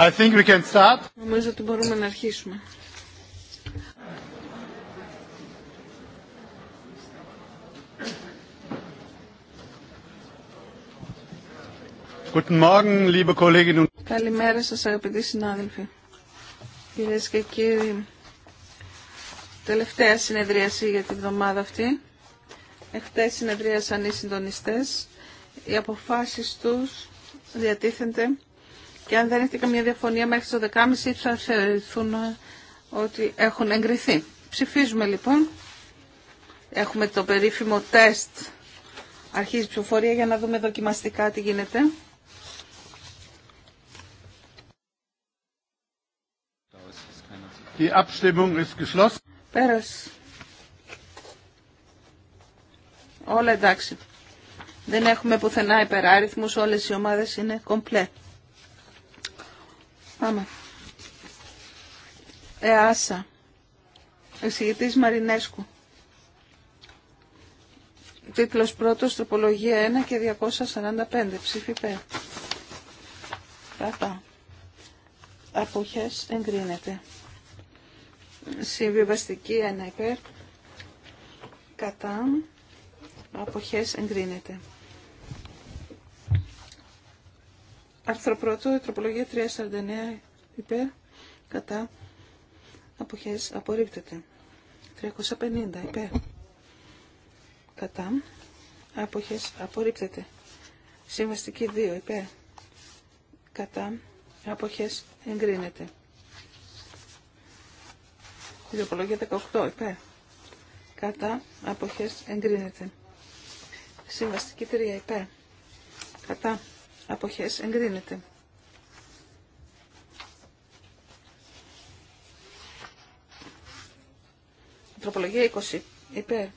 I think we can start. Νομίζω ότι μπορούμε να αρχίσουμε. Καλημέρα σας αγαπητοί συνάδελφοι. Κυρίες και κύριοι, τελευταία συνεδρίαση για την εβδομάδα αυτή. Εχθές συνεδρίασαν οι συντονιστές. Οι αποφάσεις τους διατίθενται και αν δεν έχετε καμία διαφωνία μέχρι το 10.30 θα θεωρηθούν ότι έχουν εγκριθεί. Ψηφίζουμε λοιπόν. Έχουμε το περίφημο τεστ. Αρχίζει η ψηφοφορία για να δούμε δοκιμαστικά τι γίνεται. Die Abstimmung ist geschlossen. Πέρας. Όλα εντάξει. Δεν έχουμε πουθενά υπεράριθμους, όλες οι ομάδες είναι κομπλέ. Πάμε. ΕΑΣΑ. εξηγητής Μαρινέσκου. Τίτλος πρώτος, τροπολογία 1 και 245. Ψήφι πέ. Κατά. Αποχές εγκρίνεται. Συμβιβαστική 1 υπέρ. Κατά. Αποχές εγκρίνεται. Άρθρο 1, τροπολογία 349 υπέρ, κατά, αποχές, απορρίπτεται. 350 υπέρ, κατά, αποχές, απορρίπτεται. Συμβαστική 2 υπέρ, κατά, αποχές, εγκρίνεται. Η τροπολογία 18 υπέρ, κατά, αποχές, εγκρίνεται. Συμβαστική 3 υπέρ, κατά, αποχές εγκρίνεται. Τροπολογία 20 υπέρ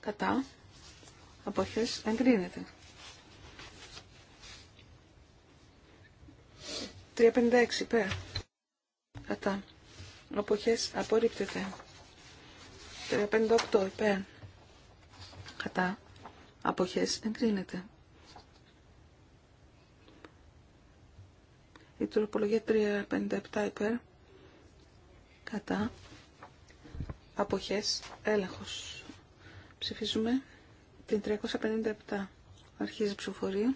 κατά αποχές εγκρίνεται. 356 υπέρ κατά αποχές απορρίπτεται. 358 υπέρ κατά αποχές εγκρίνεται. Η τροπολογία 357 υπέρ. Κατά. Αποχές. Έλεγχος. Ψηφίζουμε την 357. Αρχίζει η ψηφοφορία.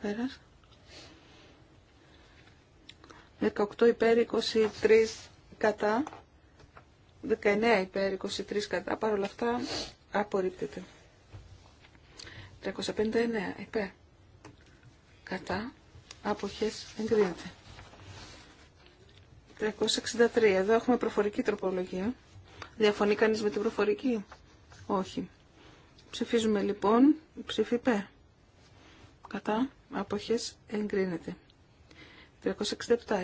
Πέρας. 18 υπέρ 23 κατά. 19 υπέρ 23 κατά. Παρ' όλα αυτά απορρίπτεται. 359 υπέρ. Κατά αποχές εγκρίνεται. 363. Εδώ έχουμε προφορική τροπολογία. Διαφωνεί κανείς με την προφορική? Όχι. Ψηφίζουμε λοιπόν ψήφι π. Κατά αποχές εγκρίνεται. 367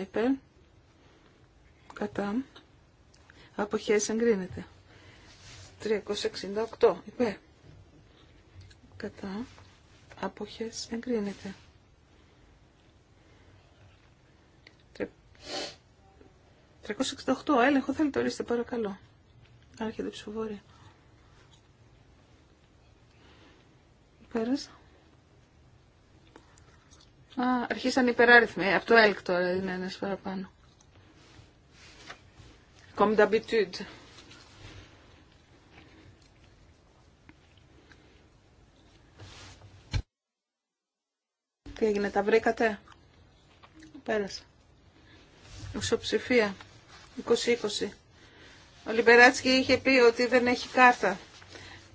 είπε. Κατά αποχές εγκρίνεται. 368 είπε. Κατά αποχές εγκρίνεται. 368 έλεγχο θέλετε ορίστε παρακαλώ. Άρχεται η ψηφοφορία. Πέρασα. Α, αρχίσαν οι υπεράριθμοι. Από το ΕΛΚ τώρα είναι ένας παραπάνω. Comme d'habitude. Τι έγινε, τα βρήκατε. Πέρασα. Εξοψηφία. 20-20. Ο Λιμπεράτσκι είχε πει ότι δεν έχει κάρτα.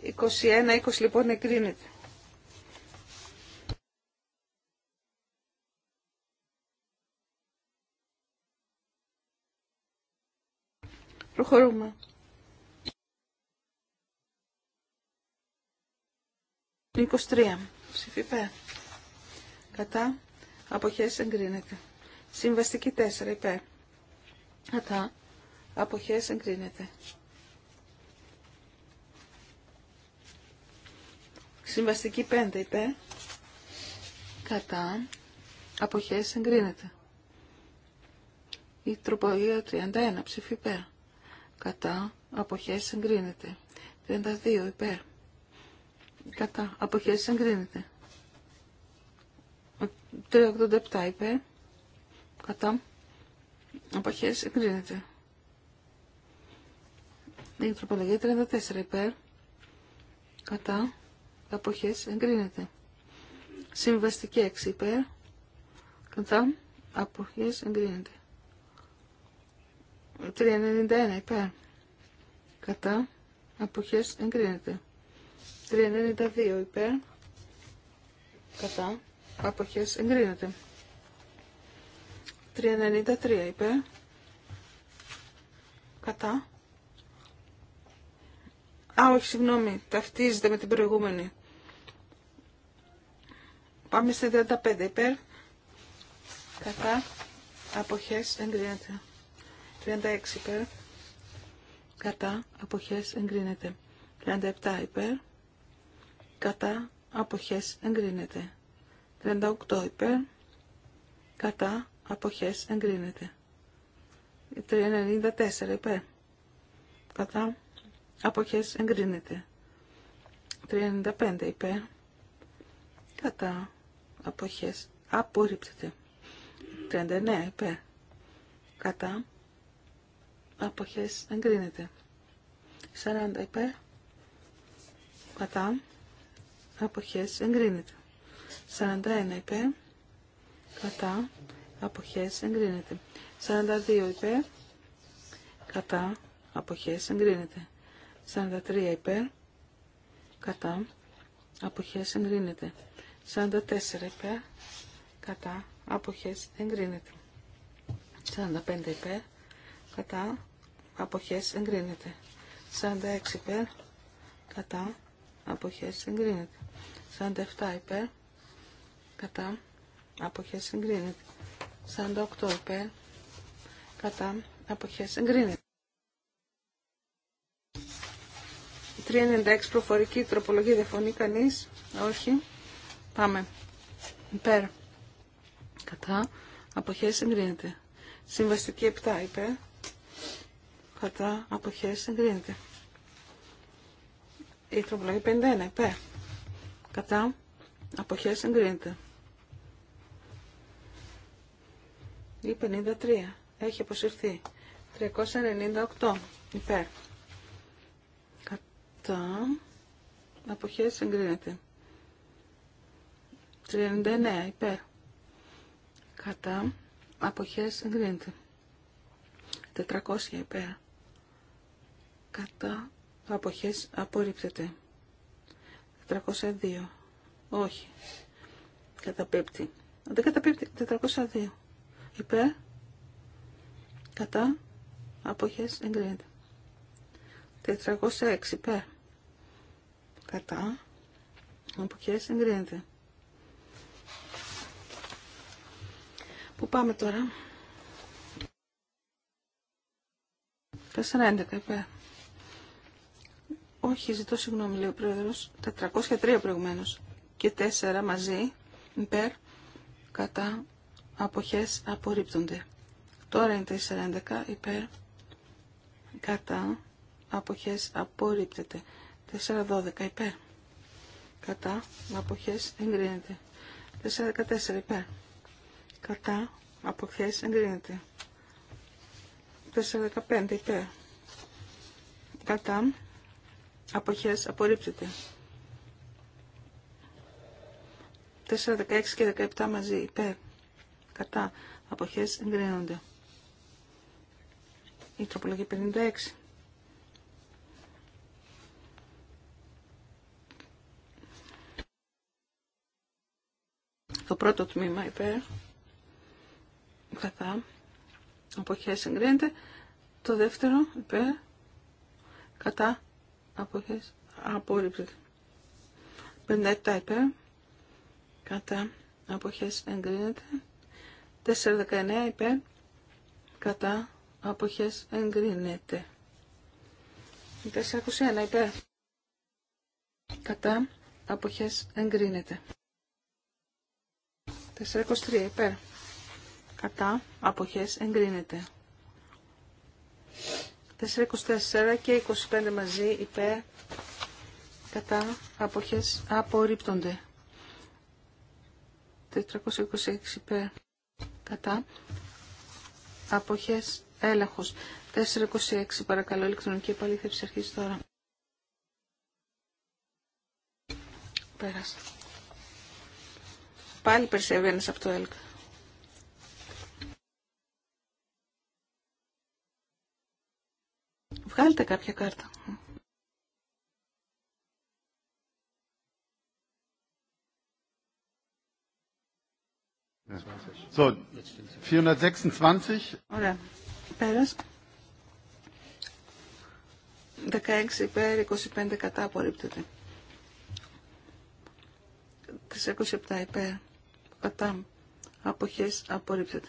21-20 λοιπόν εκρίνεται. Προχωρούμε. 23. Ψηφί Κατά. Αποχές εγκρίνεται. Συμβαστική 4 υπέρ. Κατά. χέρι εγκρίνεται. Συμβαστική 5 είπε, Κατά. αποχέ εγκρίνεται. Η τροπολογία 31 ψήφι υπέρ. Κατά. αποχέ εγκρίνεται. 32 υπέρ. Κατά. χέρι εγκρίνεται. 387 υπέρ. Κατά. Αποχές εγκρίνεται. Η τροπολογία 34 υπέρ. Κατά. Αποχές εγκρίνεται. Συμβαστική 6 υπέρ. Κατά. Αποχές εγκρίνεται. 391 υπέρ. Κατά. Αποχές εγκρίνεται. 392 υπέρ. Κατά. Αποχές εγκρίνεται. 393 υπέρ. Κατά. Α, όχι, συγγνώμη, ταυτίζεται με την προηγούμενη. Πάμε στη 35 υπέρ. Κατά. Αποχές εγκρίνεται. 36 υπέρ. Κατά. Αποχές εγκρίνεται. 37 υπέρ. Κατά. Αποχές εγκρίνεται. 38 υπέρ. Κατά αποχές εγκρίνεται. 394... υπέρ κατά αποχές εγκρίνεται. 35 υπέρ κατά αποχές απορρίπτεται. 39 υπέρ κατά αποχές εγκρίνεται. 40 υπέρ κατά αποχές εγκρίνεται. 41 υπέρ κατά αποχές εγκρίνεται. 42 υπέρ, κατά, αποχές εγκρίνεται. 43 υπέρ, κατά, αποχές εγκρίνεται. 44 υπέρ, κατά, αποχές εγκρίνεται. 45 υπέρ, κατά, αποχές εγκρίνεται. 46 υπέρ, κατά, αποχές εγκρίνεται. 47 υπέρ, κατά, αποχές εγκρίνεται. 48 υπέρ κατά αποχές εγκρίνεται. 396 προφορική τροπολογία διαφωνεί κανεί, Όχι. Πάμε. Υπέρ. Κατά. Αποχές εγκρίνεται. Συμβαστική 7 υπέρ. Κατά. Αποχές εγκρίνεται. Η τροπολογία 51 υπέρ. Κατά. Αποχές εγκρίνεται. ή 53. Έχει αποσυρθεί. 398 υπέρ. Κατά. Αποχές εγκρίνεται. 39 υπέρ. Κατά. Αποχές εγκρίνεται. 400 υπέρ. Κατά. Αποχές απορρίπτεται. 402. Όχι. Καταπίπτει. Δεν καταπίπτει. 402 υπέρ, κατά, αποχές εγκρίνεται. 406 υπέρ, κατά, αποχές εγκρίνεται. Πού πάμε τώρα. 411 υπέρ. Όχι, ζητώ συγγνώμη, λέει ο πρόεδρος. 403 προηγουμένως και 4 μαζί υπέρ, κατά, αποχές απορρίπτονται. Τώρα είναι 4.11 υπέρ κατά αποχές απορρίπτεται. 4.12 υπέρ κατά αποχές εγκρίνεται. 4.14 υπέρ κατά αποχές εγκρίνεται. 4.15 υπέρ κατά αποχές απορρίπτεται. 4.16 και 17 μαζί υπέρ κατά αποχές εγκρίνονται. Η τροπολογία 56. Το πρώτο τμήμα υπέρ, κατά, αποχές εγκρίνεται. Το δεύτερο υπέρ, κατά, αποχές απόρριψη. 57 υπέρ, κατά, αποχές εγκρίνεται. 419 υπέρ κατά αποχές εγκρίνεται. 421 υπέρ κατά αποχές εγκρίνεται. 423 υπέρ κατά αποχές εγκρίνεται. 424 και 25 μαζί υπέρ κατά αποχές απορρίπτονται. 426 υπέρ κατά αποχές έλεγχος 426 παρακαλώ ηλεκτρονική επαλήθευση αρχίζει τώρα πέρασε πάλι περισσεύγανες από το έλεγχο βγάλτε κάποια κάρτα So, 426. Ωραία. Πέρας. 16 υπέρ, 25 κατά απορρίπτεται. 327 υπέρ, κατά αποχές απορρίπτεται.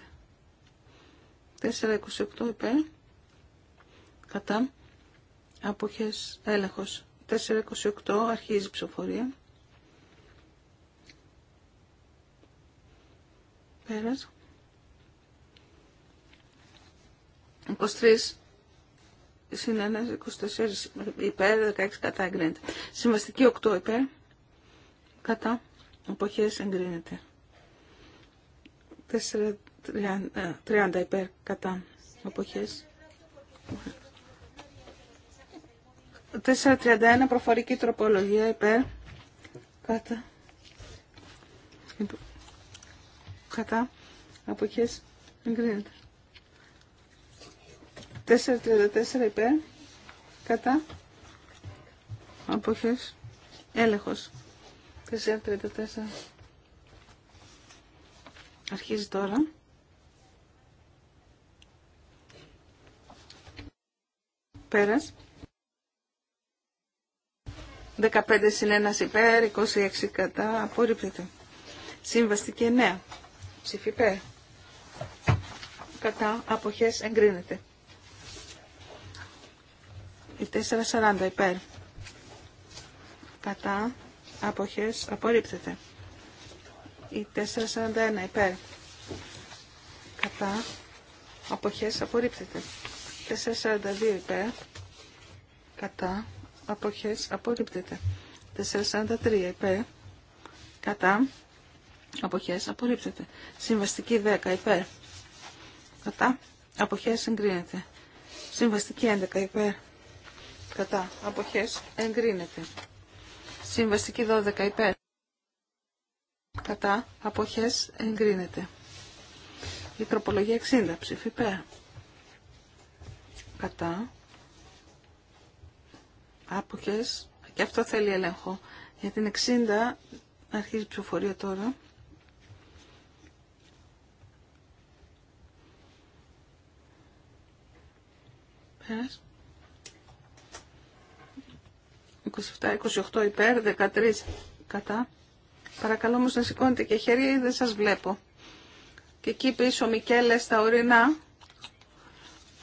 428 υπέρ, κατά αποχές έλεγχος. 428 αρχίζει η ψηφοφορία. Πέρας. 23 συν 1, 24 υπέρ, 16 κατά εγκρίνεται. Συμβαστική 8 υπέρ, κατά, εποχές εγκρίνεται. 4, 30 ε, υπέρ, κατά, εποχές. 4.31 προφορική τροπολογία υπέρ, κατά, κατά αποχές εγκρίνεται. 4.34 υπέρ κατά αποχές έλεγχος. 4.34 αρχίζει τώρα. Πέρας. 15 συν 1 υπέρ, 26 κατά, απορρίπτεται. και νέα Ψηφιπέ. Κατά αποχές εγκρίνεται. Η 440 υπέρ. Κατά αποχές απορρίπτεται. Η 441 υπέρ. Κατά αποχές απορρίπτεται. 442 υπέρ. Κατά αποχές απορρίπτεται. 443 υπέρ. Κατά Αποχές απορρίπτεται. Συμβαστική 10 υπέρ. Κατά. Αποχές εγκρίνεται. Συμβαστική 11 υπέρ. Κατά. Αποχές εγκρίνεται. Συμβαστική 12 υπέρ. Κατά. Αποχές εγκρίνεται. Η τροπολογία 60 ψήφι υπέρ. Κατά. Άποχες. Και αυτό θέλει έλεγχο. Για την 60 αρχίζει η ψηφοφορία τώρα. 27 27-28 υπέρ, 13 κατά. Παρακαλώ όμως να σηκώνετε και χέρι, δεν σας βλέπω. Και εκεί πίσω Μικέλε στα ορεινά.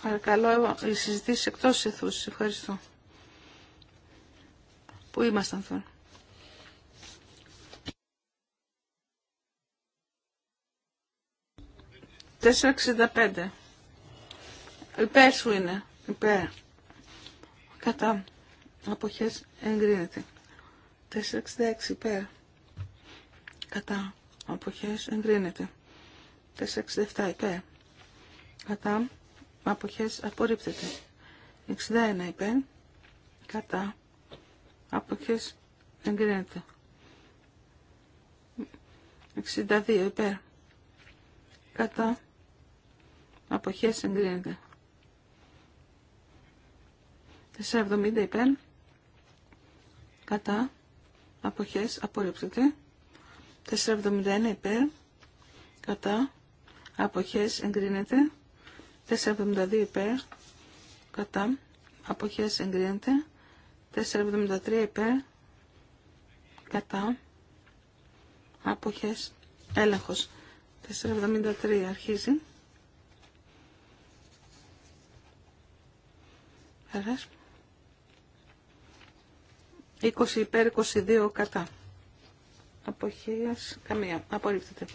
Παρακαλώ οι συζητήσει εκτός ηθούς. Ευχαριστώ. Πού ήμασταν τώρα. Τέσσερα υπέρ σου είναι υπέρ κατά αποχές εγκρίνεται 466 υπέρ κατά αποχές εγκρίνεται 467 υπέρ κατά αποχές απορρίπτεται 61 υπέρ κατά αποχές εγκρίνεται 62 υπέρ κατά αποχές εγκρίνεται 470 υπέρ. Κατά. Αποχές. Απορρίπτεται. 471 υπέρ. Κατά. Αποχές. Εγκρίνεται. 472 υπέρ. Κατά. Αποχές. Εγκρίνεται. 473 υπέρ. Κατά. Αποχές. Έλεγχος. 473 αρχίζει. Ευχαριστώ. 20 υπέρ, 22 κατά. αποχέ καμία. Απορρίπτεται.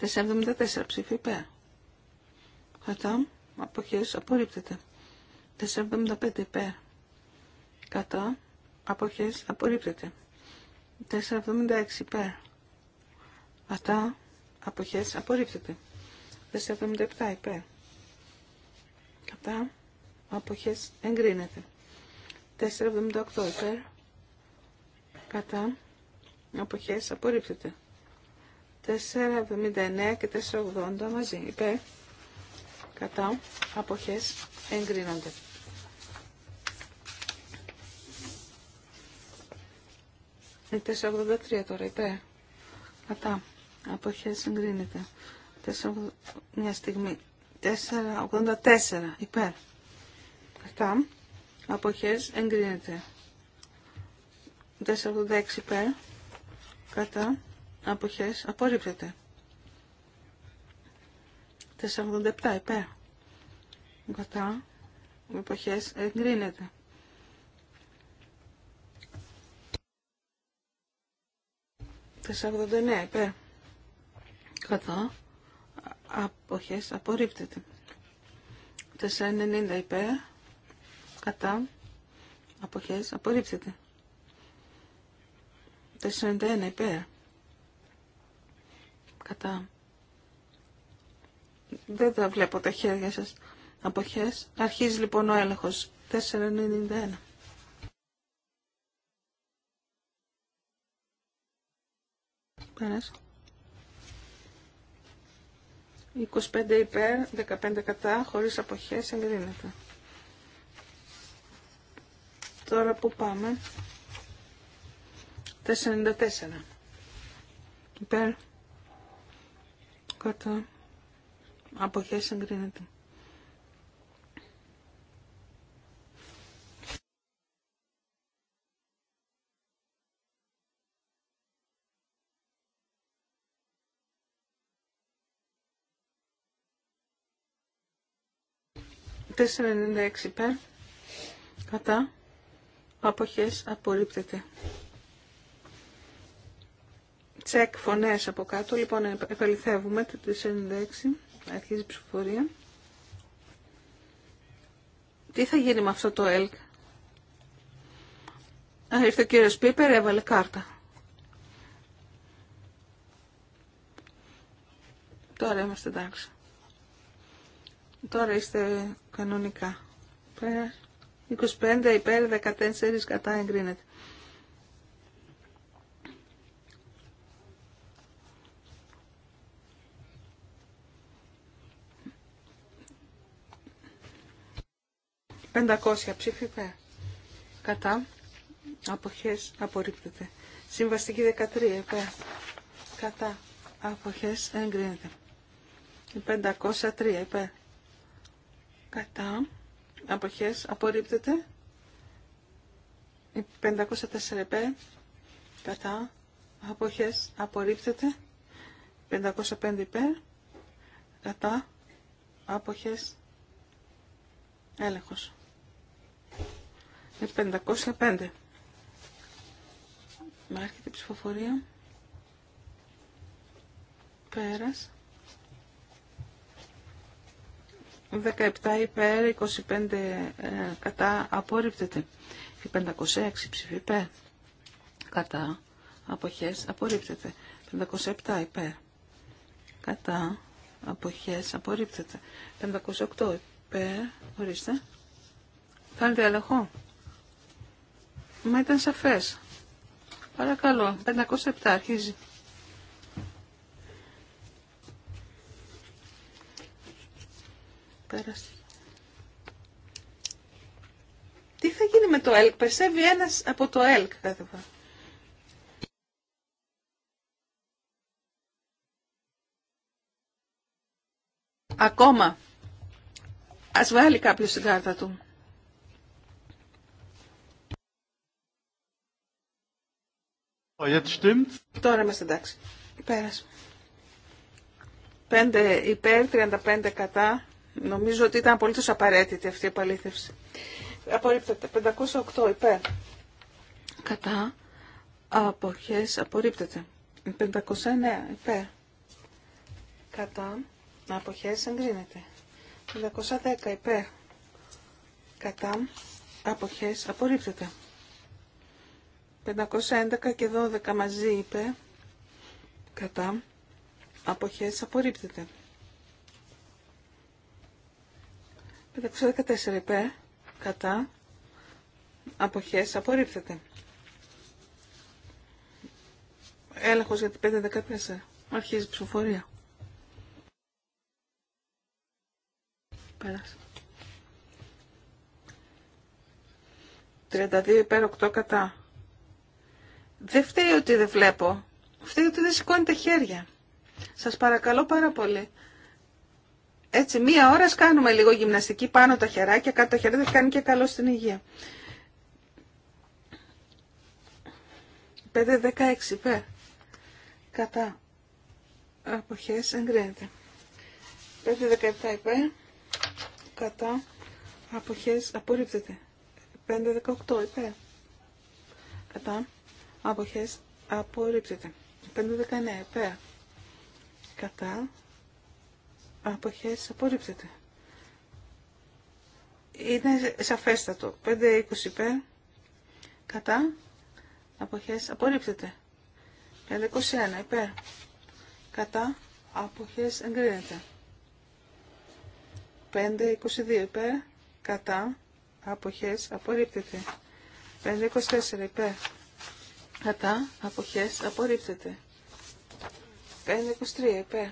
474 ψήφι υπέρ. Κατά. αποχέ απορρίπτεται. 475 υπέρ. Κατά. απόχέ, απορρίπτεται. 476 υπέρ. Κατά. αποχέ απορρίπτεται. 477 υπέρ. Κατά. Αποχές, εγκρίνεται. 478 υπέρ. Κατά. Αποχές απορρίπτεται. 479 και 480 μαζί υπέρ. Κατά. Αποχές εγκρίνονται. 483 ε, τώρα υπέρ. Κατά. Αποχές εγκρίνεται. 4, μια στιγμή. 484 υπέρ. Κατά αποχές εγκρίνεται. 486 υπέρ κατά αποχές απορρίπτεται. 487 υπέρ κατά αποχές εγκρίνεται. 489 υπέρ κατά αποχές απορρίπτεται. 490 υπέρ κατά αποχές απορρίψετε. 491 υπέρ κατά δεν τα βλέπω τα χέρια σας αποχές. Αρχίζει λοιπόν ο έλεγχος 491. Πέρας. 25 υπέρ, 15 κατά, χωρίς αποχές, εγκρίνεται. Τώρα που πάμε. 494. Υπέρ. Κατά. Αποχές εγκρίνεται. Τέσσερα υπέρ. Κατά αποχές απορρίπτεται. Τσεκ φωνές από κάτω. Λοιπόν, επαληθεύουμε το 96. Αρχίζει η ψηφοφορία. Τι θα γίνει με αυτό το ΕΛΚ. Α, ήρθε ο κύριος Πίπερ, έβαλε κάρτα. Τώρα είμαστε εντάξει. Τώρα είστε κανονικά. Πέρα. 25 υπέρ 14 κατά εγκρίνεται. Πεντακόσια ψήφοι υπέρ. Κατά. Αποχές απορρίπτεται. Συμβαστική 13 υπέρ. Κατά. Αποχές εγκρίνεται. 503 υπέρ. Κατά αποχές απορρίπτεται. 504 πέ, κατά αποχές απορρίπτεται. 505 πέ, κατά αποχές έλεγχος. 505. Με η ψηφοφορία. Πέρας. 17 υπέρ, 25 ε, κατά, απορρίπτεται. Και 506 ψήφι υπέρ, κατά, αποχές, απορρίπτεται. 507 υπέρ, κατά, αποχές, απορρίπτεται. 508 υπέρ, ορίστε. θέλετε έλεγχο. Μα ήταν σαφές. Παρακαλώ, 507 αρχίζει. Πέρασε. Τι θα γίνει με το ΕΛΚ. Περισσεύει ένας από το ΕΛΚ κάθε φορά. Ακόμα. Ας βάλει κάποιος την κάρτα του. Oh, Τώρα είμαστε εντάξει. Πέρασε. 5 υπέρ, 35 κατά. Νομίζω ότι ήταν απολύτως απαραίτητη αυτή η επαλήθευση. Απορρίπτεται. 508 υπέρ. Κατά. Αποχές. Απορρίπτεται. 509 υπέρ. Κατά. Αποχές εγκρίνεται. 510 υπέρ. Κατά. Αποχές απορρίπτεται. 511 και 12 μαζί υπέρ. Κατά. Αποχές απορρίπτεται. 514 υπέρ, κατά, αποχές, απορρίπτεται. Έλεγχος για την 514. Αρχίζει η ψηφοφορία. Πέρασε. 32 υπέρ 8 κατά. Δεν φταίει ότι δεν βλέπω. Φταίει ότι δεν σηκώνει τα χέρια. Σας παρακαλώ πάρα πολύ. Έτσι, μία ώρα κάνουμε λίγο γυμναστική πάνω τα χεράκια, κάτω τα χεράκια, κάνει και καλό στην υγεία. 5-16 υπέρ. Κατά. Αποχές εγκρίνεται. 5-17 υπέρ. Κατά. Αποχές απορρίπτεται. 5-18 υπέρ. Κατά. Αποχές απορρίπτεται. 5-19 υπέρ. Κατά αποχές απορρίπτεται. Είναι σαφέστατο. 5-20 υπέρ κατά αποχές απορρίπτεται. 5-21 υπέρ κατά αποχές εγκρίνεται. 5-22 υπέρ κατά αποχές απορρίπτεται. 5-24 υπέρ κατά αποχές απορρίπτεται. 5-23 υπέρ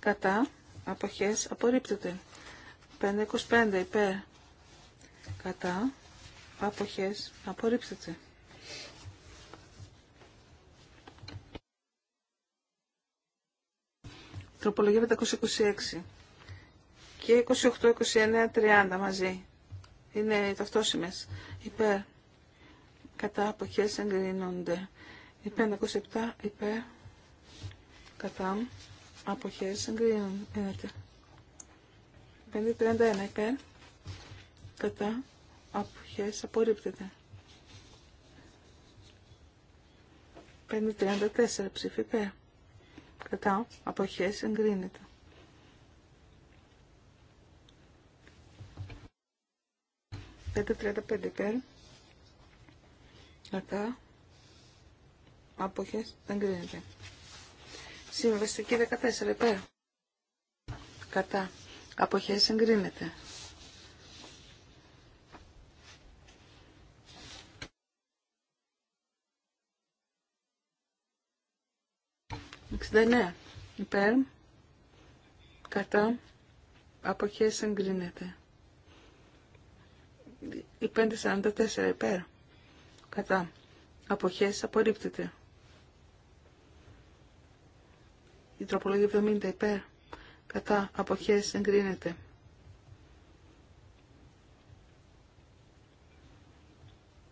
κατά, αποχές, απορρίπτεται. 525 υπέρ, κατά, αποχές, απορρίπτεται. 526 και 28, 29, 30 μαζί. Είναι ταυτόσιμες. Υπέρ. Κατά αποχές εγκρίνονται. Η 507 υπέρ. Κατά Αποχές εγκρίνεται. 5.31 υπέρ. Κατά. Αποχές απορρίπτεται. 5.34 ψήφι υπέρ. Κατά. Αποχές εγκρίνεται. 5.35 υπέρ. Κατά. δεν εγκρίνεται. Συμβαστική 14 υπέρ. Κατά. Αποχές εγκρίνεται. 69, υπέρ. Κατά. Αποχές εγκρίνεται. Η 544 υπέρ. Κατά. Αποχές απορρίπτεται. Η τροπολογία 70 υπέρ κατά αποχές εγκρίνεται.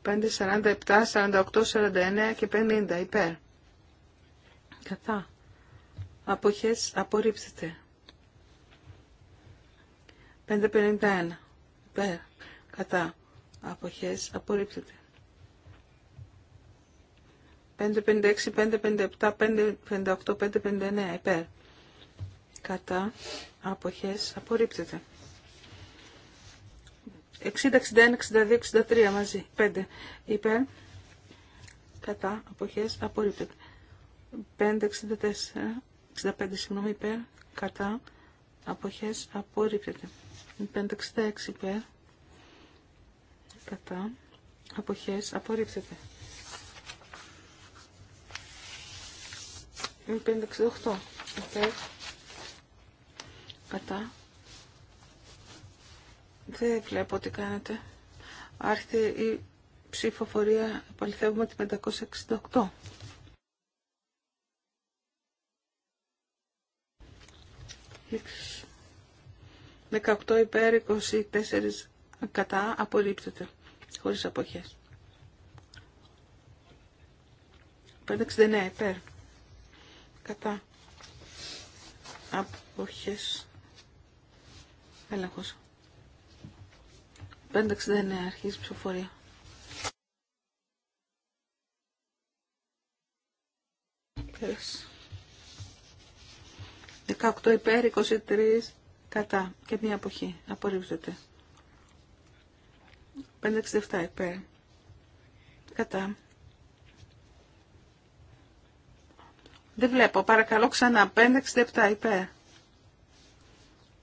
547, 47, 48, 49 και 50 υπέρ. Κατά. Αποχές απορρίπτεται. 551 υπέρ. Κατά. Αποχές απορρίπτεται. 556, 557, 558, 559 υπέρ. Κατά αποχές απορρίπτεται. 60, 61, 62, 63 μαζί. 5 υπέρ. Κατά αποχές απορρίπτεται. 5, 64, 65 συγγνώμη υπέρ. Κατά αποχές απορρίπτεται. 5, 66 υπέρ. Κατά αποχές απορρίπτεται. 568 κατά δεν βλέπω τι κάνετε άρχεται η ψηφοφορία επαληθεύουμε τη 568 18 υπέρ 24 κατά απορρίπτεται χωρίς αποχές 569 υπέρ κατά αποχές έλεγχος 569 αρχής ψηφοφορία πες 18 υπέρ, 23 κατά και μία αποχή. Απορρίπτεται. 567 υπέρ. Κατά. Δεν βλέπω. Παρακαλώ ξανά. 5,67 υπέρ.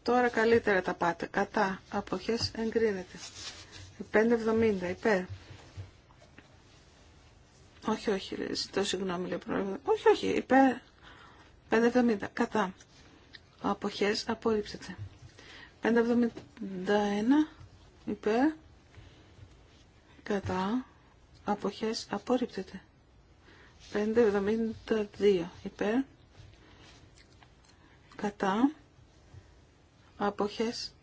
Τώρα καλύτερα τα πάτε. Κατά. Αποχές εγκρίνεται. 5,70 υπέρ. Όχι, όχι. Ζητώ συγγνώμη, λέει πρόεδρε. Όχι, όχι. 5, 5,70. Κατά. Αποχές απορρίψεται. 5,71 υπέρ. Κατά. Αποχές απορρίπτεται. 572 υπέρ κατά αποχές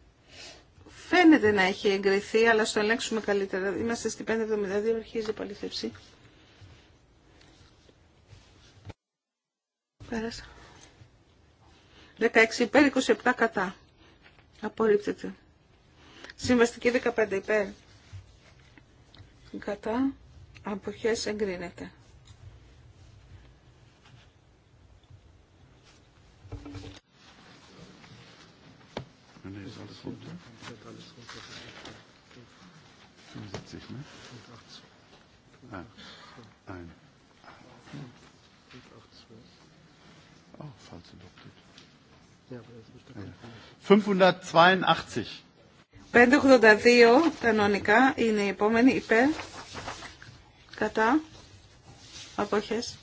φαίνεται να έχει εγκριθεί αλλά στο ελέγξουμε καλύτερα είμαστε στη 572 αρχίζει η παλήθευση 16 υπέρ 27 κατά απορρίπτεται συμβαστική 15 υπέρ κατά αποχές εγκρίνεται 75, ne? Ah, Oh, falls adopted. 582. 582 κανονικά είναι η επόμενη υπέρ κατά αποχές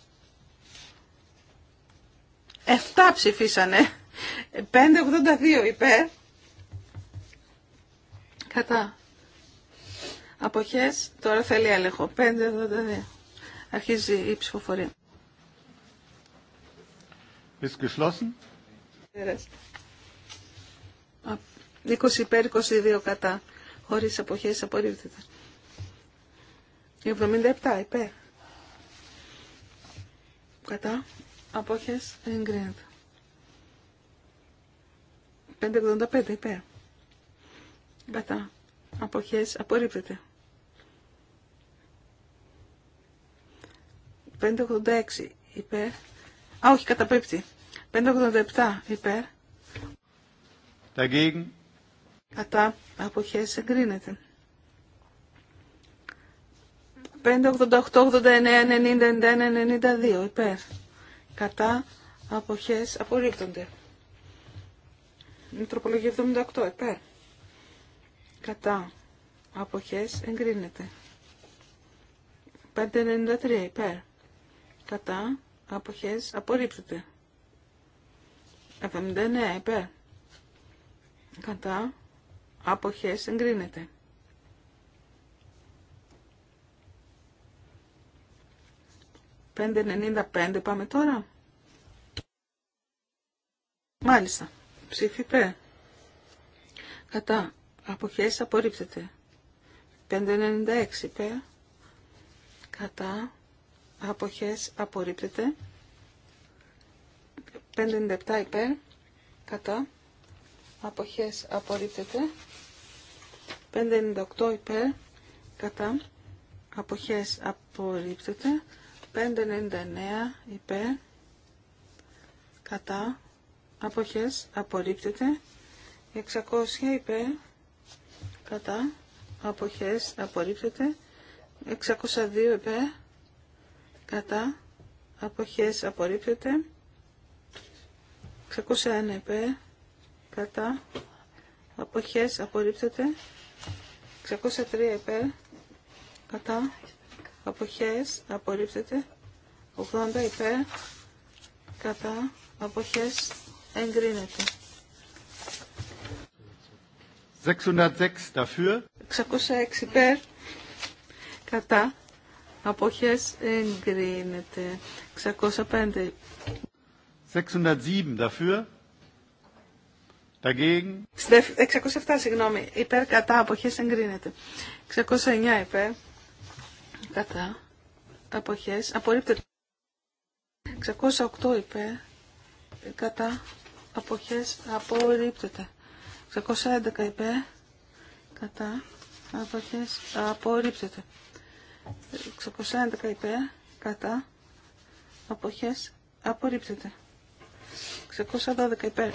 Εφτά ψηφίσανε 582 υπέρ Κατά. Αποχές. Τώρα θέλει έλεγχο. 5.82. Αρχίζει η ψηφοφορία. geschlossen. 20 υπέρ, 22 κατά. Χωρίς αποχές απορρίπτεται. 77 υπέρ. Κατά. Απόχες εγκρίνεται. 5,85 υπέρ. Κατά. Αποχές. Απορρίπτεται. 586 υπέρ. Α, όχι, πέπτη. 587 υπέρ. Κατά. Αποχές. Εγκρίνεται. 588, 89, 90, 91, 92 υπέρ. Κατά. Αποχές. Απορρίπτονται. Μητροπολογία 78 υπέρ κατά αποχές εγκρίνεται. 593 υπέρ κατά αποχές απορρίπτεται. 79 υπέρ κατά αποχές εγκρίνεται. 595 πάμε τώρα. Μάλιστα. Ψήφι υπέρ. Κατά αποχές απορρίπτεται. 596 υπέρ κατά αποχές απορρίπτεται. 597 υπέρ κατά αποχές απορρίπτεται. 598 υπέρ κατά αποχές απορρίπτεται. 599 υπέρ κατά αποχές απορρίπτεται. 600 υπέρ κατά αποχές απορρίπτεται 602 επέ, κατά αποχές απορρίπτεται 601 επέ, κατά αποχές απορρίπτεται 603 επέ, κατά αποχές απορρίπτεται 80 επέ, κατά αποχές εγκρίνεται 606 dafür. 606 υπέρ. Κατά. Αποχές εγκρίνεται. 605. 607 dafür. Dagegen. 607, συγγνώμη. Υπέρ κατά αποχές εγκρίνεται. 609 υπέρ. Κατά. Αποχές. Απορρίπτεται. 608 υπέρ. Κατά. Αποχές. Απορρίπτεται. 611 υπέρ κατά αποχές απορρίπτεται. 611 υπέρ κατά αποχές απορρίπτεται. 612 υπέρ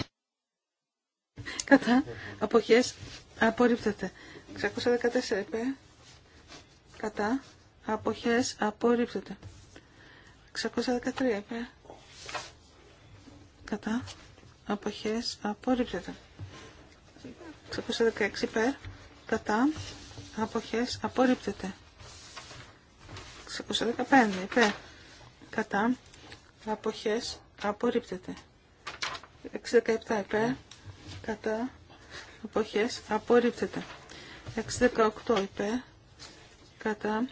κατά αποχές απορρίπτεται. 614 υπέρ κατά αποχές απορρίπτεται. 613 υπέρ κατά αποχές απορρίψετε 616 υπέρ, κατά, αποχές, απορρίπτεται. 615 υπέρ, κατά, αποχές, απορρίπτεται. 617 υπέρ, κατά, αποχές, απορρίπτεται. 618 υπέρ, κατά,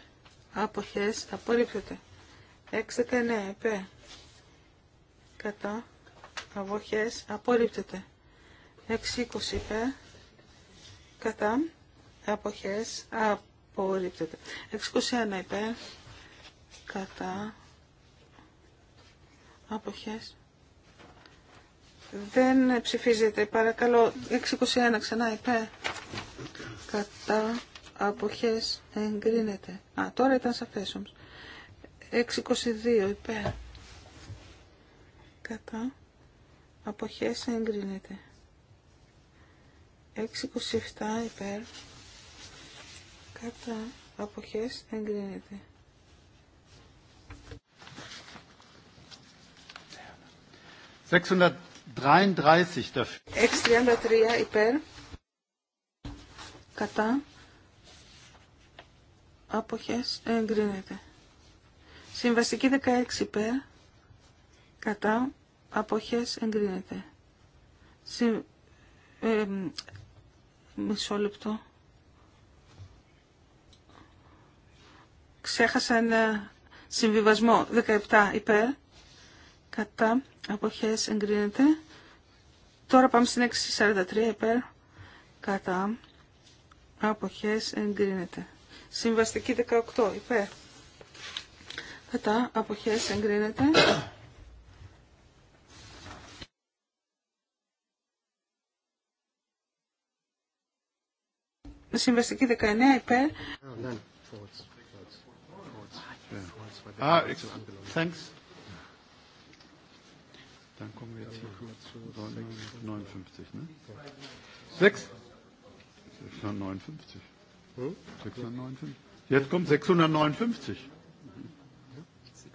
αποχές, απορρίπτεται. 619 υπέρ, κατά, αποχές, απορρίπτεται. 620 υπέρ, κατά αποχές απορρίπτεται. 621 υπέρ κατά αποχές δεν ψηφίζεται. Παρακαλώ 621 ξανά υπέρ κατά αποχές εγκρίνεται. Α, τώρα ήταν σαφές όμως. 622 υπέρ κατά αποχές εγκρίνεται. 627 υπέρ κατά αποχές εγκρίνεται. 633 υπέρ κατά αποχές εγκρίνεται. Συμβαστική 16 υπέρ κατά αποχές εγκρίνεται. Συμ... Μισό λεπτό. Ξέχασα ένα συμβιβασμό. 17 υπέρ. Κατά. Αποχές εγκρίνεται. Τώρα πάμε στην 643 υπέρ. Κατά. Αποχές εγκρίνεται. Συμβαστική 18 υπέρ. Κατά. Αποχές εγκρίνεται. Συμβαστική 19 υπέρ. 659.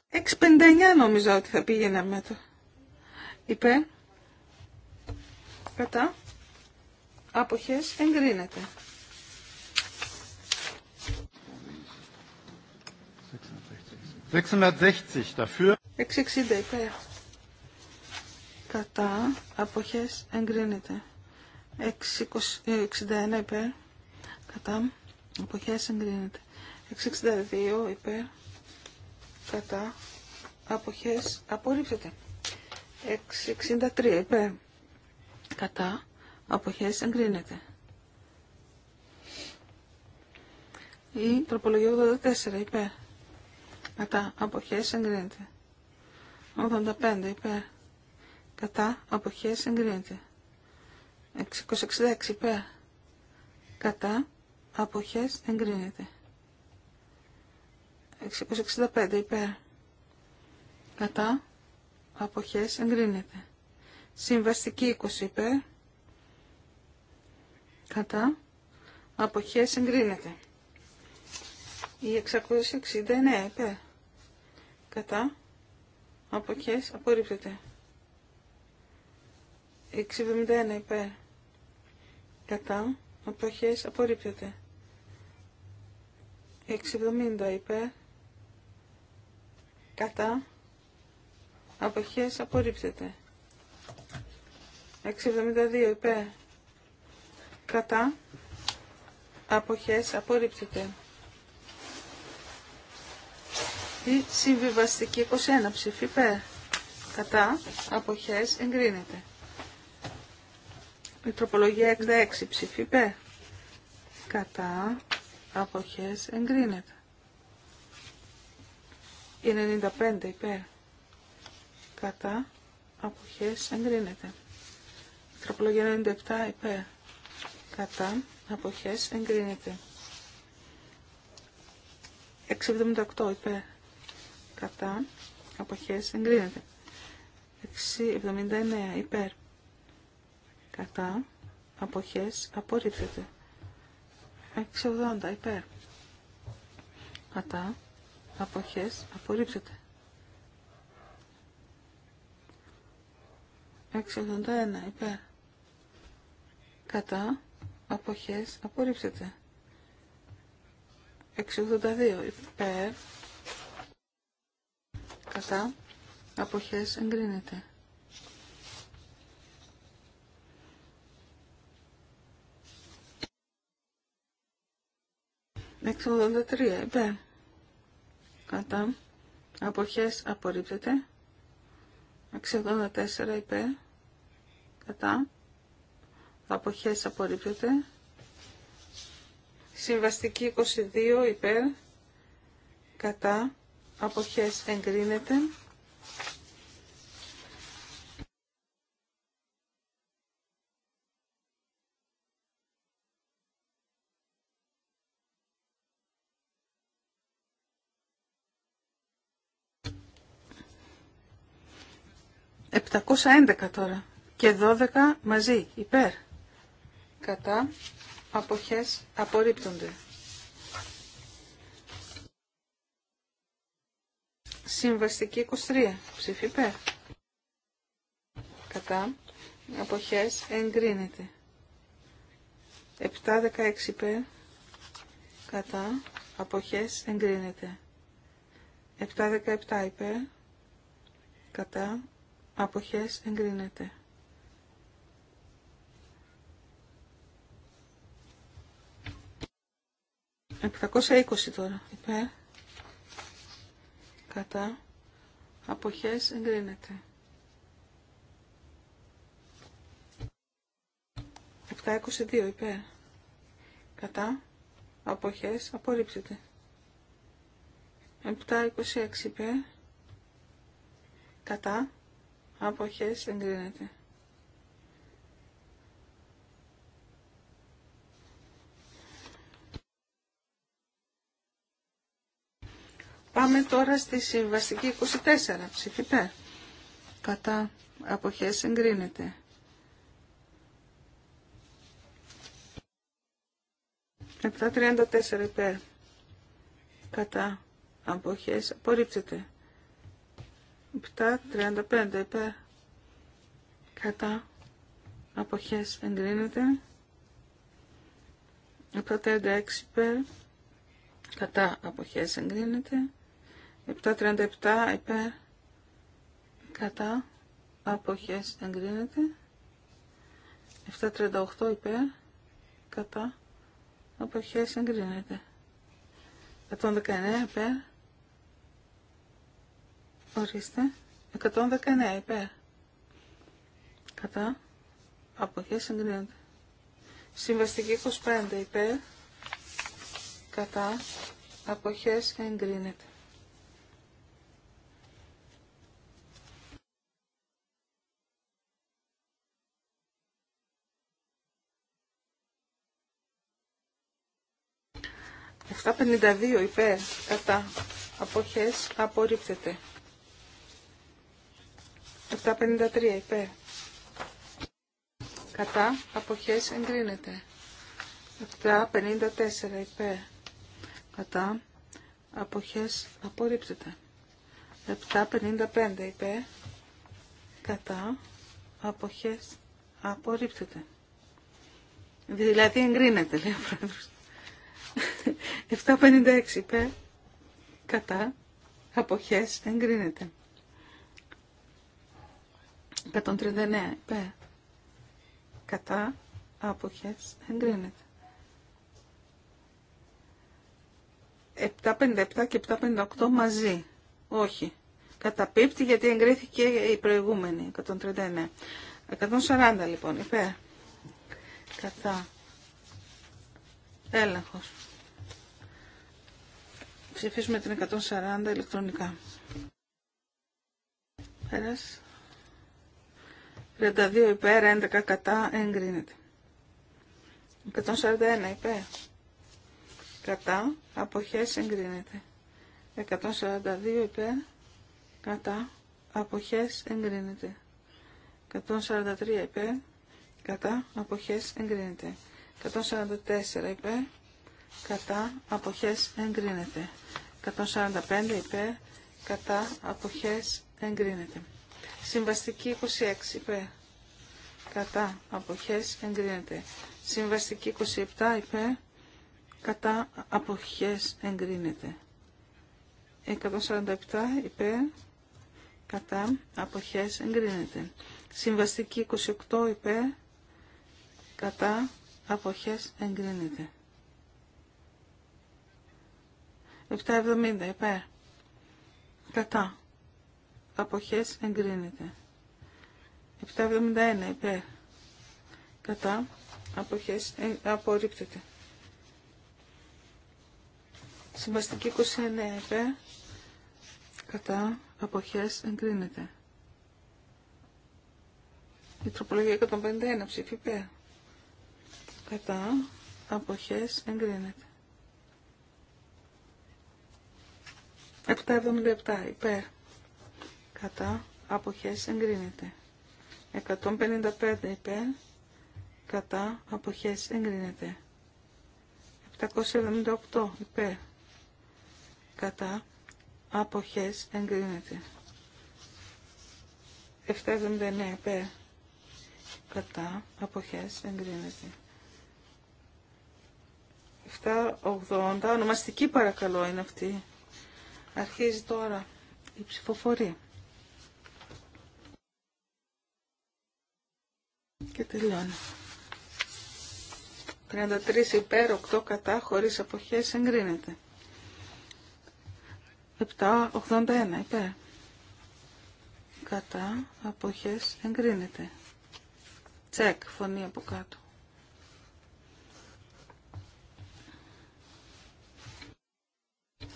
Ah, hm? νομίζω ότι θα πήγαινε με το. Υπέρ. Κατά. Αποχές εγκρίνεται. 660 dafür. 660 υπέρ. Κατά αποχές εγκρίνεται. 661 ε, υπέρ. Κατά αποχές εγκρίνεται. 662 υπέρ. Κατά αποχές απορρίπτεται. 663 υπέρ. Κατά αποχές εγκρίνεται. Η τροπολογία 84 υπέρ Κατά αποχές εγκρίνεται. 85 υπέρ. Κατά αποχές εγκρίνεται. 666 υπέρ. Κατά αποχές εγκρίνεται. 665 υπέρ. Κατά αποχές εγκρίνεται. Συμβαστική 20 υπέρ. Κατά αποχές εγκρίνεται. Η 669 υπέρ κατά αποχές απορρίπτεται 671 υπέρ κατά αποχές απορρίπτεται 670 υπέρ κατά αποχές απορρίπτεται 672 υπέρ κατά αποχές απορρίπτεται η συμβιβαστική 21 ψήφι υπέρ. Κατά αποχές εγκρίνεται. Η τροπολογία 66 ψήφι υπέρ. Κατά αποχές εγκρίνεται. Η 95 υπέρ. Κατά αποχές εγκρίνεται. Η τροπολογία 97 υπέρ. Κατά αποχές εγκρίνεται. 678 υπέρ κατά αποχές εγκρίνεται. 679 υπέρ κατά αποχές απορρίπτεται. 680 υπέρ κατά αποχές απορρίπτεται. 681 υπέρ κατά αποχές απορρίπτεται. 682 υπέρ κατά αποχές εγκρίνεται. Εξοδοντατρία, 3. υπέρ. Κατά. Αποχές απορρίπτεται. 684 υπέρ. Κατά. Αποχές απορρίπτεται. Συμβαστική 22 υπέρ. Κατά αποχές εγκρίνεται. έντεκα τώρα και 12 μαζί υπέρ κατά αποχές απορρίπτονται. Συμβαστική 23. Ψήφι υπέρ. Κατά. Αποχές 716 7-16 Κατά. Αποχές 717 7-17 Κατά. Αποχές εγκρίνεται. 720 τώρα υπέρ κατά αποχές εγκρίνεται. 22 υπέρ κατά αποχές απορρίψεται. 726 υπέρ κατά αποχές εγκρίνεται. Πάμε τώρα στη συμβαστική 24. Ψηφιπέ. Κατά αποχές εγκρίνεται. Μετά 34 υπέρ. Κατά αποχές απορρίπτεται. 7-35 υπέρ κατά αποχές εγκρίνεται 7.36 υπέρ κατά αποχές εγκρίνεται 737 υπέρ κατά αποχές εγκρίνεται 738 υπέρ κατά αποχές εγκρίνεται 119 υπέρ ορίστε 119 υπέρ κατά αποχές εγκρίνεται συμβαστική 25 υπέρ κατά αποχές εγκρίνεται 52 υπέρ κατά αποχές απορρίπτεται. 753 υπέρ κατά αποχές εγκρίνεται. 754 υπέρ κατά αποχές απορρίπτεται. 755 υπέρ κατά αποχές απορρίπτεται. Δηλαδή εγκρίνεται λέει ο πρόεδρος. 756 υπέ, κατά αποχές εγκρίνεται. 139 υπέ, κατά αποχές εγκρίνεται. 757 και 758 μαζί. Όχι. Καταπίπτει γιατί εγκρίθηκε η προηγούμενη, 139. 140 λοιπόν, υπέ, Κατά Έλεγχος. Ψηφίσουμε την 140 ηλεκτρονικά. Πέρας. 32 υπέρ, 11 κατά, εγκρίνεται. 141 υπέρ. Κατά, αποχές εγκρίνεται. 142 υπέρ, κατά, αποχές εγκρίνεται. 143 υπέρ, κατά, αποχές εγκρίνεται. 144 είπε κατά αποχές εγκρίνεται. 145 είπε κατά αποχές εγκρίνεται. Συμβαστική 26 είπε κατά αποχές εγκρίνεται. Συμβαστική 27 είπε κατά αποχές εγκρίνεται. 147 είπε κατά αποχές εγκρίνεται. Συμβαστική 28 είπε κατά αποχές εγκρίνεται. 770 υπέρ. Κατά. Αποχές εγκρίνεται. 771 υπέρ. Κατά. Αποχές ε, απορρίπτεται. Συμβαστική 29 υπέρ. Κατά. Αποχές εγκρίνεται. Η τροπολογία 151 ψήφι υπέρ κατά αποχές εγκρίνεται. 777 υπέρ κατά αποχές εγκρίνεται. 155 υπέρ κατά αποχές εγκρίνεται. 778 υπέρ κατά αποχές εγκρίνεται. 779 υπέρ κατά αποχές εγκρίνεται. 780. Ονομαστική παρακαλώ είναι αυτή. Αρχίζει τώρα η ψηφοφορία. Και τελειώνει. 33 υπέρ, 8 κατά, χωρίς αποχές, εγκρίνεται. 781 υπέρ. Κατά, αποχές, εγκρίνεται. Τσεκ, φωνή από κάτω.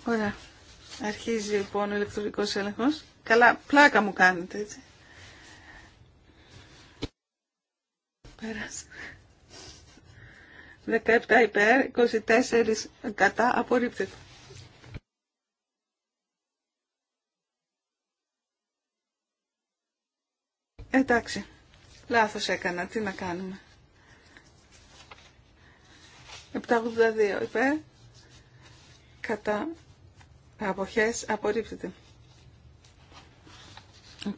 Ωραία. Αρχίζει λοιπόν ο ηλεκτρονικός έλεγχος. Καλά, πλάκα μου κάνετε έτσι. Πέρασε. 17 υπέρ, 24 κατά, απορρίπτεται. Εντάξει, λάθος έκανα, τι να κάνουμε. 782 υπέρ, κατά, Αποχές απορρίπτεται.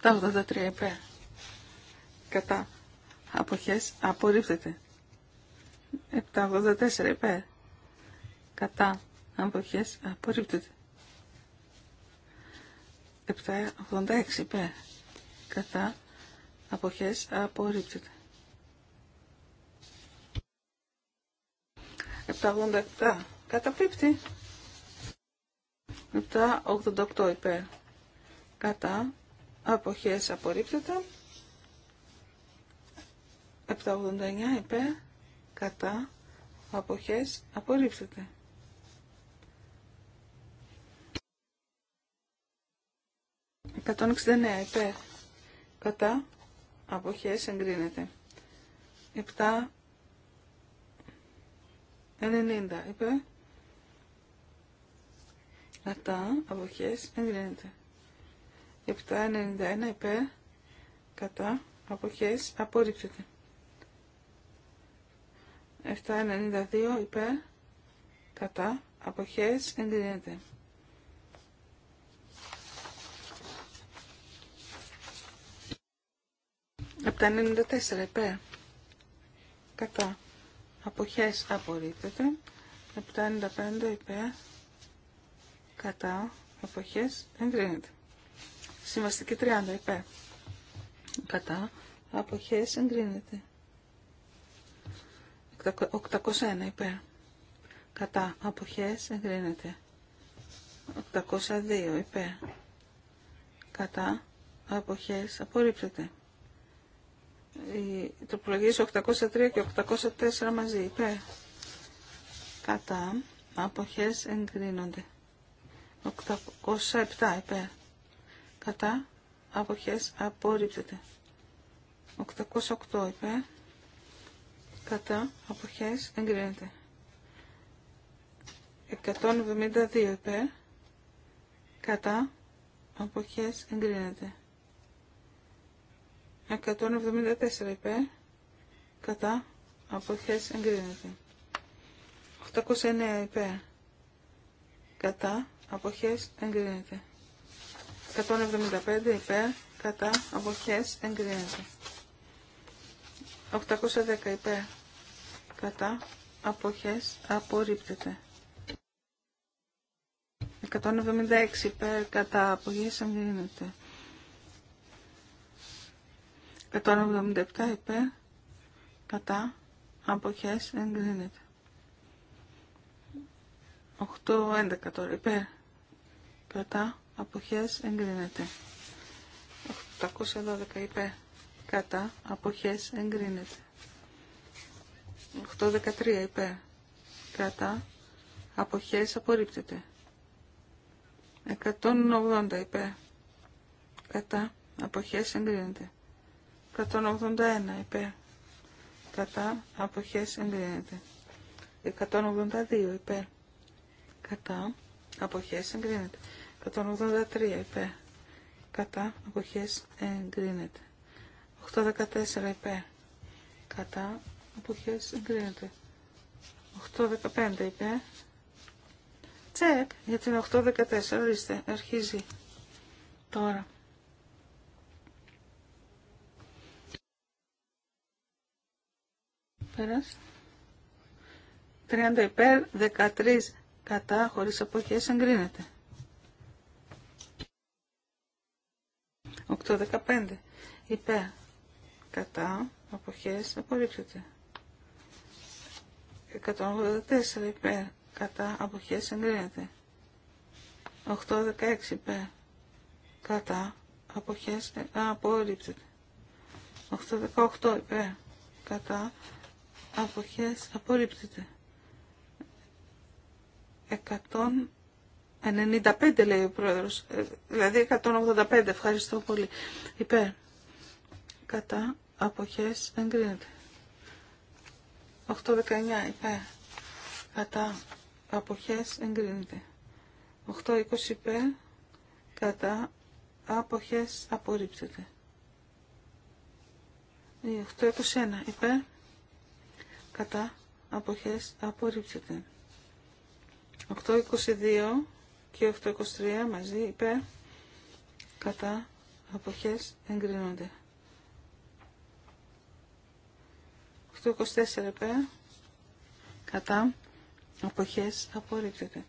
7-83 επέ. Κατά. Αποχές απορρίπτεται. 784 επε Κατά. Αποχές απορρίπτεται. 786 επέ. Κατά. Αποχές απορρίπτεται. 787. Καταπίπτει. 788 υπέρ κατά αποχές απορρίπτεται 789 υπέρ κατά αποχές απορρίπτεται 169 υπέρ κατά αποχές εγκρίνεται 790 υπέρ κατά αποχές εγκρίνεται. 791 υπέρ κατά αποχές απορρίπτεται. 792 υπέρ κατά αποχές εγκρίνεται. 794 υπέρ κατά αποχές απορρίπτεται. 795 υπέρ κατά αποχές εγκρίνεται. Συμβαστική 30 υπέ. κατά αποχές εγκρίνεται. 801 υπέ. κατά αποχές εγκρίνεται. 802 υπέ. κατά αποχές απορρίπτεται. Οι τροπολογίες 803 και 804 μαζί υπέ. κατά αποχές εγκρίνονται. 807 υπέρ. Κατά. Αποχές απορρίπτεται. 808 υπέρ. Κατά. Αποχές εγκρίνεται. 172 υπέρ. Κατά. Αποχές εγκρίνεται. 174 υπέρ. Κατά. Αποχές εγκρίνεται. 809 υπέρ. Κατά αποχές εγκρίνεται. 175 υπέρ, κατά, αποχές εγκρίνεται. 810 υπέρ, κατά, αποχές απορρίπτεται. 176 υπέρ, κατά, αποχές εγκρίνεται. 177 υπέρ, κατά, αποχές 811 8-11 τώρα υπέρ, κατά αποχές εγκρίνεται. 812 ειπε κατά αποχές εγκρίνεται. 813 είπε. κατά αποχές απορρίπτεται. 180 υπέρ κατά αποχές εγκρίνεται. 181 ειπε κατά αποχές εγκρίνεται. 182 είπε. κατά αποχές εγκρίνεται. 183 υπέρ. Κατά αποχές εγκρίνεται. 814 υπέρ. Κατά αποχές εγκρίνεται. 815 υπέρ. Τσεκ για την 814. Ορίστε, αρχίζει τώρα. Πέρας. 30 υπέρ, 13 κατά, χωρίς αποχές εγκρίνεται. 8.15 υπέρ κατά αποχές απορρίπτεται 184 υπέρ κατά αποχές 8 16 ε, υπέρ κατά αποχές απορρίπτεται 8.18 υπέρ κατά αποχές απορρίπτεται 95 λέει ο πρόεδρος, ε, δηλαδή 185, ευχαριστώ πολύ. Υπέρ, κατά, αποχές, εγκρίνεται. 819 υπέρ, κατά, αποχές, εγκρίνεται. 820 υπέρ, κατά, αποχές, απορρίπτεται. 821 ε, υπέρ, κατά, αποχές, απορρίπτεται. 822 και 823 μαζί υπέρ κατά αποχές εγκρίνονται. 824 υπέρ κατά αποχές απορρίπτεται.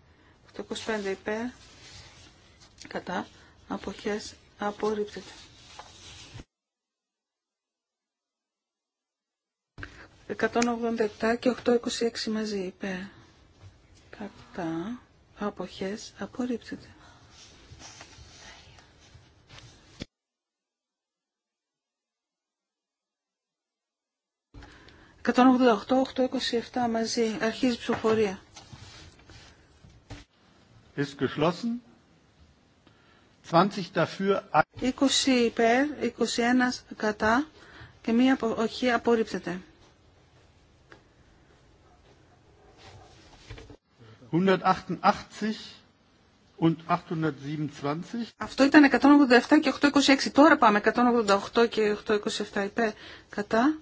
825 υπέρ κατά αποχές απορρίπτεται. 187 και 826 μαζί υπέρ κατά αποχές απορρίπτεται. «188-827 μαζί, αρχίζει η ψηφοφορία». Ist geschlossen. 20 dafür. 20 υπέρ, 21 κατά και μία αποχή απορρίπτεται. 188 Αυτό ήταν 187 και 826. Τώρα πάμε 188 και 827 υπέρ κατά.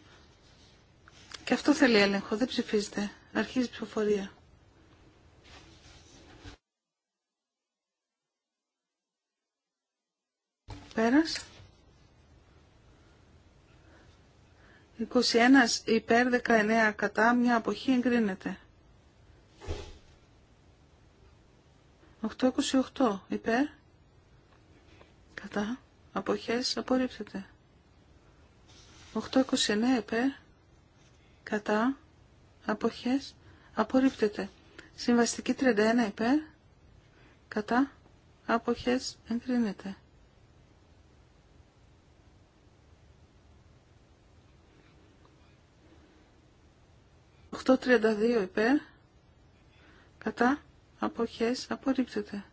Και αυτό θέλει έλεγχο. Δεν ψηφίζεται. Αρχίζει η ψηφοφορία. Πέρας. 21 υπέρ 19 κατά. Μια αποχή εγκρίνεται. 828 υπέρ. Κατά. Αποχές απορρίπτεται. 829 υπέρ. Κατά. Αποχές απορρίπτεται. Συμβαστική 31 υπέρ. Κατά. Αποχές εγκρίνεται. 832 υπέρ. Κατά αποχές απορρίπτεται.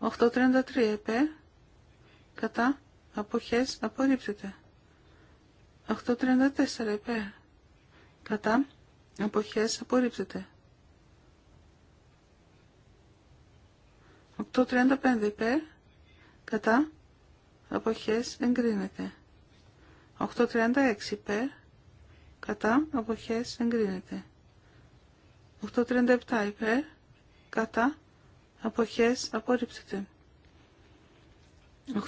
833 83επε κατά αποχές απορρίπτεται. 834 επέ κατά αποχές απορρίπτεται. 835 επέ κατά αποχές εγκρίνεται. 836 επέ κατά αποχές εγκρίνεται. 837 υπέρ κατά, αποχές, απορρίψετε.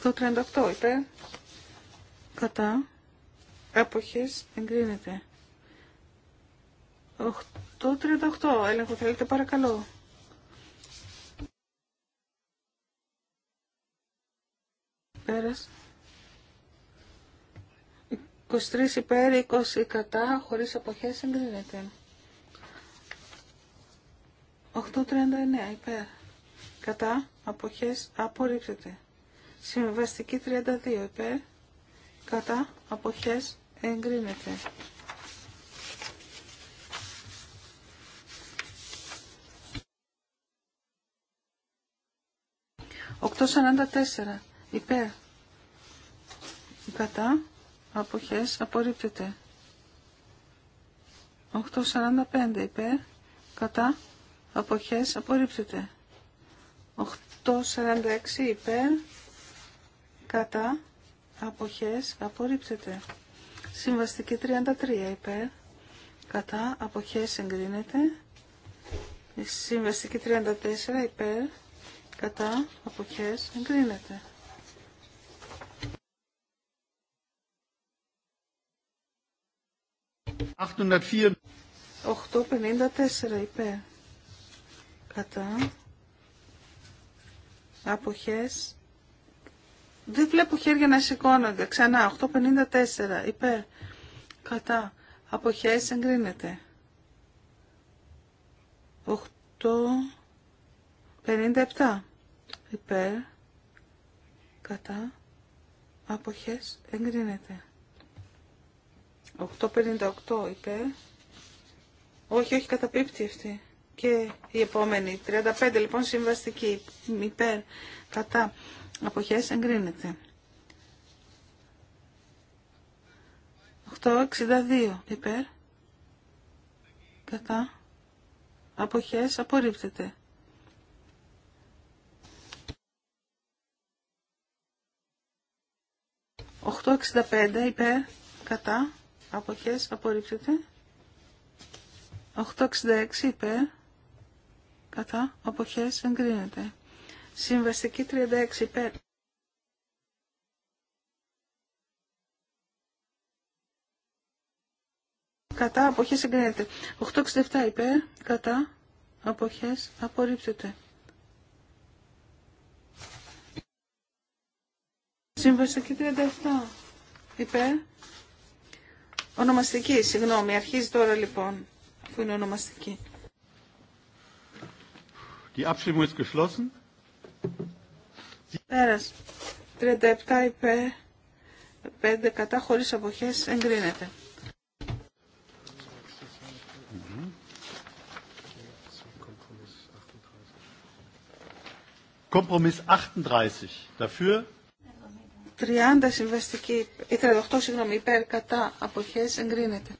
8.38 Είπε κατά, αποχές, εγκρίνεται. 8.38, έλεγχο θέλετε παρακαλώ. Πέρας. 23 υπέρ, 20 κατά, χωρίς αποχές εγκρίνεται. 839 υπέρ. Κατά αποχές απορρίπτεται. Συμβαστική 32 υπέρ. Κατά αποχές εγκρίνεται. Οκτώ υπέρ. Κατά αποχές απορρίπτεται. 845 υπέρ. Κατά αποχές απορρίπτεται. 846 υπέρ κατά αποχές απορρίπτεται. Συμβαστική 33 υπέρ κατά αποχές εγκρίνεται. Συμβαστική 34 υπέρ κατά αποχές εγκρίνεται. «854 υπέρ κατά αποχές δεν βλέπω χέρια να σηκώνονται ξανά 854 υπέρ κατά αποχές εγκρίνεται 857 υπέρ κατά αποχές εγκρίνεται 858 υπέρ όχι όχι καταπίπτει αυτή και η επόμενη. 35 λοιπόν συμβαστική υπέρ κατά αποχές εγκρίνεται. 862 υπέρ κατά αποχές απορρίπτεται. 865 υπέρ κατά αποχές απορρίπτεται. 866 υπέρ κατά αποχές εγκρίνεται. Συμβαστική 36 υπέρ. Κατά αποχές εγκρίνεται. 867 υπέρ. Κατά αποχές απορρίπτεται. Συμβαστική 37 υπέρ. Ονομαστική, συγγνώμη. Αρχίζει τώρα λοιπόν, που είναι ονομαστική. Die Abstimmung ist geschlossen. Πέρας. 37 υπέρ, 5 κατά, χωρίς αποχές, εγκρίνεται. Κομπρομίς 38. Dafür. 30 συμβαστική, 38 συγγνώμη, υπέρ κατά αποχές εγκρίνεται.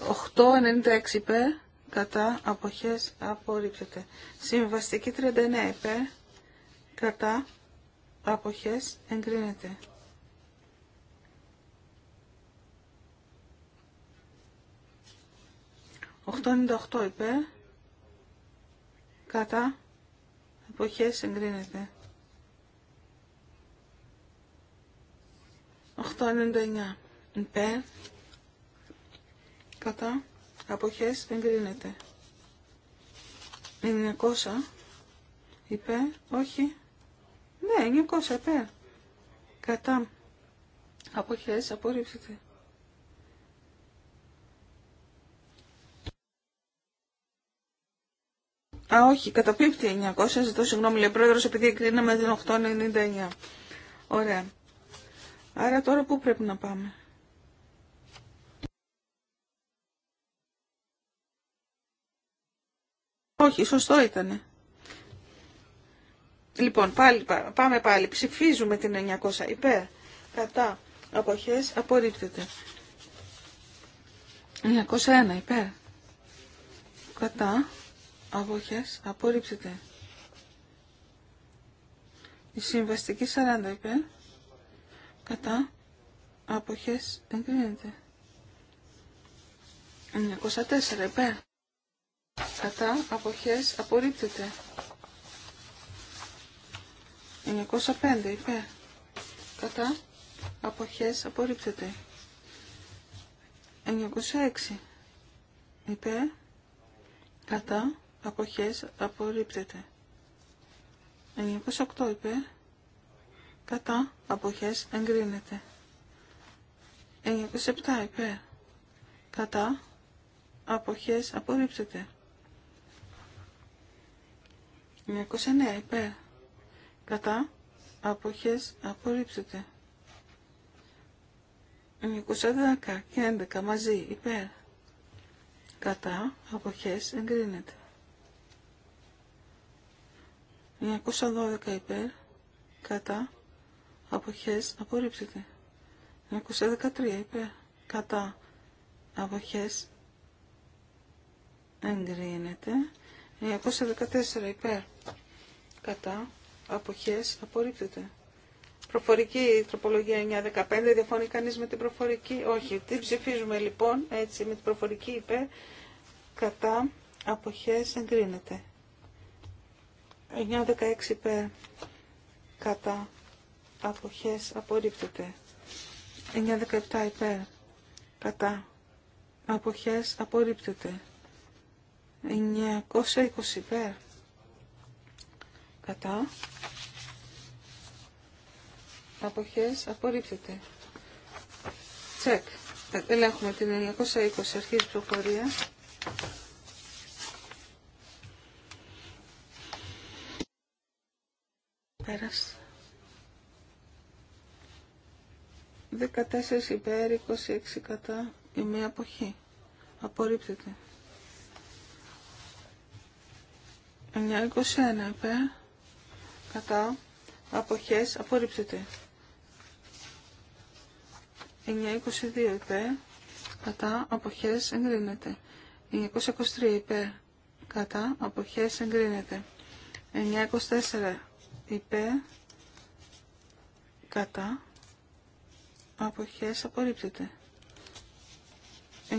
8,96 υπέρ, κατά, αποχές, απορρίπτεται. Συμβαστική 39 υπέρ, κατά, αποχές, εγκρίνεται. «898 ειπε κατά, εποχές εγκρίνεται». «899 υπέρ, κατά αποχές εγκρίνεται. 900 υπέρ, όχι. Ναι, 900 υπέρ. Κατά αποχές απορρίψεται. Α, όχι, καταπίπτει 900. Ζητώ συγγνώμη, λέει πρόεδρος, επειδή κρίναμε την 899. Ωραία. Άρα τώρα πού πρέπει να πάμε. Όχι, σωστό ήτανε. Λοιπόν, πάλι, πάμε πάλι. Ψηφίζουμε την 900 υπέρ. Κατά. Αποχές απορρίπτεται. 901 υπέρ. Κατά. Αποχές απορρίπτεται. Η συμβαστική 40 υπέρ. Κατά. Αποχές εγκρίνεται. 904 υπέρ κατά αποχές απορρίπτεται 905 είπε, κατά αποχές απορρίπτεται 906 είπε, κατά αποχές απορρίπτεται 908 υπέρ κατά αποχές εγκρίνεται 907 είπε. κατά αποχές απορρίπτεται 909 υπέρ. Κατά. Αποχές απορρίψετε. 910 και 11 μαζί υπέρ. Κατά. Αποχές εγκρίνεται. 912 υπέρ. Κατά. Αποχές απορρίψετε. 913 υπέρ. Κατά. Αποχές εγκρίνεται. 914 υπέρ κατά, αποχές, απορρίπτεται. Προφορική 915. διαφωνεί κανεί με την προφορική, όχι. Τι ψηφίζουμε λοιπόν, έτσι, με την προφορικη είπε υπέρ, κατά, αποχές, 916 9-16 υπέρ, κατά, αποχές, 917 9-17 υπέρ, κατά, αποχές, απορρίπτεται. 920 υπέρ, κατά αποχές απορρίπτεται. Τσεκ. Ε, ελέγχουμε την 920 Αρχίζει της προφορίας. 14 υπέρ, 26 κατά η μία αποχή. Απορρίπτεται. 921 υπέρ κατά αποχές απορρίπτεται. 922 υπέρ κατά αποχές εγκρίνεται. 923 υπέρ κατά αποχές εγκρίνεται. 924 υπέρ κατά αποχές απορρίπτεται. 924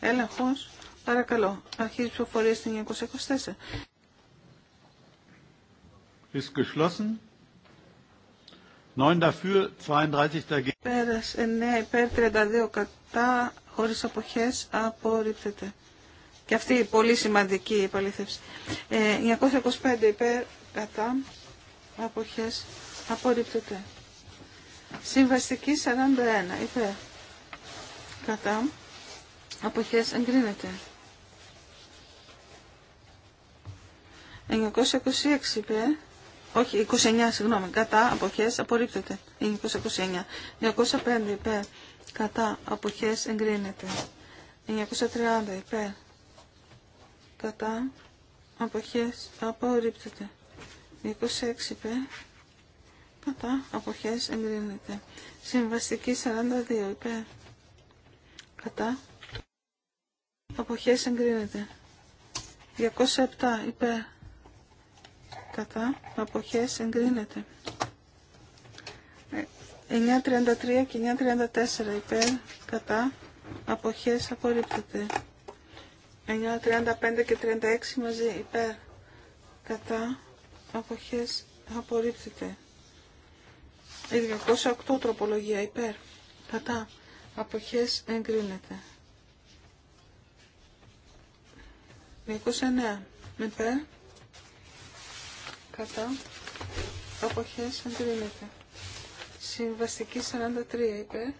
έλεγχος παρακαλώ αρχίζει ψηφοφορία στην 924 ist geschlossen. 9 dafür, 32 dagegen. 9 υπέρ 32 κατά, χωρίς αποχές, απορρίπτεται. Και αυτή η πολύ σημαντική επαλήθευση. Ε, 925 υπέρ κατά, αποχές, απορρίπτεται. Συμβαστική 41 υπέρ κατά, αποχές εγκρίνεται. 926 υπέρ όχι 29 συγγνώμη, κατά αποχές απορρίπτεται. Είναι 229. 205 υπέρ κατά αποχές εγκρίνεται. 930 υπέρ κατά αποχές απορρίπτεται. 26 υπέρ κατά αποχές εγκρίνεται. Συμβαστική 42 υπέρ κατά αποχές εγκρίνεται. 207 υπέρ κατά αποχές εγκρίνεται. 9.33 ε, και 9.34 υπέρ κατά αποχές απορρίπτεται. 9.35 και 36 μαζί υπέρ κατά αποχές απορρίπτεται. 208 τροπολογία υπέρ κατά αποχές εγκρίνεται. 209 υπέρ κατά αποχές εγκρίνεται. Συμβαστική 43 υπέρ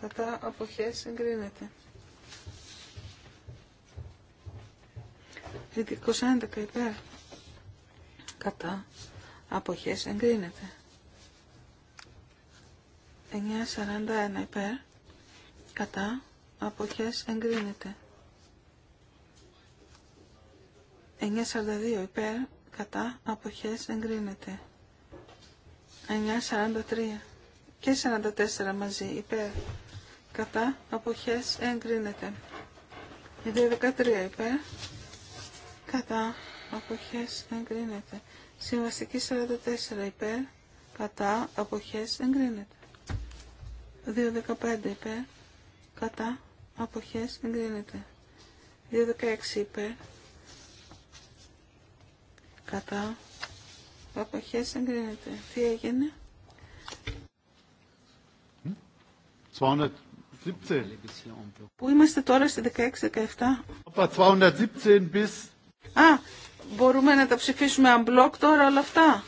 κατά αποχές εγκρίνεται. Δυτικό 11 υπέρ κατά αποχές εγκρίνεται. 9.41 υπέρ κατά αποχές εγκρίνεται. 9.42 υπέρ κατά αποχές εγκρίνεται. 9.43 και 44 μαζί υπέρ κατά αποχές εγκρίνεται. 2.13 υπέρ κατά αποχές εγκρίνεται. Συμβαστική 44 υπέρ κατά αποχές εγκρίνεται. 2.15 υπέρ κατά αποχές εγκρίνεται. 2.16 υπέρ κατά αποχές εγκρίνεται. Τι έγινε. Hm? Πού είμαστε τώρα στη 16-17. bis... Α, μπορούμε να τα ψηφίσουμε unblock τώρα όλα αυτά.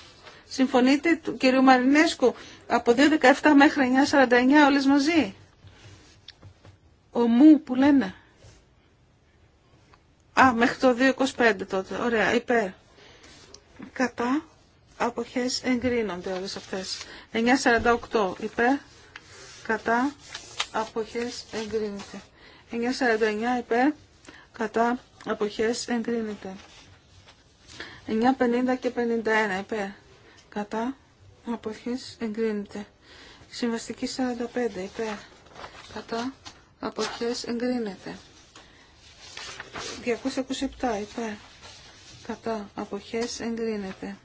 Συμφωνείτε του κυρίου Μαρινέσκου από 2.17 μέχρι 9.49 όλες μαζί. Ο μου που λένε. Α, μέχρι το 2.25 τότε. Ωραία, υπέρ κατά αποχές εγκρίνονται όλες αυτές. 9.48 υπέρ κατά αποχές εγκρίνεται. 9.49 υπέρ κατά αποχές εγκρίνεται. 9.50 και 51 υπέρ κατά αποχές εγκρίνεται. Συμβαστική 45 υπέρ κατά αποχές εγκρίνεται. 227 υπέρ κατά αποχές εγκρίνεται.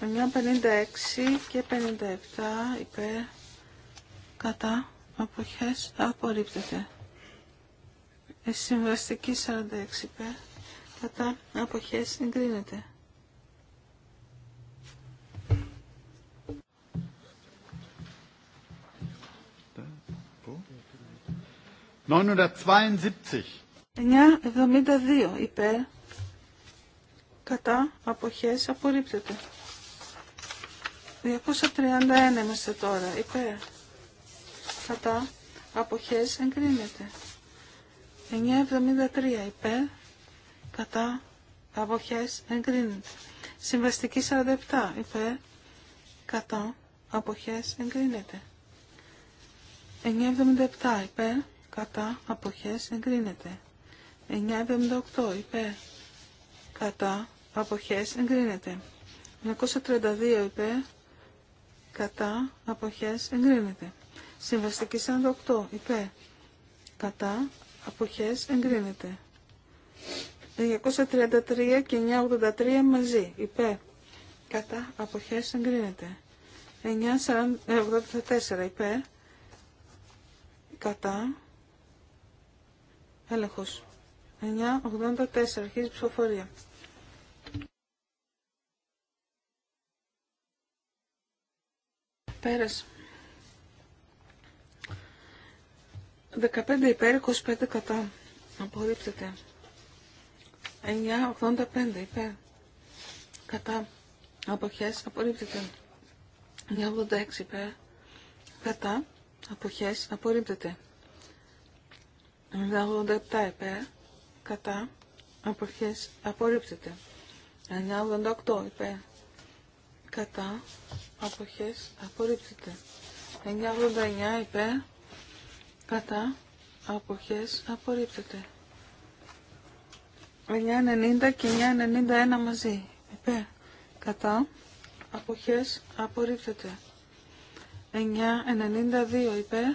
9.56 και 57 υπέρ κατά αποχές απορρίπτεται. Ε, συμβαστική 46 υπέρ κατά αποχές εγκρίνεται. «972 υπέρ κατά αποχές απορρίπτεται. 231 είμαστε τώρα, υπέρ, κατά αποχές εγκρίνεται. 973 υπέρ, κατά αποχές εγκρίνεται. Συμβαστική 47 υπέρ, κατά αποχές εγκρίνεται. 977 υπέρ, κατά αποχές εγκρίνεται. 978 υπέρ, κατά αποχές εγκρίνεται. 932 είπε, κατά αποχές εγκρίνεται. Συμβαστική 48 είπε, κατά αποχές εγκρίνεται. 933 και 983 μαζί είπε. κατά αποχές εγκρίνεται. 984 ε, είπε. κατά έλεγχος. 984 αρχίζει ψηφοφορία. Πέρας. 15 υπέρ, 25 κατά. Απορρίπτεται. 9,85 υπέρ. Κατά. Αποχές. Απορρίπτεται. 9,86 υπέρ. Κατά. Αποχές. Απορρίπτεται. 9,87 υπέρ. Κατά. Αποχές. Απορρίπτεται. 9,88 υπέρ. Κατά αποχές απορρίπτεται. 989 υπέρ κατά αποχές απορρίπτεται. 990 και 991 μαζί υπέρ κατά αποχές απορρίπτεται. 992 υπέρ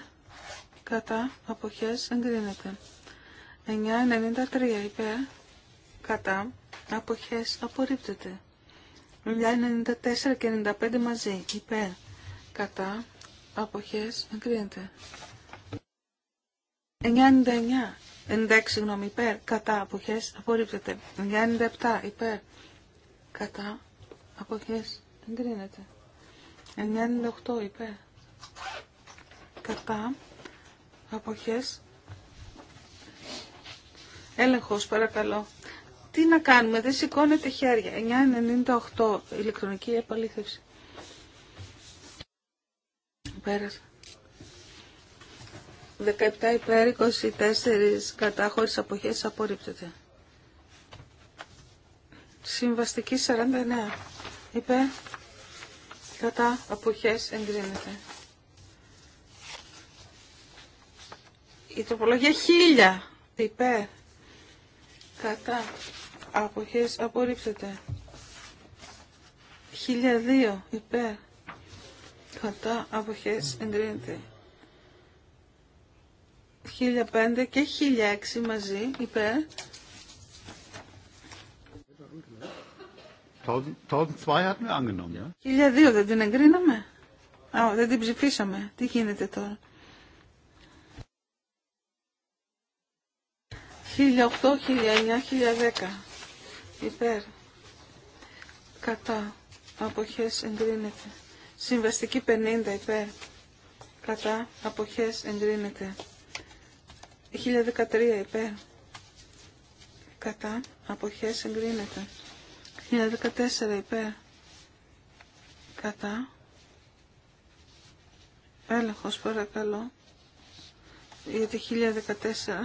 κατά αποχές εγκρίνεται. 993 υπέρ κατά αποχές απορρίπτεται. 94 και 95 μαζί. Υπέρ. Κατά. Αποχές. Εγκρίνεται. 99. 96 συγγνώμη. Υπέρ. Κατά. Αποχές. Απορρίπτεται. 97. Υπέρ. Κατά. Αποχές. Εγκρίνεται. 98. Υπέρ. Κατά. Αποχές. Έλεγχος παρακαλώ. Τι να κάνουμε, δεν σηκώνεται χέρια. 998 ηλεκτρονική επαλήθευση. Πέρασα. 17 υπέρ 24 κατά αποχές απορρίπτεται. Συμβαστική 49 υπέρ κατά αποχές εγκρίνεται. Η τροπολογία 1000 υπέρ κατά άποχες απορρίπτεται. 1002 υπέρ κατά αποχές εγκρίνεται. 1005 και 1006 μαζί υπέρ. 1002 δεν την εγκρίναμε. Α, δεν την ψηφίσαμε. Τι γίνεται τώρα. 1008, 1009, 1010 υπέρ κατά αποχές εγκρίνεται. Συμβαστική 50 υπέρ κατά αποχές εγκρίνεται. 1013 υπέρ κατά αποχές εγκρίνεται. 1014 υπέρ κατά έλεγχος παρακαλώ γιατί 1014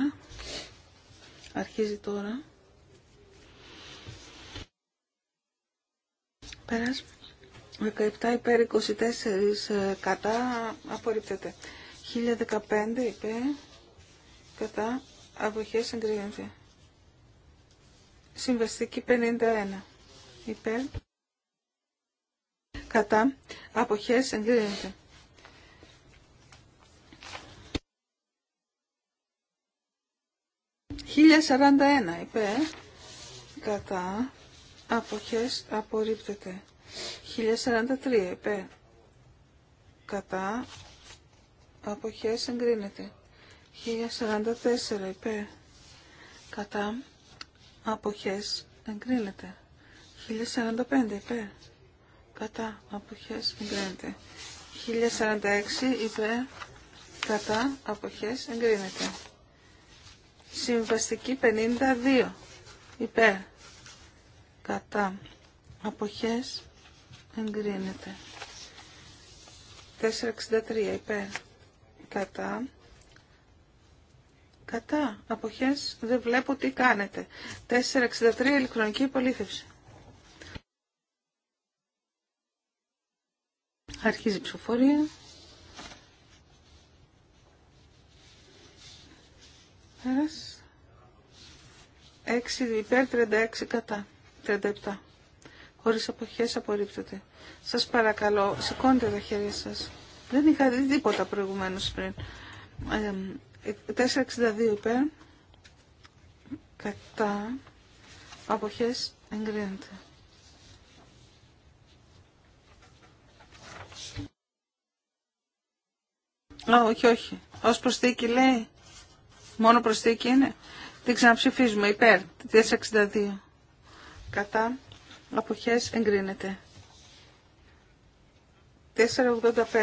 αρχίζει τώρα Πέρας. 17 υπέρ 24 ε, κατά απορρίπτεται. 1015 υπέρ κατά αποχές εγκρίνεται. Συμβαστική 51 υπέρ κατά αποχές εγκρίνεται. Χίλια σαράντα υπέρ κατά αποχές απορρίπτεται. 1043 υπέρ κατά αποχές εγκρίνεται. 1044 υπέρ κατά αποχές εγκρίνεται. 1045 υπέρ κατά αποχές εγκρίνεται. 1046 υπέρ κατά αποχές εγκρίνεται. Συμβαστική 52 υπέρ κατά αποχές εγκρίνεται 463 υπέρ κατά κατά αποχές δεν βλέπω τι κάνετε 463 ηλεκτρονική υπολήθευση αρχίζει η ψηφοφορία Πέρας. 6 υπέρ 36 κατά. 37. Χωρίς αποχές απορρίπτεται. Σας παρακαλώ, σηκώντε τα χέρια σας. Δεν είχα δει τίποτα προηγουμένως πριν. 462 ε, υπέρ. Κατά. Αποχές εγκρίνεται. Α, όχι, όχι. Ως προσθήκη λέει. Μόνο προσθήκη είναι. Την ξαναψηφίζουμε υπέρ. 462 κατά αποχές εγκρίνεται. 485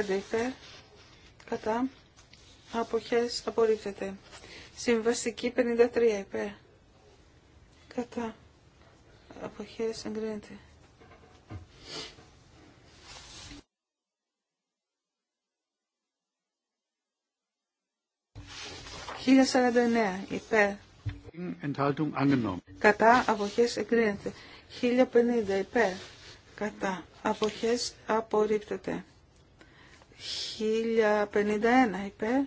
υπέρ κατά αποχές απορρίφεται. Συμβαστική 53 υπέρ κατά αποχές εγκρίνεται. 1049 υπέρ Κατά αποχές εγκρίνεται. 1050 υπέρ. Κατά αποχές απορρίπτεται. 1051 υπέρ.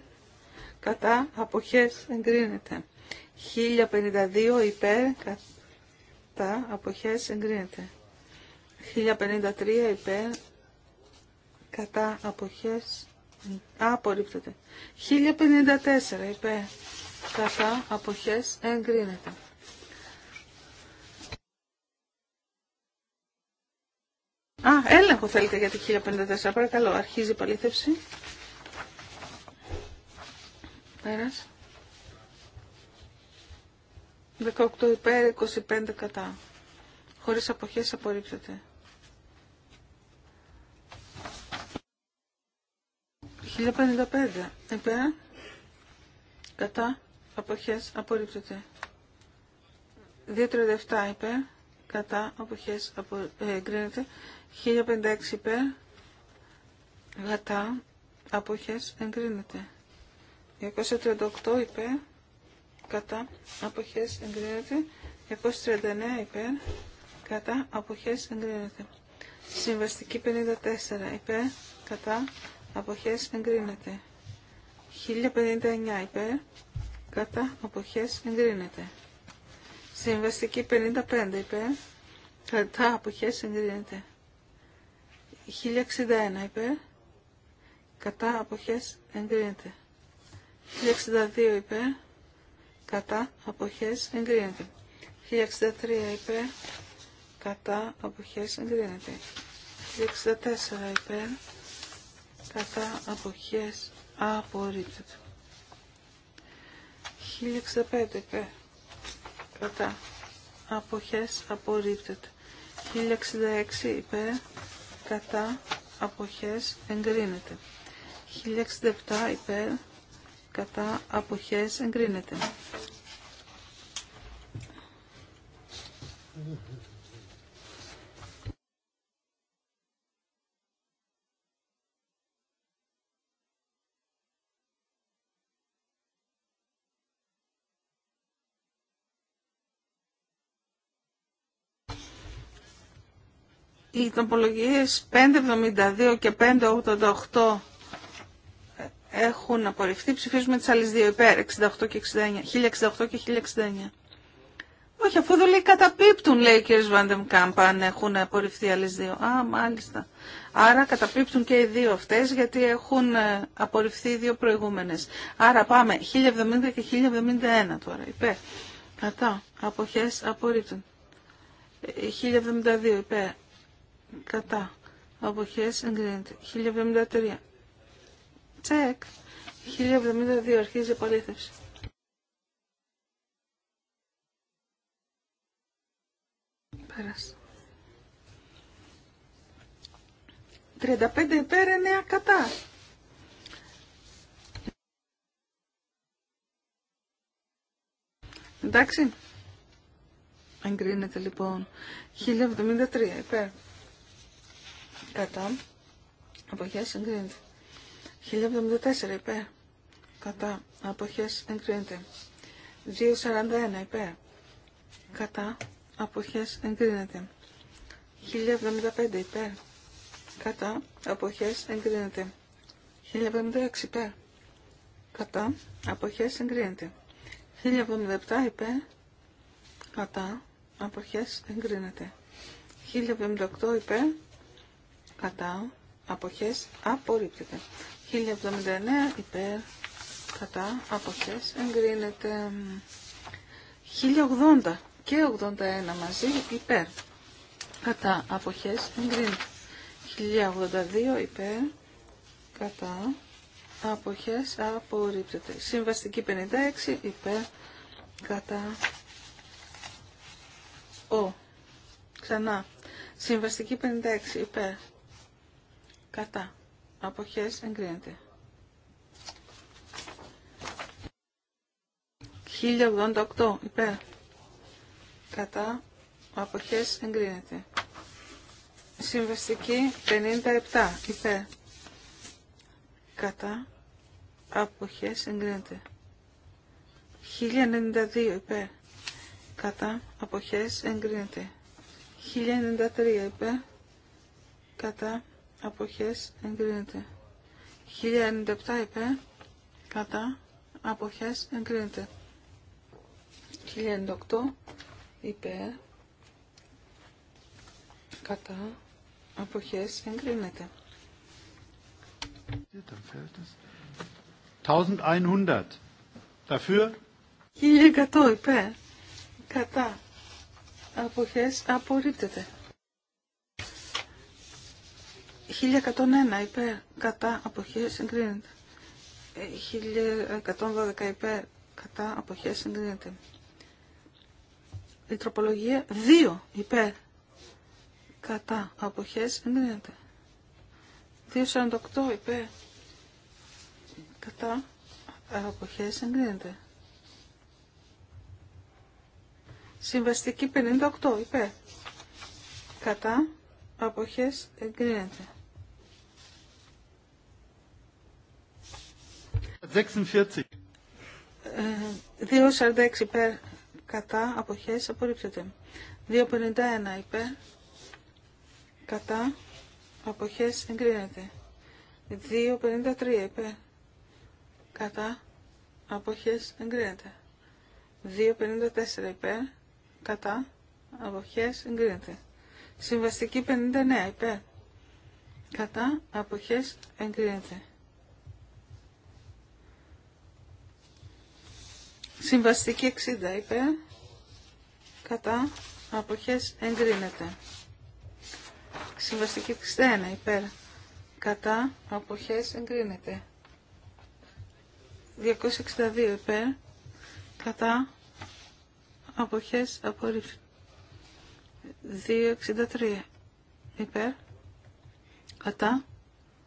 Κατά αποχές εγκρίνεται. 1052 υπέρ. Κατά αποχές εγκρίνεται. 1053 υπέρ. Κατά αποχές απορρίπτεται. 1054 υπέρ κατά αποχές εγκρίνεται. Α, έλεγχο θέλετε για τη 1054. Παρακαλώ, αρχίζει η παλήθευση. Πέρας. 18 υπέρ, 25 κατά. Χωρίς αποχές απορρίπτεται. 1055 υπέρ, κατά αποχές απορρίπτεται. 237 ε, υπέρ, κατά, αποχές εγκρίνεται. 1056 υπέρ, κατά, αποχές εγκρίνεται. 238 υπέρ, κατά, αποχές εγκρίνεται. 239 υπέρ, κατά, αποχές εγκρίνεται. Συμβαστική 54 υπέρ, κατά, αποχές εγκρίνεται. 1059 υπέρ, κατά αποχές εγκρίνεται. Συμβαστική 55 είπε, κατά αποχές εγκρίνεται. 1061 είπε, κατά αποχές εγκρίνεται. 1062 είπε, κατά αποχές εγκρίνεται. 1063 είπε, κατά αποχές εγκρίνεται. 1064 είπε, κατά αποχές απορρίπτεται. 1065 υπέρ. Κατά. Αποχές απορρίπτεται. 1066 υπέρ. Κατά. Αποχές εγκρίνεται. 1067 υπέρ. Κατά. Αποχές εγκρίνεται. Οι τοπολογίες 572 και 588 έχουν απορριφθεί. Ψηφίζουμε τις άλλες δύο υπέρ, 68 και 69, 1068 και 1069. Όχι, αφού δεν λέει καταπίπτουν, λέει ο κ. Βάντεμ αν έχουν απορριφθεί άλλε δύο. Α, μάλιστα. Άρα καταπίπτουν και οι δύο αυτές γιατί έχουν ε, απορριφθεί οι δύο προηγούμενες. Άρα πάμε 1070 και 1071 τώρα. Υπέρ. Κατά. αποχές απορρίπτουν. 1072 ε, υπέρ κατά αποχές εγκρίνεται 1073 τσεκ 1072 αρχίζει η επαλήθευση πέρασε 35 υπέρ 9 κατά εντάξει εγκρίνεται λοιπόν 1073 υπέρ κατά αποχές εγκρίνεται. 1074 υπέρ κατά αποχές εγκρίνεται. 241 υπέρ κατά αποχές εγκρίνεται. 1075 υπέρ κατά αποχές εγκρίνεται. 1076 υπέρ κατά αποχές εγκρίνεται. 1077 υπέρ κατά αποχές εγκρίνεται. 1078 υπέρ κατά, αποχές, απορρίπτεται. 1079 υπέρ, κατά, αποχές, εγκρίνεται. 1080 και 81 μαζί υπέρ, κατά, αποχές, εγκρίνεται. 1082 υπέρ, κατά, αποχές, απορρίπτεται. Συμβαστική 56 υπέρ, κατά, ο, ξανά. Συμβαστική 56 υπέρ, Κατά. Αποχές εγκρίνεται. 1088 υπέρ. Κατά. Αποχές εγκρίνεται. Συμβαστική 57 υπέρ. Κατά. Αποχές εγκρίνεται. 1092 υπέρ. Κατά. Αποχές εγκρίνεται. 1093 υπέρ. Κατά αποχές εγκρίνεται. 1097 υπέρ κατά αποχές εγκρίνεται. 1098 υπέρ κατά αποχές εγκρίνεται. 1100 dafür 1100 υπέρ κατά αποχές απορρίπτεται. 1101 υπέρ κατά αποχές εγκρίνεται. 1112 ε, υπέρ κατά αποχές εγκρίνεται. Η τροπολογία 2 υπέρ κατά αποχές εγκρίνεται. 248 υπέρ κατά αποχές εγκρίνεται. Συμβαστική 58 υπέρ κατά αποχές εγκρίνεται. 246. 246 υπέρ κατά αποχές απορρίπτεται. 251 υπέρ κατά αποχές εγκρίνεται. 253 υπέρ κατά αποχές εγκρίνεται. 254 υπέρ κατά αποχές εγκρίνεται. Συμβαστική 59 υπέρ κατά αποχές εγκρίνεται. Συμβαστική 60 είπε. Κατά. Αποχές εγκρίνεται. Συμβαστική 61 υπέρ. Κατά. Αποχές εγκρίνεται. 262 υπέρ. Κατά. Αποχές απορρίφθηκε. 263 υπέρ. Κατά.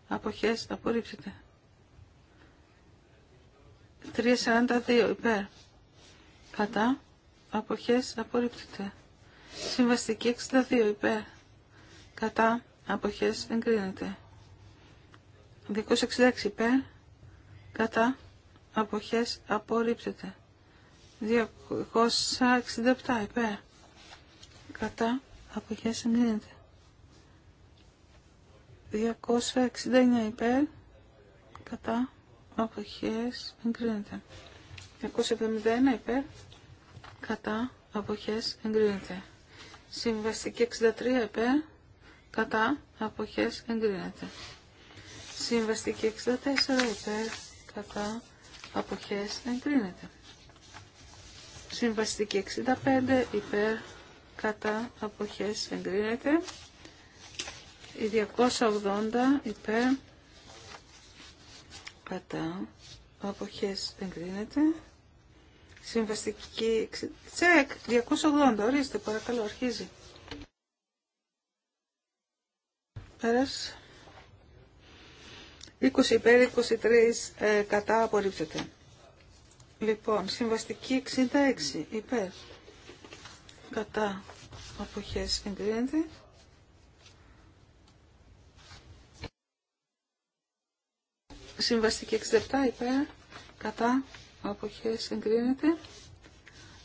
Αποχές απορρίψετε. 3.42 υπέρ. Κατά. Αποχές απορρίπτεται. Συμβαστική 62 υπέρ. Κατά. Αποχές εγκρίνεται. 266 υπέρ. Κατά. Αποχές απορρίπτεται. 267 υπέρ. Κατά. Αποχές εγκρίνεται. 269 υπέρ. Κατά αποχές εγκρίνεται. 271 υπέρ, κατά, αποχές εγκρίνεται. Συμβαστική 63 υπέρ, κατά, αποχές εγκρίνεται. Συμβαστική 64 υπέρ, κατά, αποχές εγκρίνεται. Συμβαστική 65 υπέρ, κατά, αποχές εγκρίνεται. Η 280 υπέρ, κατά αποχές εγκρίνεται. Συμβαστική τσεκ 280 ορίστε παρακαλώ αρχίζει. Πέρας. 20 υπέρ 23 ε, κατά απορρίπτεται. Λοιπόν, συμβαστική 66 υπέρ κατά αποχές εγκρίνεται. Συμβαστική 67 υπέρ, κατά, αποχές εγκρίνεται.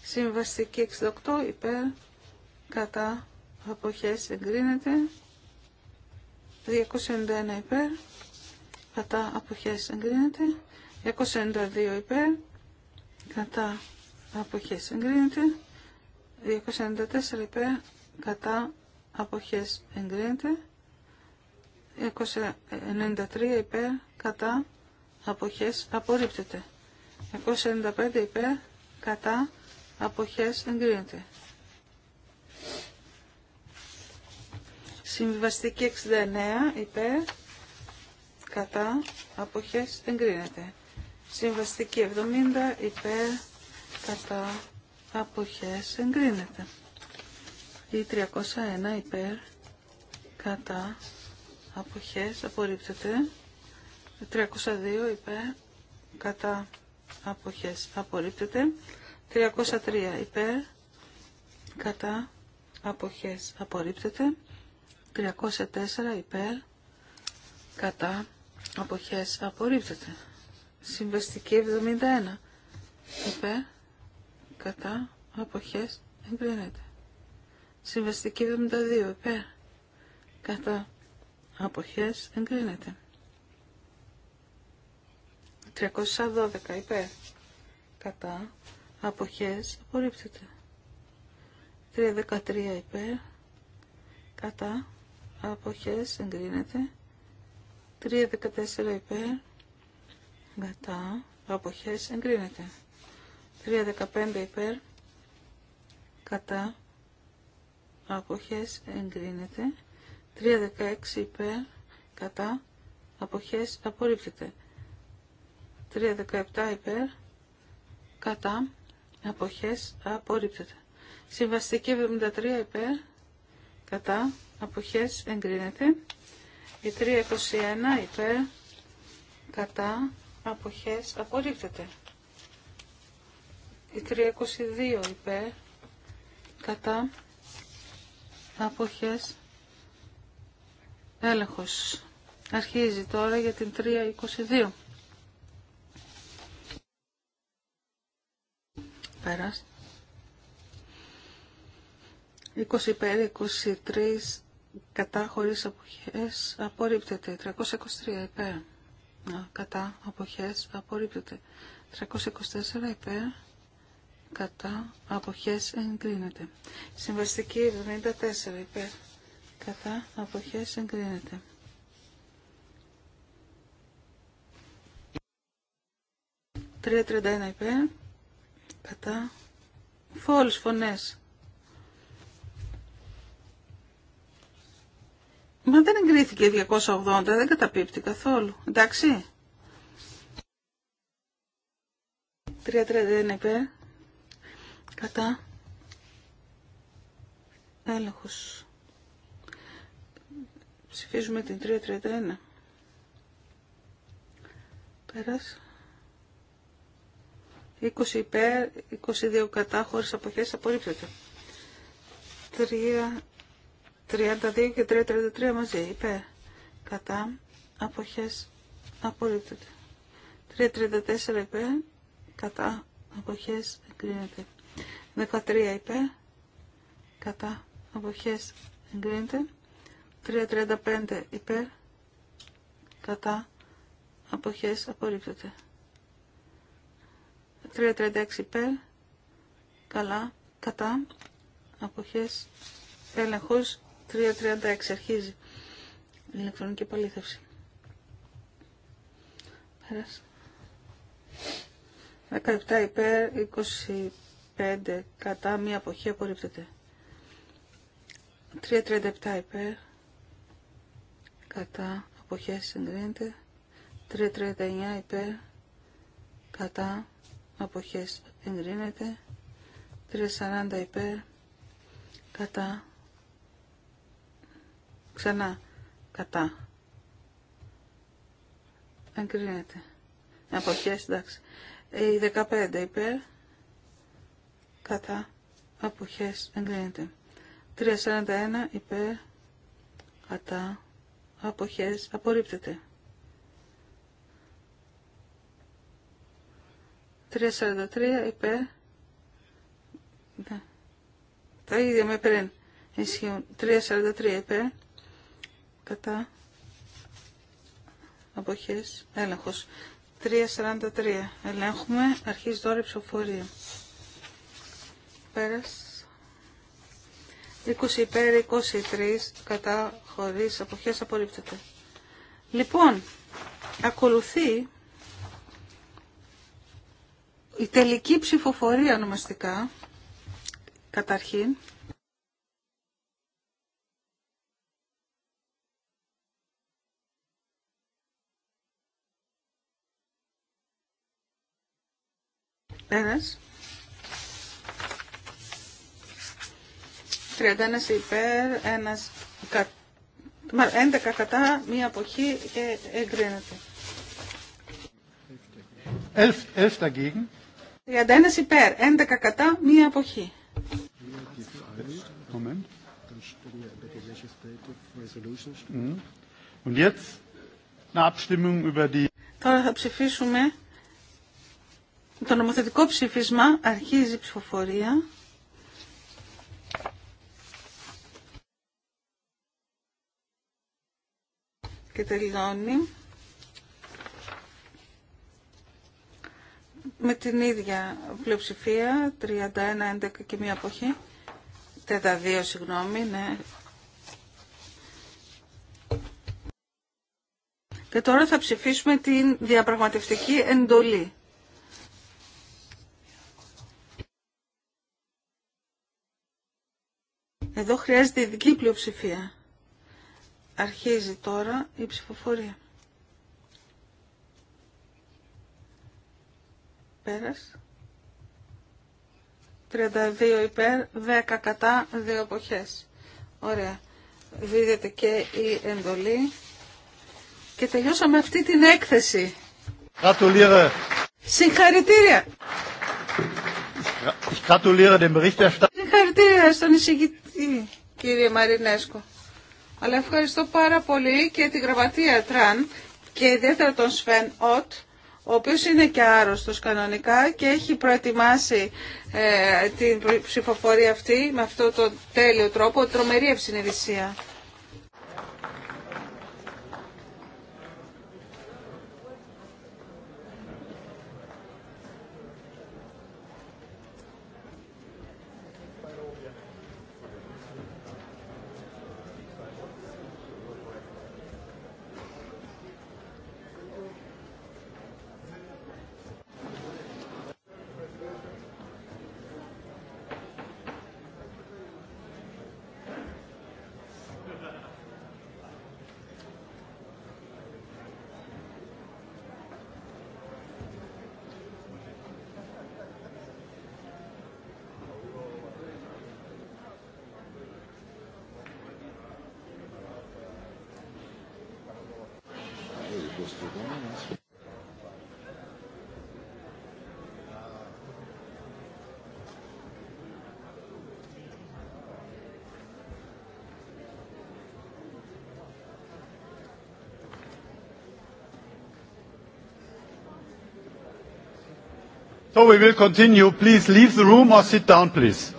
Συμβαστική 68 υπέρ, κατά, αποχές εγκρίνεται. 291 υπέρ, κατά, αποχές εγκρίνεται. 292 υπέρ, κατά, αποχές εγκρίνεται. 294 υπέρ, κατά, αποχές εγκρίνεται. 293 υπέρ κατά αποχές απορρίπτεται. 295 υπέρ κατά αποχές εγκρίνεται. Συμβιβαστική 69 υπέρ κατά αποχές εγκρίνεται. Συμβαστική 70 υπέρ κατά αποχές εγκρίνεται. Η 301 υπέρ κατά αποχές απορρίπτεται 302 υπέρ κατά αποχές απορρίπτεται 303 είπε κατά αποχές απορρίπτεται 304 υπέρ κατά αποχές απορρίπτεται συμβαστική 71 υπέρ κατά αποχές εγκρίνεται συμβαστική 72 υπέρ κατά αποχές εγκρίνεται. 312 υπέρ κατά αποχές απορρίπτεται. 313 υπέρ κατά αποχές εγκρίνεται. 314 υπέρ κατά αποχές εγκρίνεται. 315 υπέρ κατά αποχές εγκρίνεται. 316 υπέρ κατά αποχές απορρίπτεται. 317 υπέρ κατά αποχές απορρίπτεται. Συμβαστική 73 υπέρ κατά αποχές εγκρίνεται. Η 321 υπέρ κατά αποχές απορρίπτεται. Η 322 υπέρ κατά αποχές Έλεγχος. Αρχίζει τώρα για την 322. Πέρας. 20 υπέρ, 23 κατά χωρίς αποχές, απορρίπτεται. 323 υπέρ, κατά αποχές, απορρίπτεται. 324 υπέρ, κατά αποχές, εγκρίνεται. Συμβαστική 74 υπέρ κατά αποχές εγκρίνεται. Τρία τριάντα υπέρ κατά φόλους φωνές. Μα δεν εγκρίθηκε 280, δεν καταπίπτει καθόλου. Εντάξει. 331 υπέρ. Κατά. Έλεγχος. Ψηφίζουμε την 331. Πέρας. 20 υπέρ, 22 κατά, χωρίς αποχές, απορρίπτεται. 3, 32 και 333 μαζί, υπέρ, κατά, αποχές, απορρίπτεται. 334 υπέρ, κατά, αποχές, εγκρίνεται. 13 υπέρ, κατά, αποχές, εγκρίνεται. 3.35 υπέρ κατά αποχές απορρίπτεται. 3.36 υπέρ καλά κατά αποχές έλεγχος 3.36 αρχίζει η ηλεκτρονική επαλήθευση. Πέρασε. 17 υπέρ 25 κατά μία αποχή απορρίπτεται. 3.37 υπέρ κατά αποχές εγκρίνεται 339 υπέρ κατά αποχές εγκρίνεται 340 υπέρ κατά ξανά κατά εγκρίνεται αποχές εντάξει ε, η 15 υπέρ κατά αποχές εγκρίνεται 341 υπέρ κατά αποχές απορρίπτεται. 3.43 33π ναι. Τα ίδια με πριν ισχύουν. 3.43 είπε Κατά. Αποχές. Έλεγχος. 3.43. Ελέγχουμε. Αρχίζει τώρα η ψηφοφορία. Πέρας. 20 υπέρ, 23 κατά χωρίς αποχές απορρίπτεται. Λοιπόν, ακολουθεί η τελική ψηφοφορία ονομαστικά, καταρχήν. Ένας. 31 υπέρ, ένας κα... 11 κατά, μία αποχή και εγκρίνεται. 11 31 υπέρ, 11 κατά, μία αποχή. die Τώρα θα ψηφίσουμε το νομοθετικό ψήφισμα, αρχίζει η ψηφοφορία. και τελειώνει με την ίδια πλειοψηφία, 31, 11 και μία αποχή, 32 συγγνώμη, ναι. Και τώρα θα ψηφίσουμε την διαπραγματευτική εντολή. Εδώ χρειάζεται ειδική πλειοψηφία. Αρχίζει τώρα η ψηφοφορία. Πέρας. 32 υπέρ, 10 κατά, 2 εποχές. Ωραία. Δίδεται και η εντολή. Και τελειώσαμε αυτή την έκθεση. Συγχαρητήρια. Gratuliere Συγχαρητήρια στον εισηγητή, κύριε Μαρινέσκο. Αλλά ευχαριστώ πάρα πολύ και τη γραμματεία Τραν και ιδιαίτερα τον Σφεν Ότ, ο οποίος είναι και άρρωστος κανονικά και έχει προετοιμάσει ε, την ψηφοφορία αυτή με αυτό το τέλειο τρόπο, τρομερή ευσυνειδησία. So we will continue. Please leave the room or sit down, please.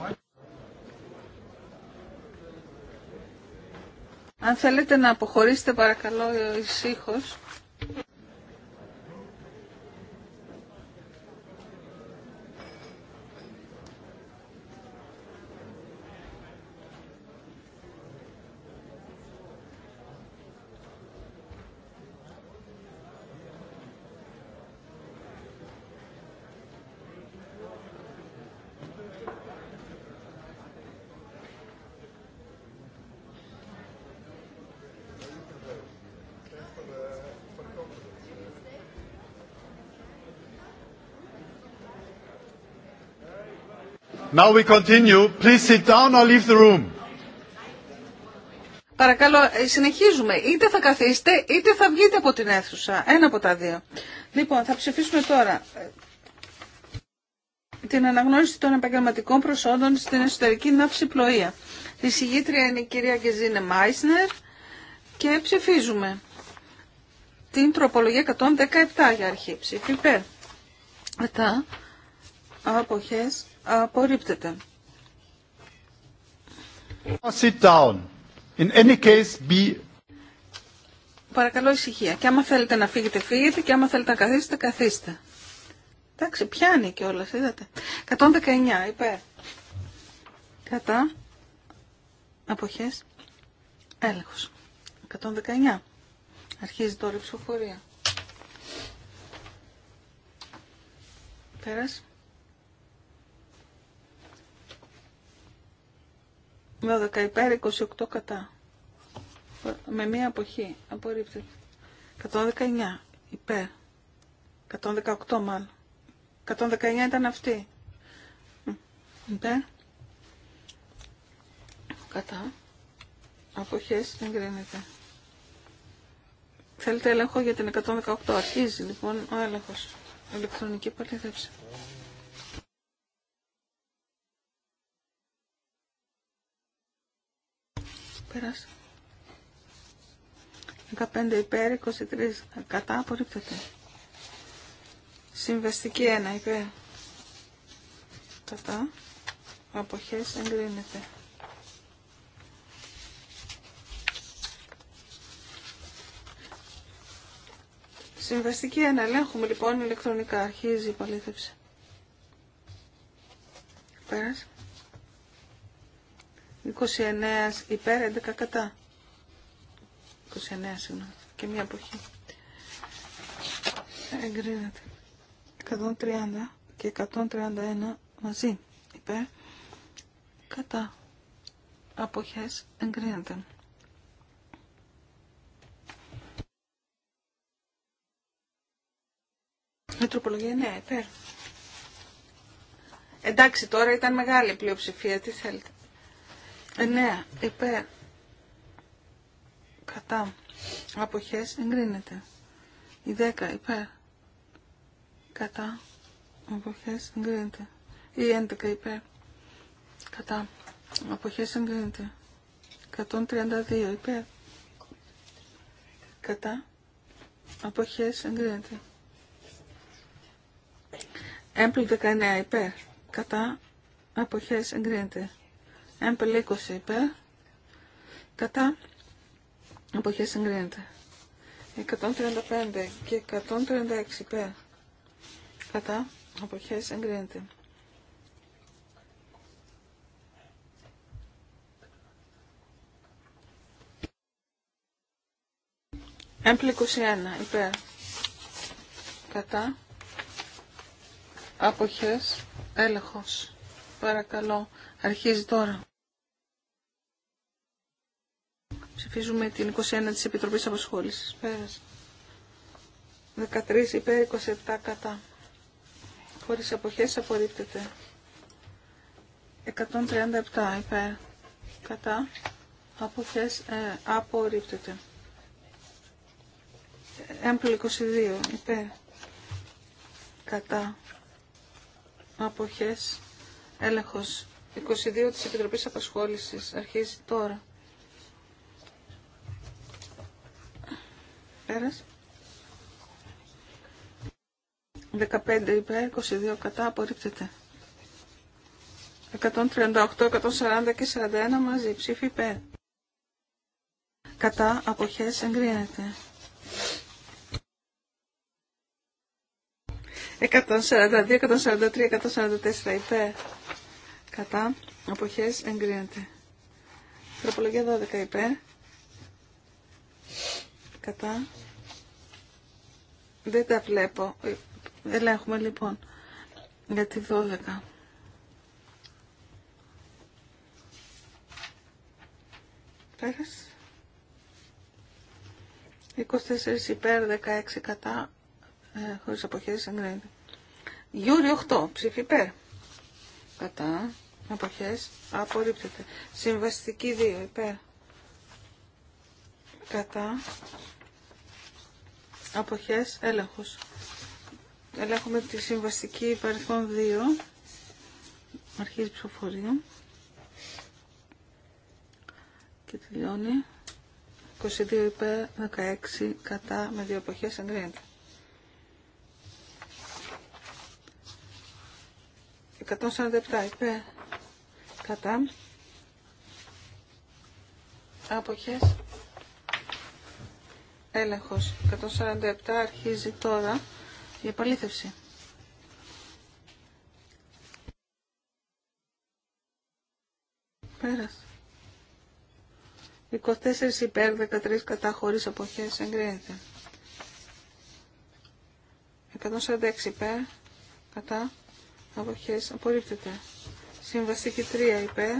Αν θέλετε να αποχωρήσετε παρακαλώ ησύχως. Now we continue. Please sit down or leave the room. Παρακαλώ, ε, συνεχίζουμε. Είτε θα καθίσετε, είτε θα βγείτε από την αίθουσα. Ένα από τα δύο. Λοιπόν, θα ψηφίσουμε τώρα ε, την αναγνώριση των επαγγελματικών προσόντων στην εσωτερική ναύση πλοία. Η συγγήτρια είναι η κυρία Γκεζίνε Μάισνερ και ψηφίζουμε την τροπολογία 117 για αρχή. Ψήφι υπέρ αποχές απορρίπτεται. Sit down. In any case, be... Παρακαλώ ησυχία. Και άμα θέλετε να φύγετε, φύγετε. Και άμα θέλετε να καθίσετε, καθίστε. Εντάξει, πιάνει και όλα, είδατε. 119, υπέρ. Κατά. Αποχές. Έλεγχος. 119. Αρχίζει τώρα η ψηφοφορία. Πέρασε. 12 υπέρ, 28 κατά. Με μία αποχή. Απορρίπτεται. 119 υπέρ. 118 μάλλον. 119 ήταν αυτή. Υπέρ. Κατά. Αποχές δεν κρίνεται. Θέλετε έλεγχο για την 118. Αρχίζει λοιπόν ο έλεγχος. Ελεκτρονική παλιδεύση. Πέρασε. 15 υπέρ, 23 κατά, απορρίπτεται. Συμβαστική 1 υπέρ. Κατά. Αποχές εγκρίνεται. Συμβαστική 1. Ελέγχουμε λοιπόν ηλεκτρονικά. Αρχίζει η παλήθευση. Πέρασε. 29 υπέρ, 11 κατά. 29 συγγνώμη. Και μία εποχή. Εγκρίνεται. 130 και 131 μαζί υπέρ. Κατά. Αποχές εγκρίνεται. Μετροπολογία, ναι, υπέρ. Εντάξει, τώρα ήταν μεγάλη πλειοψηφία. Τι θέλετε. 9 ε, υπέρ κατά απόχέ εγκρίνεται. Η 10 υπέρ κατά Αποχέ εγκρίνεται. Η 11 υπέρ κατά Αποχέ εγκρίνεται. 132 υπέρ κατά Αποχέ εγκρίνεται. Έμπλου 19 υπέρ κατά αποχές εγκρίνεται. Εμπλήκωση υπέρ. Κατά. Αποχέ εγκρίνεται. 135 και 136 υπέρ. Κατά. Αποχέ εγκρίνεται. 21, υπέρ. Κατά. Αποχές. Έλεγχος. Παρακαλώ. Αρχίζει τώρα. Ψηφίζουμε την 21 της Επιτροπής Αποσχόλησης. Πέρασε. 13 υπέρ 27 κατά. Χωρίς αποχές απορρίπτεται. 137 υπέρ κατά. Αποχές ε, απορρίπτεται. Έμπλου 22 υπέρ κατά. Αποχές έλεγχος. 22 της Επιτροπής Απασχόλησης αρχίζει τώρα. 15 υπέρ, 22 κατά, απορρίπτεται. 138, 140 και 41 μαζί, ψήφι υπέρ. Κατά, αποχές, εγκρίνεται. 142, 143, 144 υπέρ. Κατά, αποχές, εγκρίνεται. Τροπολογία 12 υπέρ κατά. Δεν τα βλέπω. Ε, ελέγχουμε λοιπόν για τη 12. Πέρας. 24 υπέρ, 16 κατά, ε, χωρίς αποχές εγκρίνεται. Γιούρι 8, ψήφι υπέρ. Κατά, αποχές, απορρίπτεται. Συμβαστική 2, υπέρ. Κατά, αποχές, έλεγχος. Ελέγχουμε τη συμβαστική παρελθόν 2, αρχής ψηφοφορία και τελειώνει. 22 υπέρ, 16 κατά, με δύο αποχές εγκρίνεται. 147 υπέρ, κατά, αποχές Έλεγχος 147 αρχίζει τώρα η επαλήθευση. Πέρασε. 24 υπέρ, 13 κατά χωρίς αποχές εγκρίνεται. 146 υπέρ, κατά αποχές απορρίπτεται. Συμβαστική 3 υπέρ,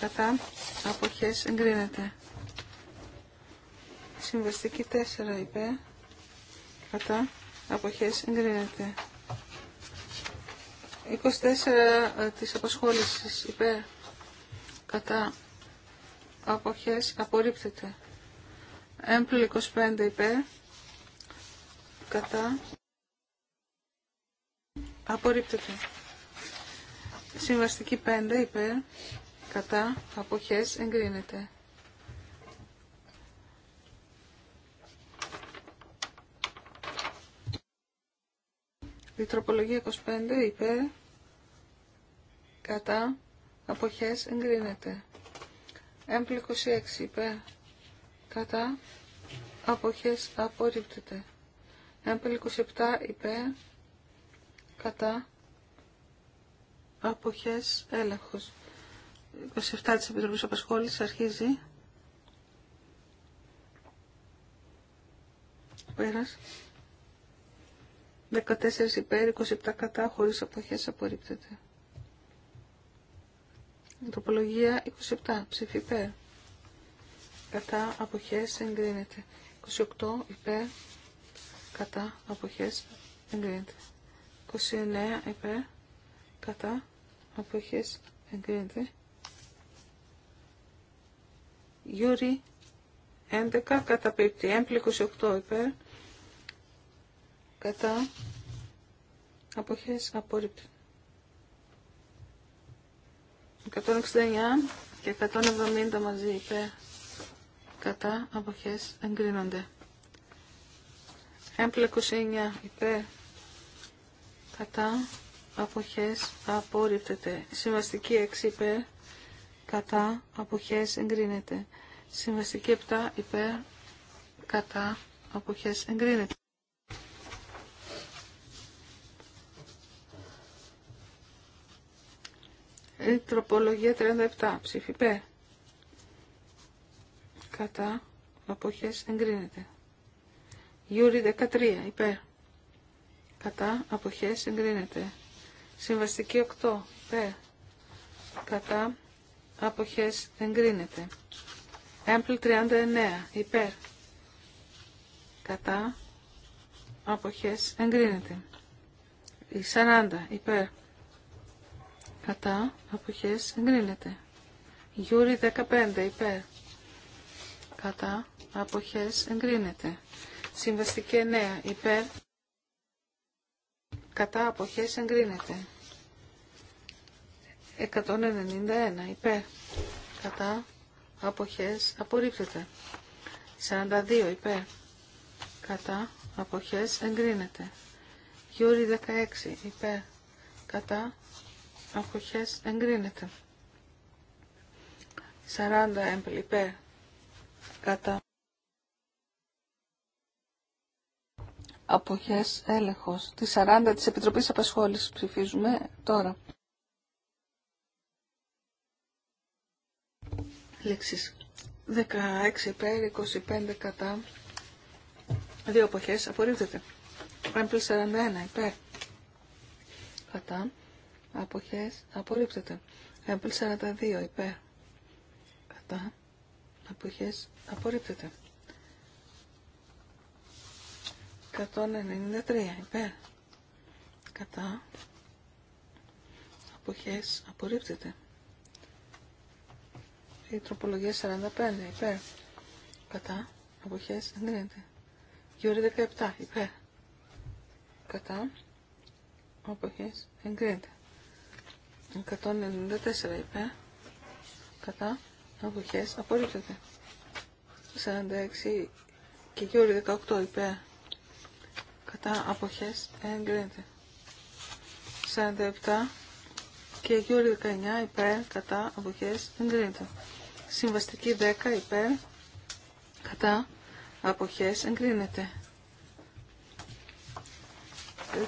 κατά αποχές εγκρίνεται. Συμβαστική 4 υπέρ. Κατά. Αποχές εγκρίνεται. 24 ε, της απασχόλησης υπέρ. Κατά. Αποχές απορρίπτεται. Έμπλου 25 υπέρ. Κατά. Απορρίπτεται. Συμβαστική 5 υπέρ. Κατά. Αποχές εγκρίνεται. Η 25 είπε, κατά αποχές εγκρίνεται. Έμπλη 26 είπε, κατά αποχές απορρίπτεται. Έμπλη 27 είπε, κατά αποχές έλεγχος. 27 της Επιτροπής Απασχόλησης αρχίζει. Πέρας. 14 υπέρ, 27 κατά, χωρίς αποχές απορρίπτεται. Τοπολογία 27, ψήφι υπέρ. Κατά αποχές εγκρίνεται. 28 υπέρ, κατά αποχές εγκρίνεται. 29 υπέρ, κατά αποχές εγκρίνεται. Γιούρι 11 κατά πίπτη, έμπλη 28 υπέρ, κατά αποχές απόρριπτου. 169 και 170 μαζί υπέρ κατά αποχές εγκρίνονται. Έμπλε 29 υπέρ κατά αποχές απορρίπτεται. Συμβαστική 6 υπέρ κατά αποχές εγκρίνεται. Συμβαστική 7 υπέρ κατά αποχές εγκρίνεται. τροπολογία 37. Ψήφι υπέρ. Κατά. Αποχές εγκρίνεται. Γιούρι 13. Υπέρ. Κατά. Αποχές εγκρίνεται. Συμβαστική 8. Υπέρ. Κατά. Αποχές εγκρίνεται. Έμπλ 39. Υπέρ. Κατά. Αποχές εγκρίνεται. Η 40. Υπέρ κατά αποχές εγκρίνεται. Γιούρι 15 υπέρ κατά αποχές εγκρίνεται. Συμβαστική 9 υπέρ κατά αποχές εγκρίνεται. 191 υπέρ κατά αποχές απορρίπτεται. 42 υπέρ κατά αποχές εγκρίνεται. Γιούρι 16 υπέρ κατά αποχές εγκρίνεται. 40 εμπλυπέ κατά αποχές έλεγχος. Τη 40 της Επιτροπής Απασχόλησης ψηφίζουμε τώρα. Λέξεις 16 υπέρ, 25 κατά, δύο αποχές απορρίπτεται. Έμπλη 41 υπέρ, κατά Αποχές. Απορρίπτεται. Έμπλ 42. Υπέρ. Κατά. Αποχές. Απορρίπτεται. 193. Υπέρ. Κατά. Αποχές. Απορρίπτεται. Η τροπολογία 45. Υπέρ. Κατά. Αποχές. Εγκρίνεται. Γιούρι 17. Υπέρ. Κατά. Αποχές. Εγκρίνεται. 194 είπε. Κατά. αποχέ, Απορρίπτεται. 46 και Γιώργη 18 είπε. Κατά. Αποχέ. Εγκρίνεται. 47 και Γιώργη 19 υπέρ. Κατά. Αποχέ. Εγκρίνεται. Συμβαστική 10 υπέρ. Κατά. Αποχέ. Εγκρίνεται.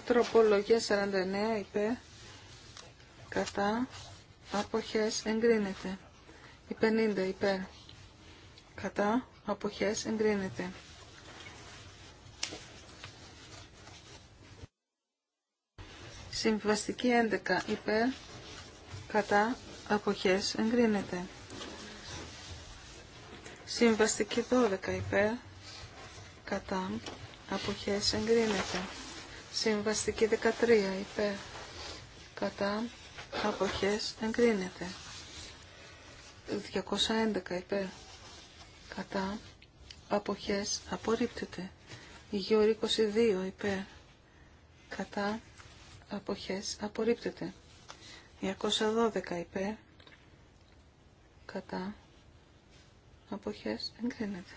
Τροπολογία 49 υπέρ κατά αποχές εγκρίνεται. Η 50 υπέρ κατά αποχές εγκρίνεται. Συμβαστική 11 υπέρ κατά αποχές εγκρίνεται. Συμβαστική 12 υπέρ κατά αποχές εγκρίνεται. Συμβαστική 13 υπέρ κατά αποχές εγκρίνεται. 211 υπέρ κατά αποχές απορρίπτεται. Γιώρη 22 υπέρ κατά αποχές απορρίπτεται. 212 υπέρ κατά αποχές εγκρίνεται.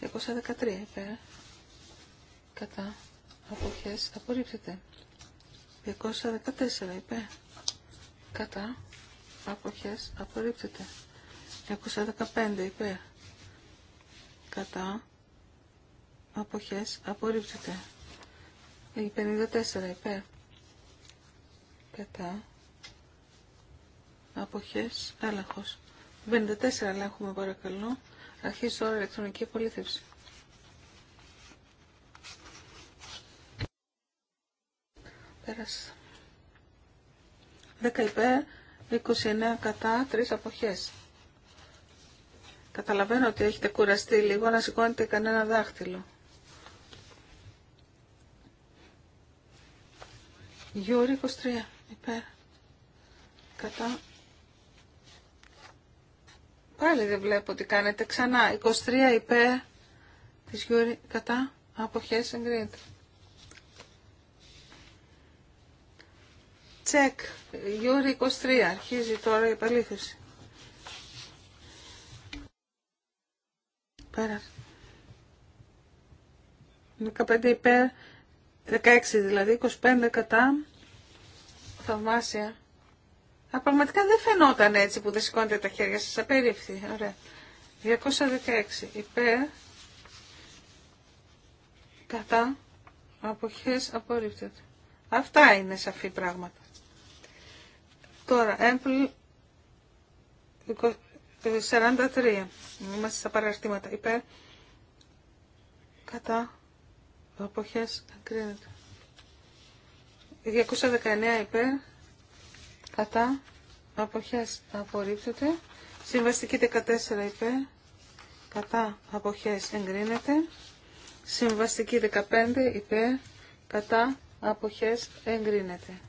213 υπέρ κατά αποχές απορρίπτεται. 214 είπε. Κατά. Αποχές απορρίπτεται. 215 είπε. Κατά. Αποχές απορρίπτεται. 54 είπε. Κατά. Αποχές έλεγχος. 54 ελέγχουμε παρακαλώ. Αρχίζει τώρα ηλεκτρονική απολύθευση. Πέρασε. 10 υπέρ, 29 κατά, 3 αποχές. Καταλαβαίνω ότι έχετε κουραστεί λίγο να σηκώνετε κανένα δάχτυλο. Γιούρι 23, υπέρ. Κατά. Πάλι δεν βλέπω τι κάνετε. Ξανά, 23 υπέρ της Γιούρι κατά αποχές εγκρίνεται. Τσεκ. Γιούρι 23. Αρχίζει τώρα η επαλήθευση. Πέρα. 15 υπέρ, 16 δηλαδή, 25 κατά. Θαυμάσια. Α, πραγματικά δεν φαινόταν έτσι που δεν σηκώνετε τα χέρια σας. Απερίφθη. Ωραία. 216 υπέρ. Κατά. Αποχές απορρίπτεται. Αυτά είναι σαφή πράγματα. Τώρα, έμπλη 43. Ε, Είμαστε στα παραρτήματα. Υπέρ. Κατά. Αποχές. Εγκρίνεται. 219 υπέρ. Κατά. Αποχές. Απορρίπτεται. Συμβαστική 14 υπέρ. Κατά. Αποχές. Εγκρίνεται. Συμβαστική 15 υπέρ. Κατά. Αποχές. Εγκρίνεται.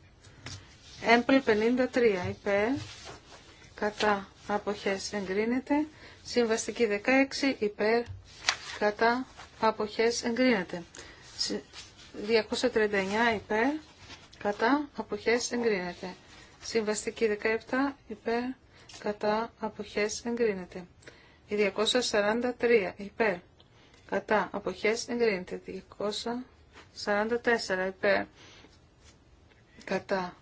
Έμπλ 53 υπέρ κατά αποχές εγκρίνεται. Συμβαστική 16 υπέρ κατά αποχές εγκρίνεται. 239 υπέρ κατά αποχές εγκρίνεται. Συμβαστική 17 υπέρ κατά αποχές εγκρίνεται. 243 υπέρ κατά αποχές εγκρίνεται. 244 υπέρ κατά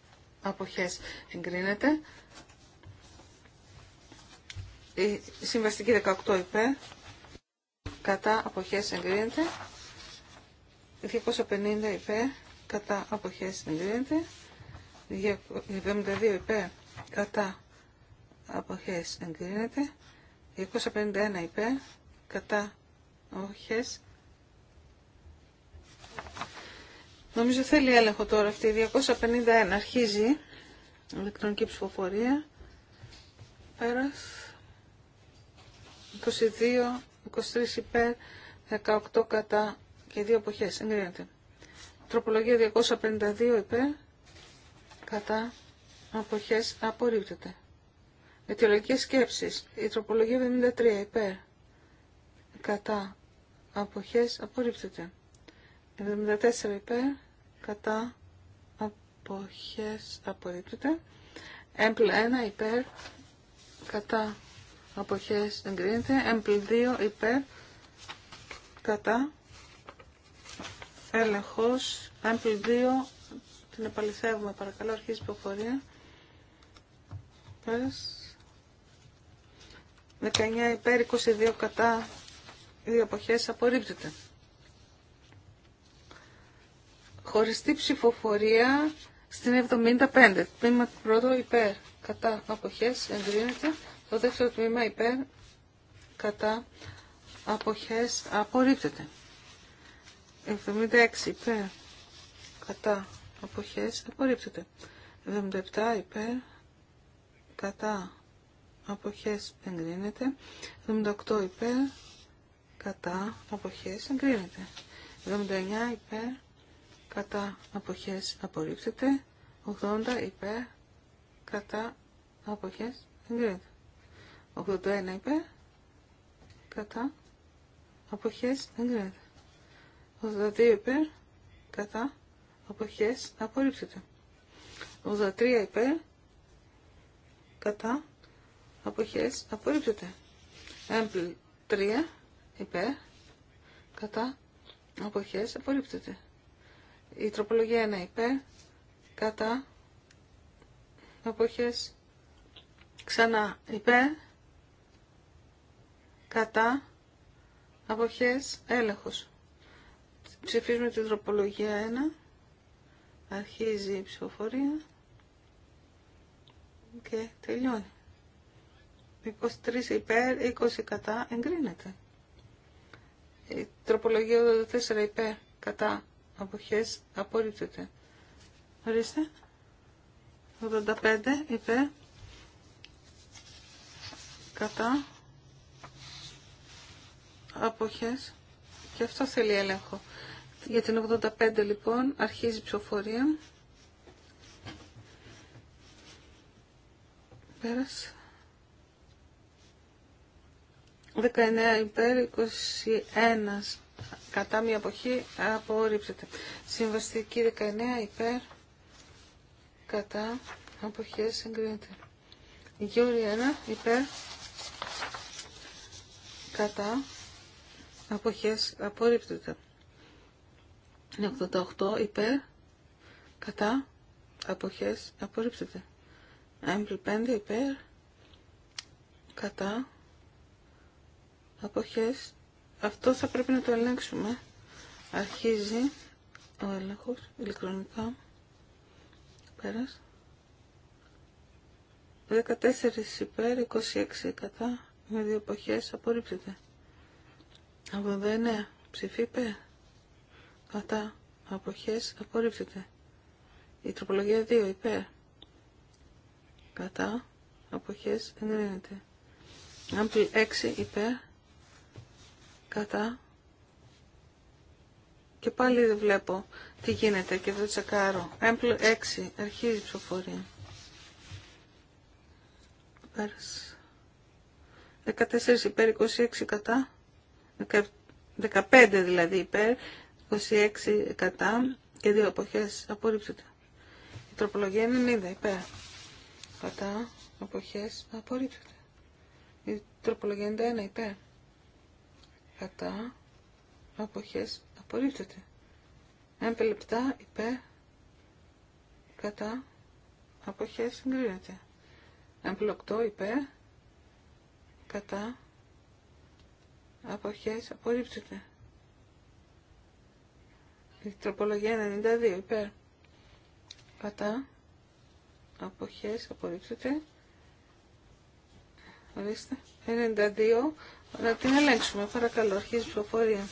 αποχές εγκρίνεται. Η συμβαστική 18 υπέ, κατά αποχές εγκρίνεται. 250 υπέρ κατά αποχές εγκρίνεται. 72 υπέ, κατά αποχές εγκρίνεται. 251 υπέ, κατά αποχές Νομίζω θέλει έλεγχο τώρα αυτή. η 251 αρχίζει. Ηλεκτρονική ψηφοφορία. Πέρας. 22, 23 υπέρ, 18 κατά και 2 εποχές. Εγκρίνεται. Τροπολογία 252 υπέρ, κατά, αποχές, απορρίπτεται. Αιτιολογικές σκέψεις. Η τροπολογία 53 υπέρ, κατά, αποχές, απορρίπτεται. 74 υπέρ κατά αποχές απορρίπτεται. Έμπλ 1 υπέρ κατά αποχές εγκρίνεται. Έμπλ 2 υπέρ κατά έλεγχος. Έμπλ 2 την επαληθεύουμε παρακαλώ αρχίζει η προφορία. 19 υπέρ 22 κατά δύο αποχές απορρίπτεται. Χωριστή ψηφοφορία στην 75. Τμήμα πρώτο υπέρ. Κατά αποχές εγκρίνεται. Το δεύτερο τμήμα υπέρ. Κατά αποχές απορρίπτεται. 76 υπέρ. Κατά αποχές απορρίπτεται. 77 υπέρ. Κατά αποχές εγκρίνεται. 78 υπέρ. Κατά αποχές εγκρίνεται. 79 υπέρ κατά αποχές απορρίπτεται 80 υπέρ κατά αποχές εγκρίνεται 81 υπέρ κατά αποχές εγκρίνεται 82 υπέρ κατά αποχές απορρίπτεται 83 υπέρ κατά αποχές απορρίπτεται έμπλη 3 υπέρ κατά αποχές απορρίπτεται η τροπολογία 1 υπέρ, κατά, αποχές, ξανά υπέ κατά, αποχε έλεγχος. Ψηφίζουμε την τροπολογία 1. Αρχίζει η ψηφοφορία και τελειώνει. 23 υπέρ, 20 κατά, εγκρίνεται. Η τροπολογία 24 υπέρ, κατά, αποχές απορρίπτεται. Ορίστε. 85 υπέ. Κατά. Αποχές. Και αυτό θέλει έλεγχο. Για την 85 λοιπόν αρχίζει η ψηφοφορία. Πέρασε. 19 υπέρ 21 κατά μία αποχή απορρίπτεται. Συμβαστική 19 υπέρ κατά αποχές συγκρίνεται. Γιούρι 1 υπέρ κατά αποχές απορρίπτεται. 88 υπέρ κατά αποχές απορρίπτεται. Άμπλ 5 υπέρ κατά αποχές αυτό θα πρέπει να το ελέγξουμε. Αρχίζει ο έλεγχος ηλεκτρονικά. Πέρας. 14 υπέρ, 26 κατά, με δύο εποχές απορρίπτεται. Από ψηφίπε, ψηφί υπέρ, κατά, αποχές απορρίπτεται. Η τροπολογία 2 υπέρ, κατά, αποχές εγκρίνεται. Άμπλη 6 υπέρ, κατά. Και πάλι δεν βλέπω τι γίνεται και δεν τσεκάρω. Έμπλο 6, αρχίζει η ψηφοφορία. 14 υπέρ, 26 κατά. 15 δηλαδή υπέρ, 26 κατά και δύο εποχές Απορρίψετε. Η τροπολογία είναι 90 υπέρ. Κατά, εποχές απορρίψετε. Η τροπολογία είναι ένα υπέρ κατά αποχές απορρίπτεται. Εμπλεπτά υπέ. υπέρ κατά αποχές συγκρίνεται. Εμπλοκτό υπέ. κατά αποχές απορρίπτεται. Η τροπολογία 92 υπέρ κατά αποχές απορρίπτεται. Ορίστε. 92 να την ελέγξουμε, παρακαλώ, αρχίζει η ψηφοφορία.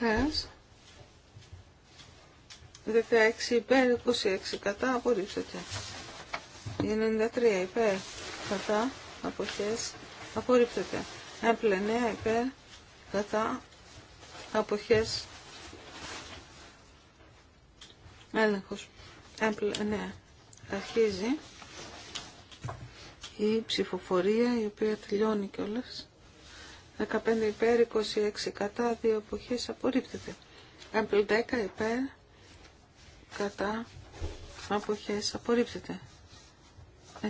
16 υπέρ, 26 κατά, απορρίψετε. 93 υπέρ, κατά, αποχές, απορρίπτεται. Έμπλε 9 υπέρ, κατά, αποχές, έλεγχος. Έμπλε 9 αρχίζει η ψηφοφορία η οποία τελειώνει κιόλα. 15 υπέρ, 26 κατά, δύο εποχέ απορρίπτεται. Έμπλ 10 υπέρ, κατά, αποχές απορρίπτεται. 94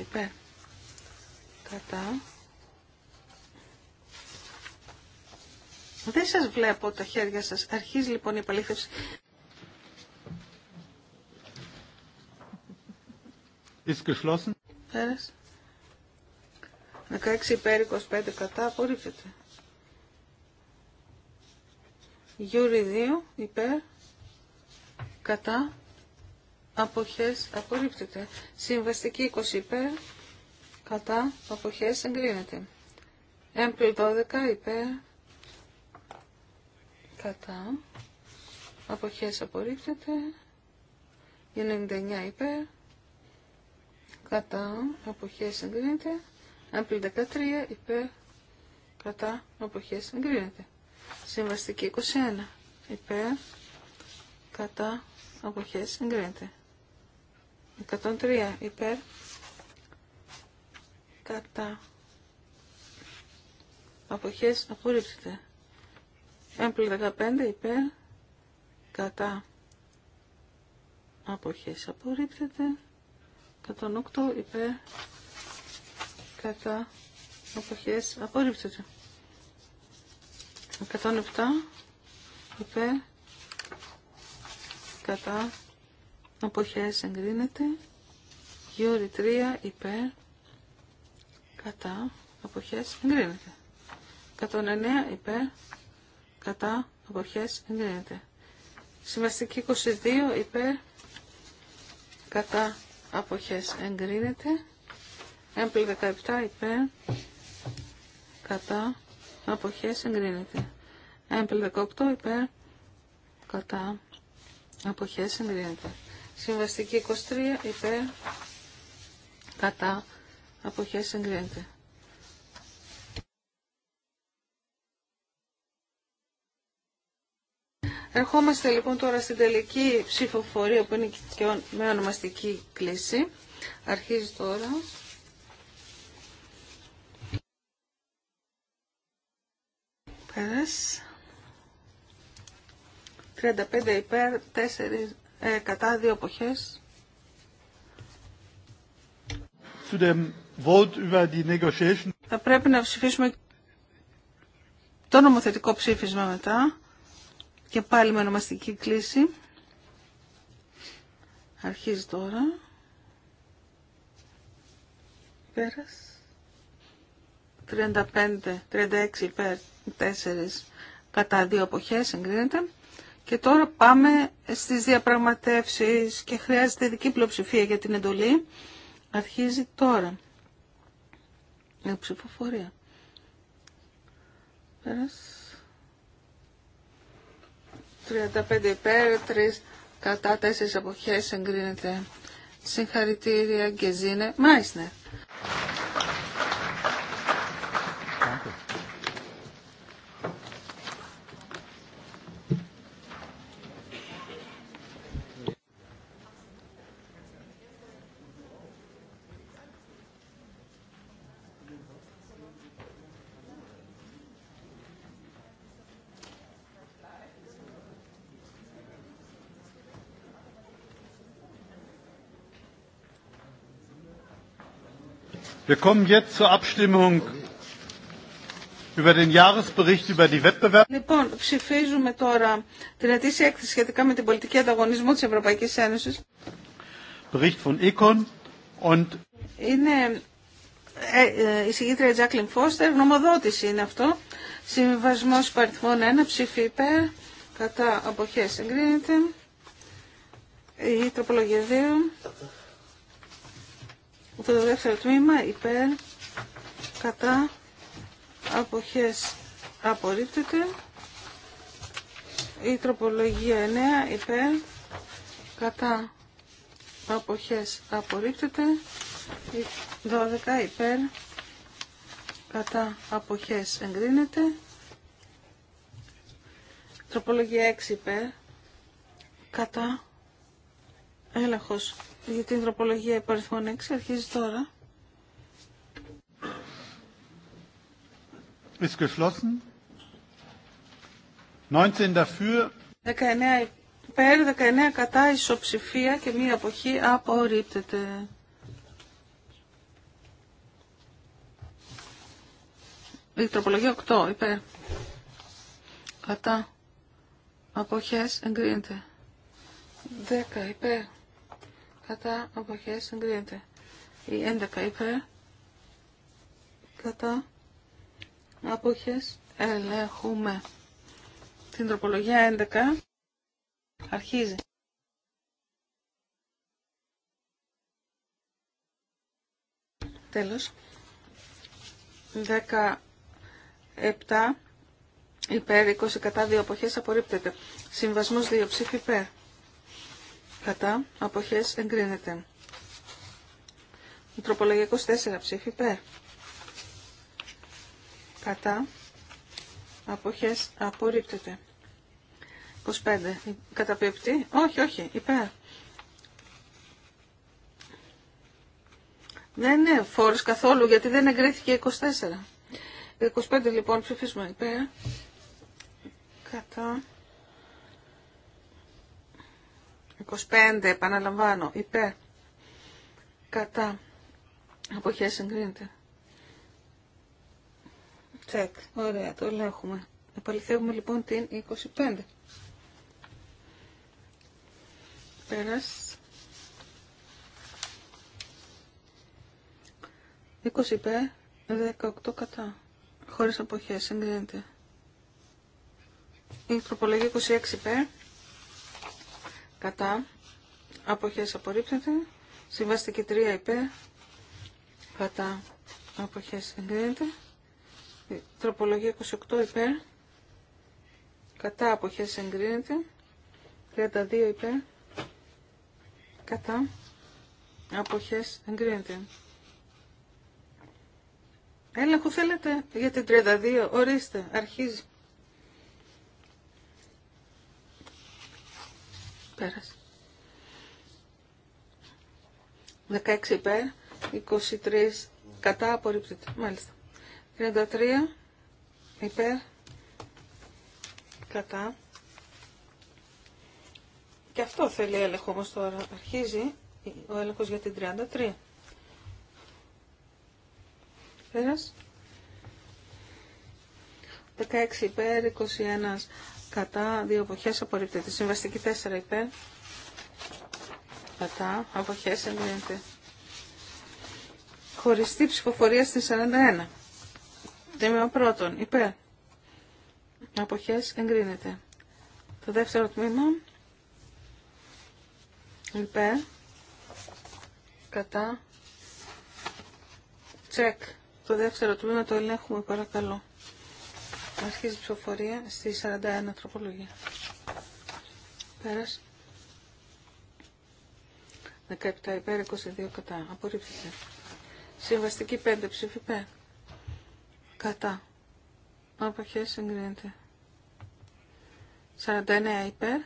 υπέρ, κατά. Δεν σας βλέπω τα χέρια σας. Αρχίζει λοιπόν η επαλήθευση. Ist geschlossen. Πέρας. 16 υπέρ 25 κατά απορρίπτεται. Γιούρι 2 υπέρ κατά αποχές απορρίπτεται. Συμβαστική 20 υπέρ κατά αποχές εγκρίνεται. Έμπλη 12 υπέρ κατά αποχές απορρίπτεται. 99 υπέρ κατά αποχές εγκρίνεται. Άμπλη 13 υπέρ κατά αποχές εγκρίνεται. Συμβαστική 21 υπέρ κατά αποχές εγκρίνεται. 103 υπέρ κατά αποχές απορρίπτεται. Έμπλη 15 υπέρ κατά αποχές απορρίπτεται. 108 υπέρ κατά αποχές απορρίπτεται. 107 υπέρ κατά αποχές εγκρίνεται. Γιώρη 3 υπέρ κατά αποχές εγκρίνεται. 109 υπέρ κατά αποχές εγκρίνεται. Συμβαστική 22 υπέρ κατά αποχές εγκρίνεται. Έμπλη 17 υπέρ κατά αποχές εγκρίνεται. Έμπλη 18 υπέρ κατά αποχές εγκρίνεται. Συμβαστική 23 υπέρ κατά αποχές εγκρίνεται. Ερχόμαστε λοιπόν τώρα στην τελική ψηφοφορία που είναι και με ονομαστική κλίση. Αρχίζει τώρα. Πέρας. 35 υπέρ, 4 ε, κατά, 2 εποχές. Θα πρέπει να ψηφίσουμε το νομοθετικό ψήφισμα μετά. Και πάλι με ονομαστική κλίση. Αρχίζει τώρα. Πέρας. 35, 36 υπέρ 4 κατά 2 εποχές εγκρίνεται. Και τώρα πάμε στις διαπραγματεύσεις και χρειάζεται ειδική πλειοψηφία για την εντολή. Αρχίζει τώρα. Η ψηφοφορία. Πέρας. 35 υπέρ, 3 κατά, 4 αποχές εγκρίνεται. Συγχαρητήρια Γκεζίνε Μάισνερ. Wir kommen jetzt zur Abstimmung über den Jahresbericht über die Wettbewerb. Λοιπόν, ψηφίζουμε τώρα την αιτήσια έκθεση σχετικά με την πολιτική ανταγωνισμού της Ευρωπαϊκής Ένωσης. Bericht von Econ und είναι ε, ε, η συγκήτρια Τζάκλιν Φώστερ, γνωμοδότηση είναι αυτό. Συμβιβασμός παριθμών 1, ψήφι υπέρ, κατά αποχές εγκρίνεται. Η τροπολογία 2 το δεύτερο τμήμα υπέρ κατά αποχές απορρίπτεται η τροπολογία 9 υπέρ κατά αποχές απορρίπτεται η 12 υπέρ κατά αποχές εγκρίνεται τροπολογία 6 υπέρ κατά έλεγχος για την τροπολογία υπαριθμών 6 αρχίζει τώρα. Ist geschlossen. 19 dafür. 19 υπέρ, 19 κατά ισοψηφία και μία αποχή απορρίπτεται. Η τροπολογία 8 υπέρ. Κατά. Αποχές εγκρίνεται. 10 υπέρ κατά αποχές εγκρίνεται. Η 11 υπέρ κατά αποχές ελέγχουμε. Την τροπολογία 11 αρχίζει. Τέλος. 17 υπέρ 20 κατά 2 αποχές απορρίπτεται. Συμβασμός 2 ψήφι υπέρ κατά, αποχές, εγκρίνεται. Τροπολογία 24, ψήφι υπέρ. Κατά, αποχές, απορρίπτεται. 25, καταπίπτει, όχι, όχι, υπέρ. Ναι, ναι, φόρος καθόλου, γιατί δεν εγκρίθηκε 24. 25 λοιπόν ψηφίσμα υπέρ. Κατά 25, επαναλαμβάνω, υπέρ, κατά, αποχές εγκρίνεται. Τσεκ, ωραία, το ελέγχουμε. Επαληθεύουμε λοιπόν την 25. Πέρας. 20 18 κατά. Χωρίς αποχές, εγκρίνεται. Η τροπολογία 26 υπέρ κατά αποχές απορρίπτεται συμβαστική 3 υπέρ κατά αποχές εγκρίνεται τροπολογία 28 υπέρ κατά αποχές εγκρίνεται 32 υπέρ κατά αποχές εγκρίνεται έλεγχο θέλετε για την 32 ορίστε αρχίζει Πέρασε. 16 υπέρ, 23 κατά απορρίπτεται. Μάλιστα. 33 υπέρ, κατά. Και αυτό θέλει έλεγχο όμως τώρα. Αρχίζει ο έλεγχος για την 33. Πέρας. 16 υπέρ, 21 κατά, δύο εποχές απορρίπτεται. Συμβαστική 4 υπέρ, κατά, εποχές εγκρίνεται. Χωριστή ψηφοφορία στην 41. Τμήμα πρώτον, υπέρ. Αποχές εγκρίνεται. Το δεύτερο τμήμα, υπέρ, κατά, τσεκ. Το δεύτερο τμήμα το ελέγχουμε παρακαλώ. Αρχίζει η ψηφοφορία στη 41 τροπολογία. Πέρασε. 17 υπέρ, 22 κατά. Απορρίφθηκε. Συμβαστική 5 ψήφι Κατά. Αποχές εγκρίνεται. 49 υπέρ.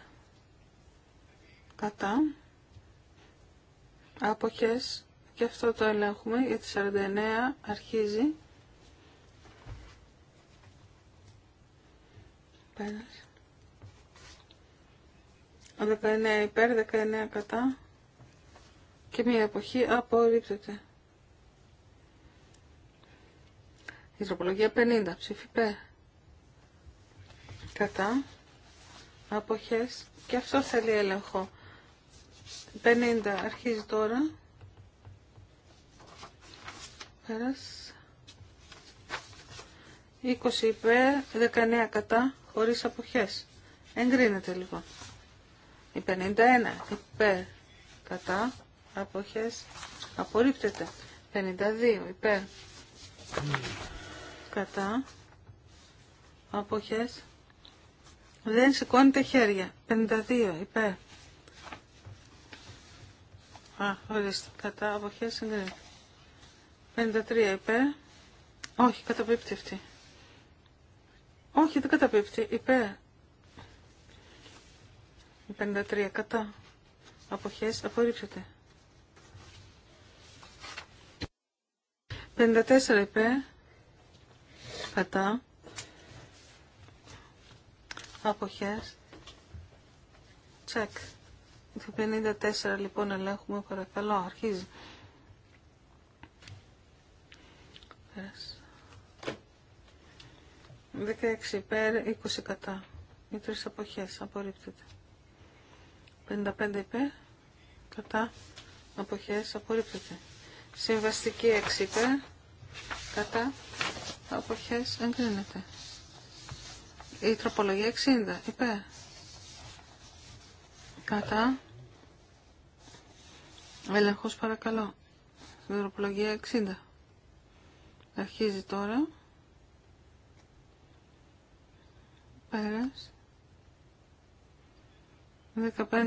Κατά. Αποχές. Και αυτό το ελέγχουμε γιατί 49 αρχίζει. Πέρασε. 19 υπέρ, 19 κατά και μία εποχή απορρίπτεται. Η τροπολογία 50 ψήφι πε Κατά. Αποχές. Και αυτό θέλει έλεγχο. 50 αρχίζει τώρα. Πέρασε. 20 υπέρ, 19 κατά χωρίς αποχές. Εγκρίνεται λοιπόν. Η 51 υπέρ κατά αποχές απορρίπτεται. 52 υπέρ κατά αποχές δεν σηκώνεται χέρια. 52 υπέρ. Α, ορίστε. Κατά αποχές εγκρίνεται. 53 υπέρ. Όχι, καταπίπτει αυτή. Όχι, δεν καταπίπτει. Είπε 53 κατά. Αποχές απορρίψετε. 54 είπε Κατά. Αποχές. Τσεκ. Το 54 λοιπόν ελέγχουμε παρακαλώ. Αρχίζει. Πέρασε. 16 υπέρ, 20 κατά. Οι τρει αποχές απορρίπτεται. 55 υπέρ, κατά, απόχέ απορρίπτεται. Συμβαστική 6 υπέρ, κατά, αποχέ, εγκρίνεται. Η τροπολογία 60 υπέρ, κατά, Ελέγχω παρακαλώ. Η τροπολογία 60. Αρχίζει τώρα. 15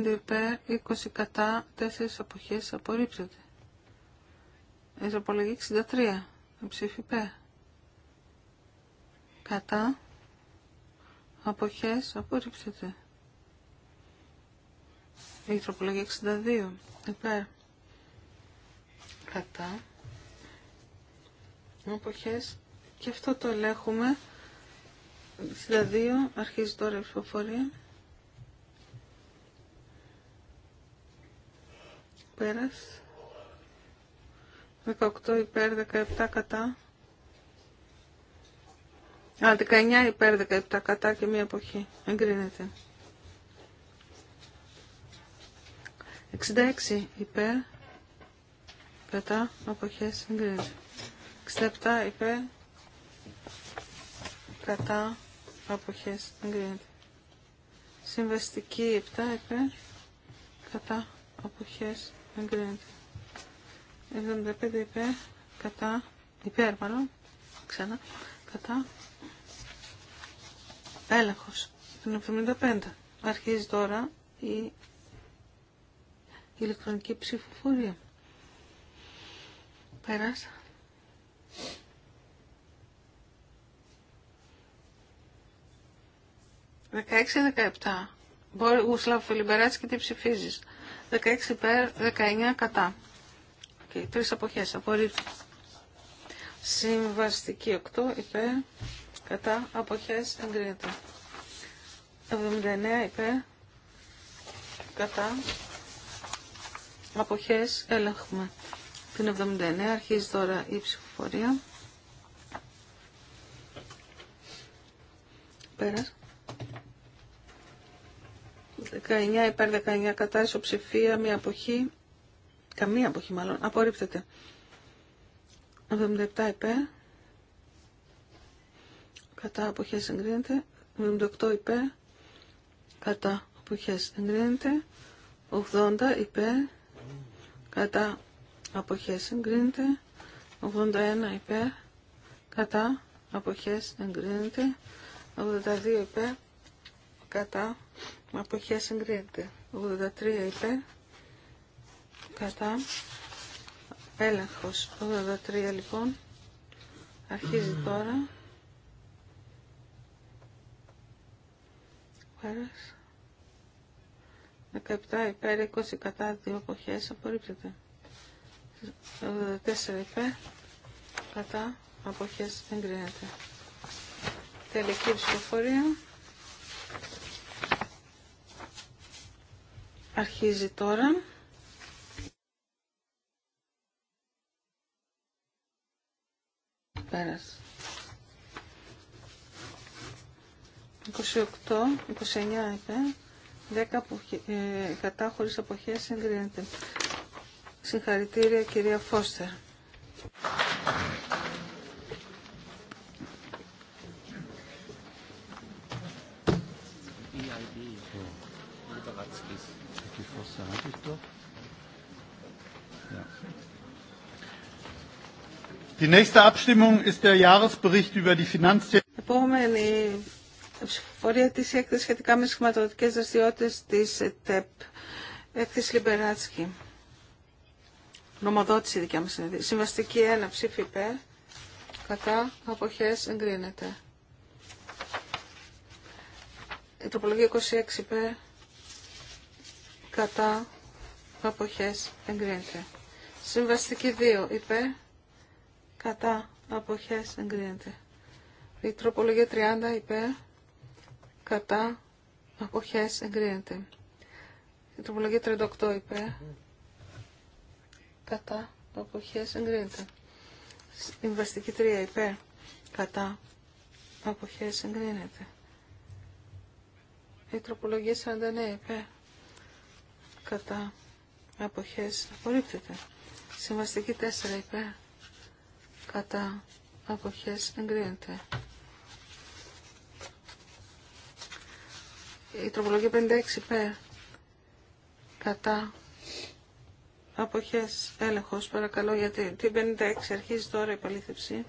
υπέρ, 20 κατά, 4 αποχές η τροπολογία 63. Ψήφι υπέρ. Κατά. Αποχές απορρίψετε Η τροπολογία 62. Υπέρ. Κατά. Αποχές. Και αυτό το ελέγχουμε. 62 αρχίζει τώρα η ψηφοφορία. Πέρας. 18 υπέρ 17 κατά. Α, 19 υπέρ 17 κατά και μία εποχή. Εγκρίνεται. 66 υπέρ κατά αποχές εγκρίνεται. 67 υπέρ κατά αποχές εγκρίνεται. Συμβαστική 7 υπέρ κατά αποχές εγκρίνεται. 75 υπέρ κατά υπέρ μάλλον ξανά κατά έλεγχος. το 75 αρχίζει τώρα η ηλεκτρονική ψηφοφορία. Πέρασα. 16-17. Μπορεί ο Φιλιμπεράτης και τι ψηφίζει. 16 υπέρ, 19 κατά. Και τρεις αποχές. Απορρίπτω. Συμβαστική 8 υπέρ, κατά, απόχέ. εγκρίνεται. 79 υπέρ, κατά, απόχέ. έλεγχουμε. Την 79 αρχίζει τώρα η ψηφοφορία. Πέρασε. 19 υπέρ 19 κατά ισοψηφία, μία αποχή, καμία αποχή μάλλον, απορρίπτεται. 77 υπέρ, κατά αποχές εγκρίνεται, 78 υπέρ, κατά αποχές εγκρίνεται, 80 υπέρ, κατά αποχές εγκρίνεται, 81 υπέρ, κατά αποχές εγκρίνεται, 82 υπέρ, κατά αποχές συγκρίνεται. 83 υπέρ, κατά, έλεγχος. 83 λοιπόν, αρχίζει τώρα. 17 υπέρ, 20 κατά, 2 αποχές, απορρίπτεται. 84 υπέρ, κατά, αποχές εγκρίνεται. Τελική ψηφοφορία. Αρχίζει τώρα. Πέρασε. 28, 29 είπε, 10 αποχε... ε, κατά αποχές εγκρίνεται. Συγχαρητήρια κυρία Φώστερ. Hm ich Επόμενη ψηφοφορία της έκθεσης σχετικά με τις χρηματοδοτικές δραστηριότητες της ΕΤΕΠ. Έκθεση Λιμπεράτσκι. Νομοδότηση δικιά μας είναι. Συμβαστική ένα ψήφι Κατά αποχές εγκρίνεται. Η τροπολογία 26 υπέρ κατά αποχές εγκρίνεται. Συμβαστική 2 υπέρ κατά αποχές εγκρίνεται. Η τροπολογία 30 υπέρ κατά αποχές εγκρίνεται. Η τροπολογία 38 υπέρ κατά αποχές εγκρίνεται. Συμβαστική 3 υπέρ κατά αποχές εγκρίνεται. Η τροπολογία 49 υπέρ κατά αποχές απορρίπτεται. Συμβαστική 4 υπέρ κατά αποχές εγκρίνεται. Η τροπολογία 56 υπέρ κατά αποχές έλεγχος παρακαλώ γιατί την 56 αρχίζει τώρα η παλήθευση.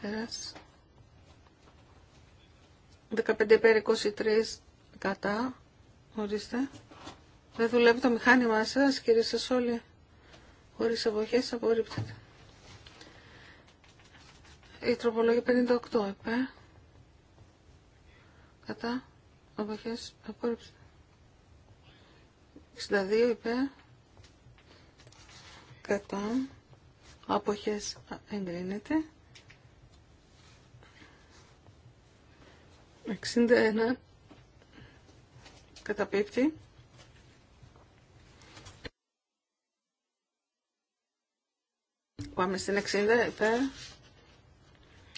Περάσει. 15 υπέρ 23 κατά. Ορίστε. Δεν δουλεύει το μηχάνημά σας, κύριε σας όλοι. Χωρίς αποχές απορρίπτεται. Η τροπολόγια 58 υπέρ. Κατά. Αποχές απορρίπτεται. 62 είπε. Κατά. Αποχές εγκρίνεται. 61 καταπίπτει. Πάμε στην 60 υπέρ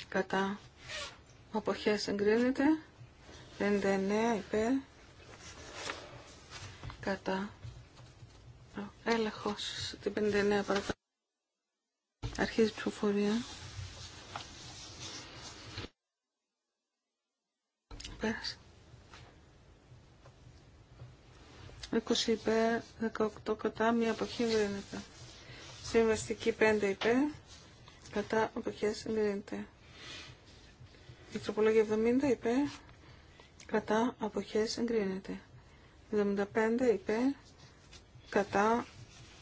κατά αποχές εγκρίνεται. 59 υπέρ κατά έλεγχος. Την 59 παρακαλώ. Αρχίζει η ψηφοφορία. 20 18 κατά, μία αποχή εγκρίνεται. Συμβαστική 5 υπέρ, κατά αποχές εγκρίνεται. Η 70 υπέρ, κατά αποχές εγκρίνεται. 75 υπέρ, κατά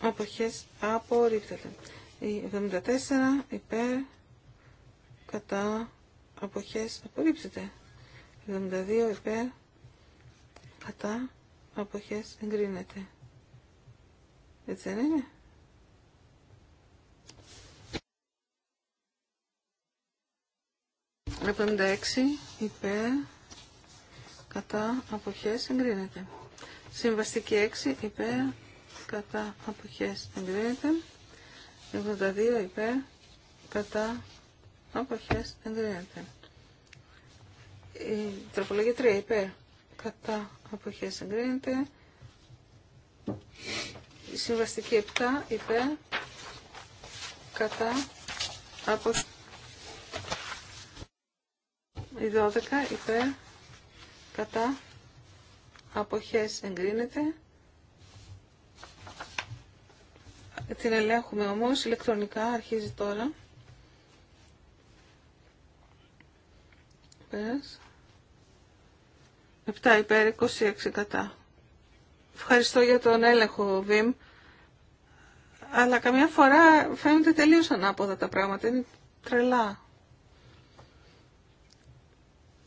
αποχές απορρίπτεται. Η 74 υπέρ, κατά αποχές απορρίπτεται. 72 υπέρ κατά αποχές εγκρίνεται. Έτσι δεν είναι. Με υπέρ κατά αποχές εγκρίνεται. Συμβαστική 6 υπέρ κατά αποχές εγκρίνεται. 72 υπέρ κατά αποχές εγκρίνεται. Η τροπολογία 3 υπέρ κατά αποχές εγκρίνεται. Η συμβαστική 7 υπέρ κατά από η 12 υπέρ κατά αποχές εγκρίνεται. Την ελέγχουμε όμως ηλεκτρονικά, αρχίζει τώρα. Πέρας. 7 υπέρ, 26 κατά. Ευχαριστώ για τον έλεγχο, Βιμ. Αλλά καμιά φορά φαίνονται τελείως ανάποδα τα πράγματα. Είναι τρελά.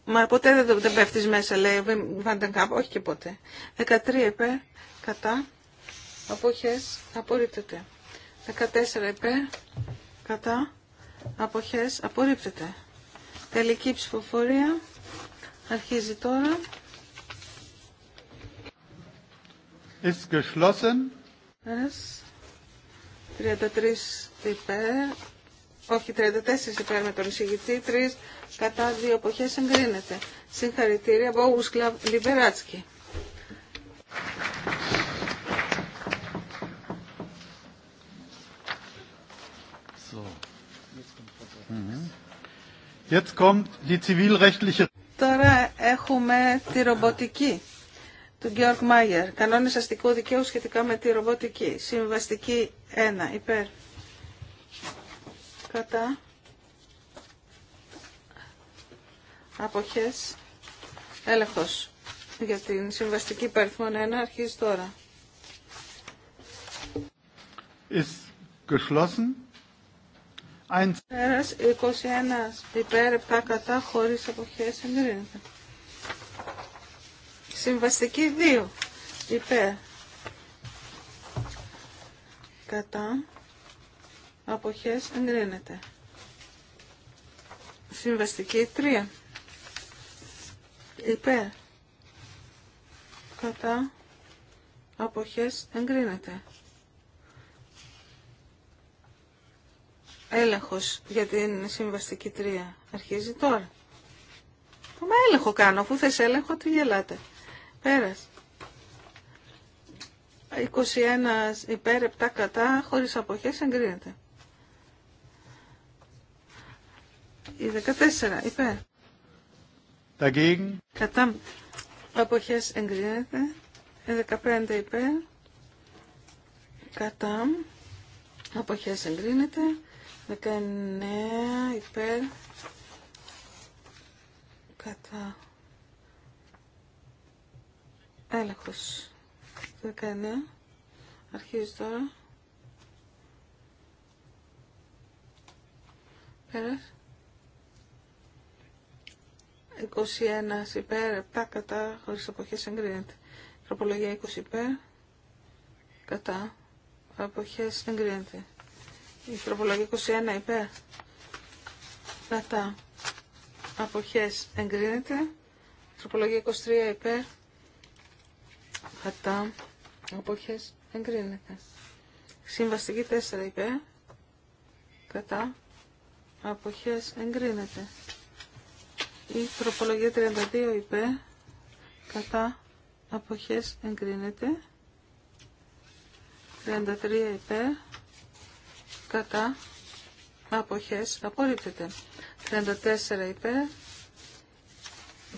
Μα ποτέ δεν, δεν μέσα, λέει ο Βαντεγκάπ. Όχι και ποτέ. 13 υπέρ, κατά. Αποχές, απορρίπτεται. 14 υπέρ, κατά. Αποχές, απορρίπτεται. Τελική ψηφοφορία. Αρχίζει τώρα. ist geschlossen. 33 υπέρ, όχι 34 υπέρ με τον εισηγητή, 3 κατά δύο εποχές εγκρίνεται. Συγχαρητήρια, Μπόγους Λιμπεράτσκι. Mhm. Τώρα έχουμε τη ρομποτική του Γκέορκ Μάγερ. κανόνε αστικού δικαίου σχετικά με τη ρομποτική. Συμβαστική 1. Υπέρ. Κατά. Αποχές. Έλεγχος. Για την συμβαστική υπέρθμον 1 αρχίζει τώρα. Ist 21 υπέρ 7 κατά χωρίς αποχές εγκρίνεται. Συμβαστική 2. Υπέρ. Κατά. Αποχές εγκρίνεται. Συμβαστική 3. Υπέρ. Κατά. Αποχές εγκρίνεται. Έλεγχος για την συμβαστική 3. Αρχίζει τώρα. Μα έλεγχο κάνω. Αφού θες έλεγχο, τι γελάτε. Πέρας. 21 υπέρ 7 κατά χωρίς αποχές εγκρίνεται. Η 14 υπέρ. Dagegen. Κατά αποχές εγκρίνεται. Η 15 υπέρ. Κατά αποχές εγκρίνεται. 19 υπέρ. Κατά Έλεγχος. 19. Αρχίζει τώρα. 21 υπέρ, 7 κατά, χωρίς αποχές εγκρίνεται. Τροπολογία 20 υπέρ, κατά, αποχές εγκρίνεται. Η τροπολογία 21 υπέρ, κατά, αποχές εγκρίνεται. Τροπολογία 23 υπέρ, κατά αποχές εγκρίνεται. Συμβαστική 4 είπε, κατά αποχές εγκρίνεται. Η τροπολογία 32 είπε, κατά αποχές εγκρίνεται. 33 είπε, κατά αποχές απορρίπτεται. 34 είπε,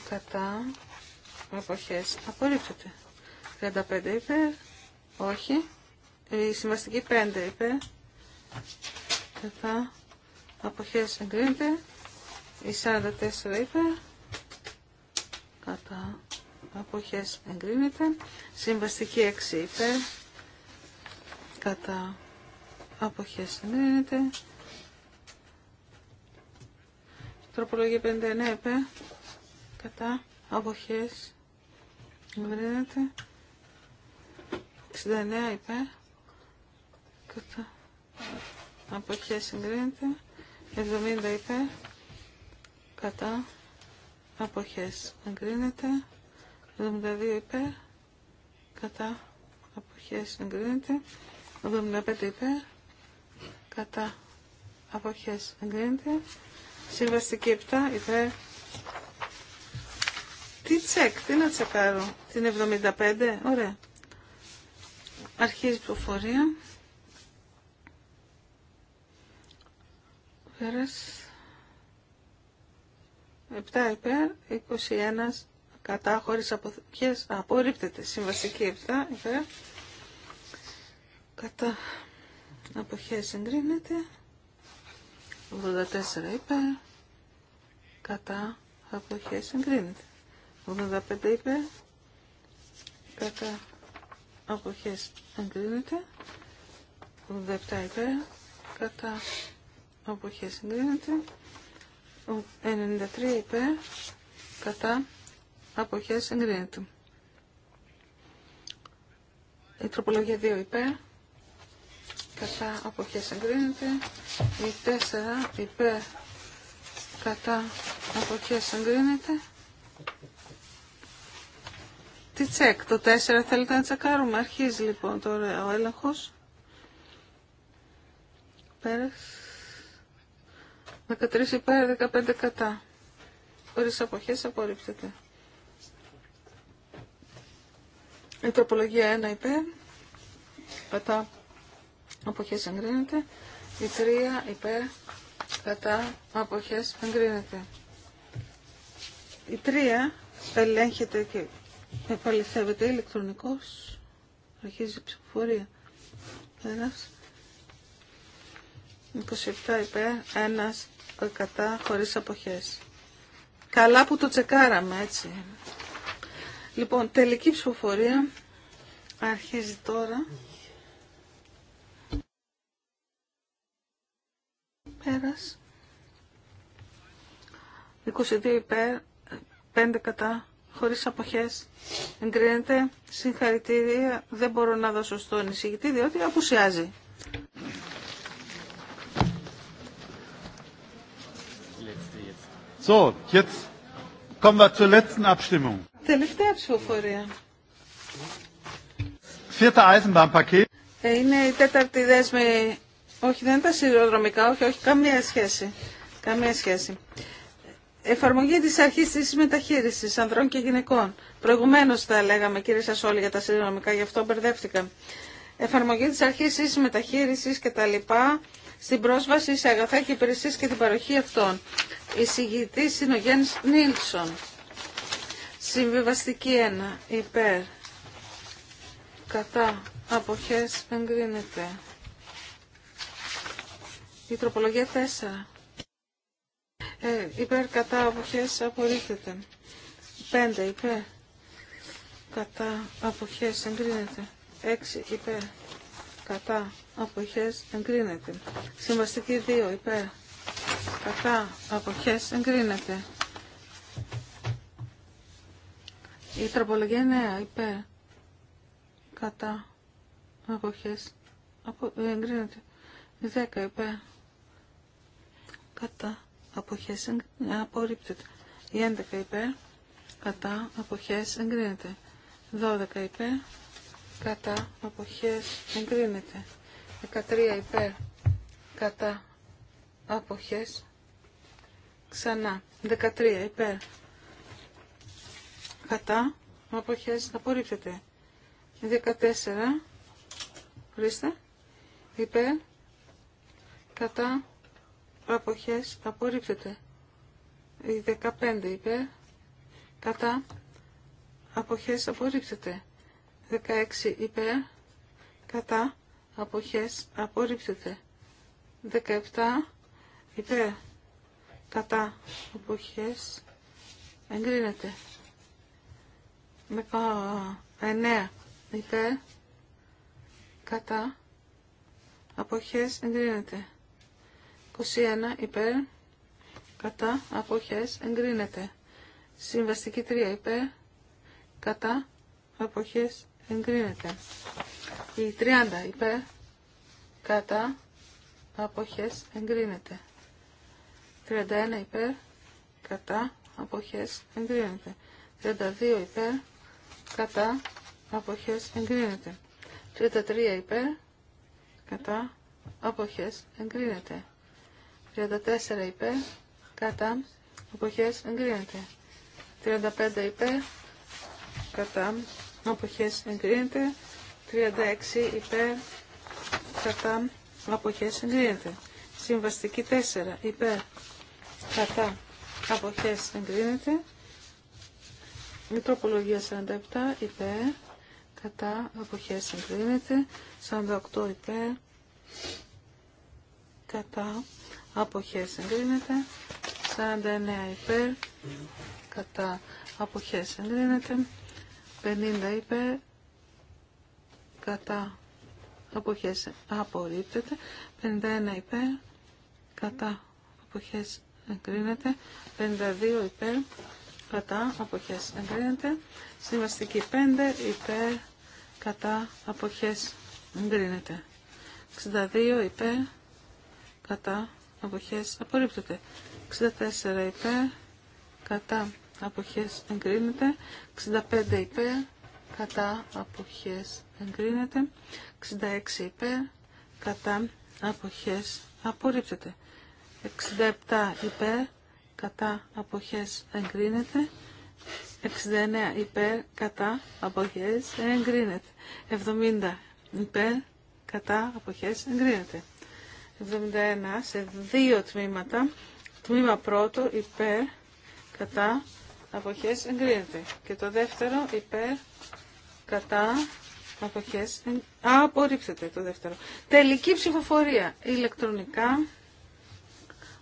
κατά αποχές απορρίπτεται. 35 είπε, Όχι. Η συμβαστική 5 υπέρ. Κατά. χέρι εγκρίνεται. Η 44 είπε, Κατά. χέρι εγκρίνεται. Συμβαστική 6 είπε, Κατά. χέρι εγκρίνεται. Τροπολογία 59 υπέρ. Κατά. χέρι εγκρίνεται. 69 υπέρ. Κατά. Από ποια συγκρίνεται. 70 υπέρ. Κατά. απόχέ εγκρίνεται. 72 υπέρ. Κατά. απόχέ εγκρίνεται. 75 υπέρ. Κατά. Αποχές εγκρίνεται. Συμβαστική 7 υπέρ. Τι τσεκ, τι να τσεκάρω. Την 75, ωραία. Αρχίζει η προφορία. Πέρας. 7 υπέρ, 21 κατά, χωρίς αποθήκες. Απορρίπτεται. Συμβαστική 7 υπέρ. Κατά αποχές εγκρίνεται. 84 υπέρ. Κατά αποχές εγκρίνεται. 85 υπέρ. Κατά αποχές εγκρίνεται 87 υπέρα κατά αποχές εγκρίνεται 93 υπέρα κατά αποχές εγκρίνεται η τροπολογία 2 υπέρ κατά αποχές εγκρίνεται η 4 υπέρ κατά αποχές εγκρίνεται τι τσεκ, το 4 θέλετε να τσεκάρουμε. Αρχίζει λοιπόν τώρα ο έλεγχος. Πέρας. 13 υπέρ, 15 κατά. Χωρίς αποχές απορρίπτεται. Η τροπολογία 1 υπέρ. Κατά. Αποχές εγκρίνεται. Η 3 υπέρ. Κατά. Αποχές εγκρίνεται. Η 3 ελέγχεται και Επαληθεύεται ηλεκτρονικός. Αρχίζει η ψηφοφορία. Πέρας. 27 υπέρ, 1 κατά, χωρίς αποχές. Καλά που το τσεκάραμε, έτσι. Λοιπόν, τελική ψηφοφορία αρχίζει τώρα. Πέρας. 22 υπέρ, 5 κατά, χωρίς αποχές εγκρίνεται. Συγχαρητήρια, δεν μπορώ να δώσω στον εισηγητή διότι απουσιάζει. Τελευταία ψηφοφορία. Ε, είναι η τέταρτη δέσμη. Όχι, δεν είναι τα σιδηροδρομικά, όχι, όχι, καμία σχέση. Καμία σχέση. Εφαρμογή τη αρχή τη μεταχείρισης ανδρών και γυναικών. Προηγουμένω τα λέγαμε κύριε σας όλοι για τα συνδρομικά, γι' αυτό μπερδεύτηκα. Εφαρμογή τη αρχή τη μεταχείρισης και τα λοιπά στην πρόσβαση σε αγαθά και υπηρεσίε και την παροχή αυτών. Η Συνογέννη Νίλσον. Συμβιβαστική 1. Υπέρ. Κατά. Αποχές εγκρίνεται. Η τροπολογία 4 ε, υπέρ κατά αποχές απορρίπτεται. 5 υπέρ κατά αποχές εγκρίνεται. 6 υπέρ κατά αποχές εγκρίνεται. Συμβαστική 2 υπέρ κατά αποχές εγκρίνεται. Η τροπολογία 9 υπέρ κατά αποχές απο, εγκρίνεται. 10 υπέρ κατά αποχές ε, απορρίπτεται. Η 11 υπέρ, κατά, αποχές εγκρίνεται. 12 υπέρ, κατά, αποχές εγκρίνεται. 13 υπέρ, κατά, αποχές. Ξανά. 13 υπέρ, κατά, αποχές απορρίπτεται. 14 υπέρ, κατά, αποχές απορρίπτεται. Η 15 είπε, κατά αποχές απορρίπτεται. 16 είπε, κατά αποχές απορρίπτεται. 17 είπε. κατά αποχές εγκρίνεται. 19 είπε, κατά αποχές εγκρίνεται. 21 υπέρ κατά αποχές εγκρίνεται. Συμβαστική 3 υπέρ κατά αποχές εγκρίνεται. Η 30 υπέρ κατά αποχές εγκρίνεται. 31 υπέρ κατά αποχές εγκρίνεται. 32 υπέρ κατά αποχές εγκρίνεται. 33 υπέρ κατά αποχές εγκρίνεται. 34 υπέρ, κατά, αποχές εγκρίνεται. 35 υπέρ, κατά, αποχές εγκρίνεται. 36 υπέρ, κατά, αποχές εγκρίνεται. Συμβαστική 4 υπέρ, κατά, αποχές εγκρίνεται. Μητροπολογία 47 υπέρ, κατά, αποχές εγκρίνεται. 48 υπέρ, κατά, αποχές εγκρίνεται, 49 υπέρ, κατά αποχές εγκρίνεται, 50 υπέρ, κατά αποχές απορρίπτεται, 51 υπέρ, κατά αποχές εγκρίνεται, 52 υπέρ, κατά αποχές εγκρίνεται, συμβαστική 5 υπέρ, κατά αποχές εγκρίνεται. 62 υπέρ, κατά αποχές απορρίπτεται. 64 υπέρ, κατά αποχές εγκρίνεται. 65 υπέρ, κατά αποχές εγκρίνεται. 66 υπέρ, κατά αποχές απορρίπτεται. 67 υπέρ, κατά αποχές εγκρίνεται. 69 υπέρ, κατά αποχές εγκρίνεται. 70 υπέρ, κατά αποχές εγκρίνεται. 71 σε δύο τμήματα. Τμήμα πρώτο υπέρ κατά αποχές εγκρίνεται. Και το δεύτερο υπέρ κατά αποχές απορρίπτεται το δεύτερο. Τελική ψηφοφορία ηλεκτρονικά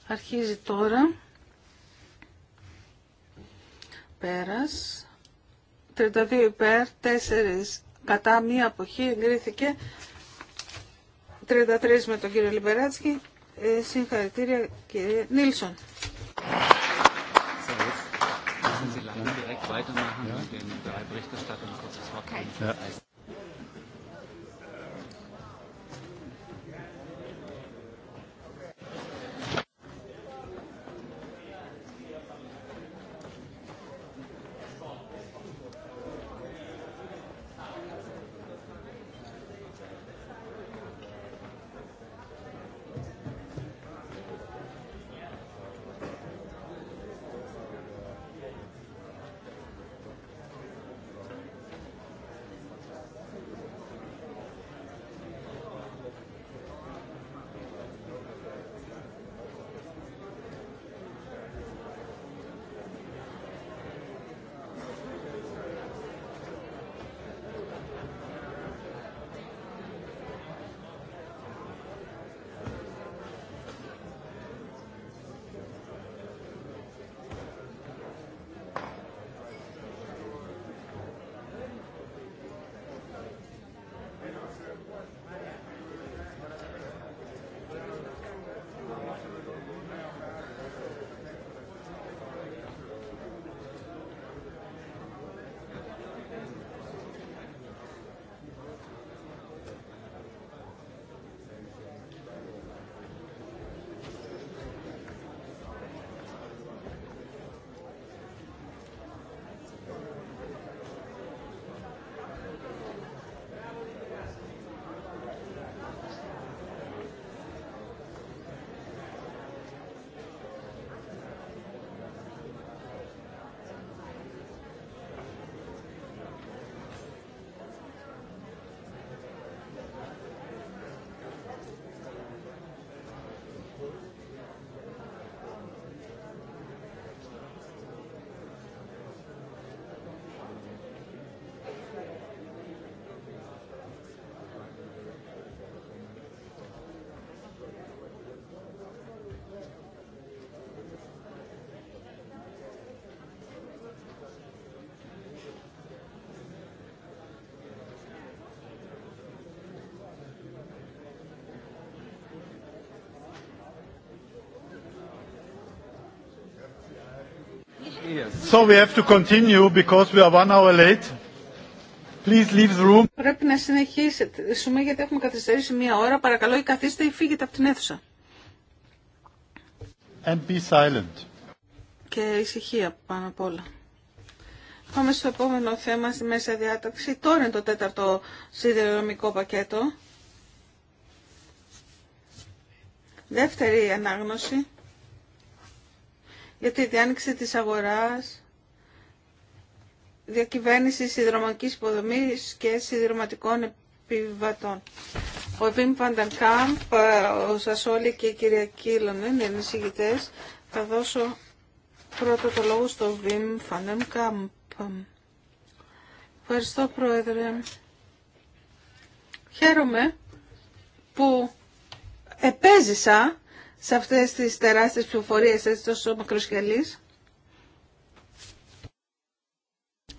αρχίζει τώρα. Πέρας. 32 υπέρ, 4 κατά μία αποχή εγκρίθηκε 33 με τον κύριο Λιμπεράτσκι. Ε, συγχαρητήρια κύριε Νίλσον. Πρέπει να συνεχίσουμε γιατί έχουμε καθυστερήσει μία ώρα. Παρακαλώ, ή καθίστε ή φύγετε από την αίθουσα. silent. Και ησυχία πάνω απ' όλα. Πάμε στο επόμενο θέμα στη μέσα διάταξη. Τώρα είναι το τέταρτο σιδηροδρομικό πακέτο. Δεύτερη ανάγνωση για τη διάνοιξη της αγοράς, διακυβέρνηση συνδρομικής υποδομής και συνδροματικών επιβατών. Ο Βίμ Κάμπ, ο Σασόλη και η κυρία Κίλωνεν είναι εισηγητές. Θα δώσω πρώτο το λόγο στο Βίμ Κάμπ. Ευχαριστώ Πρόεδρε. Χαίρομαι που επέζησα σε αυτές τις τεράστιες πληροφορίες έτσι τόσο μακροσκελής.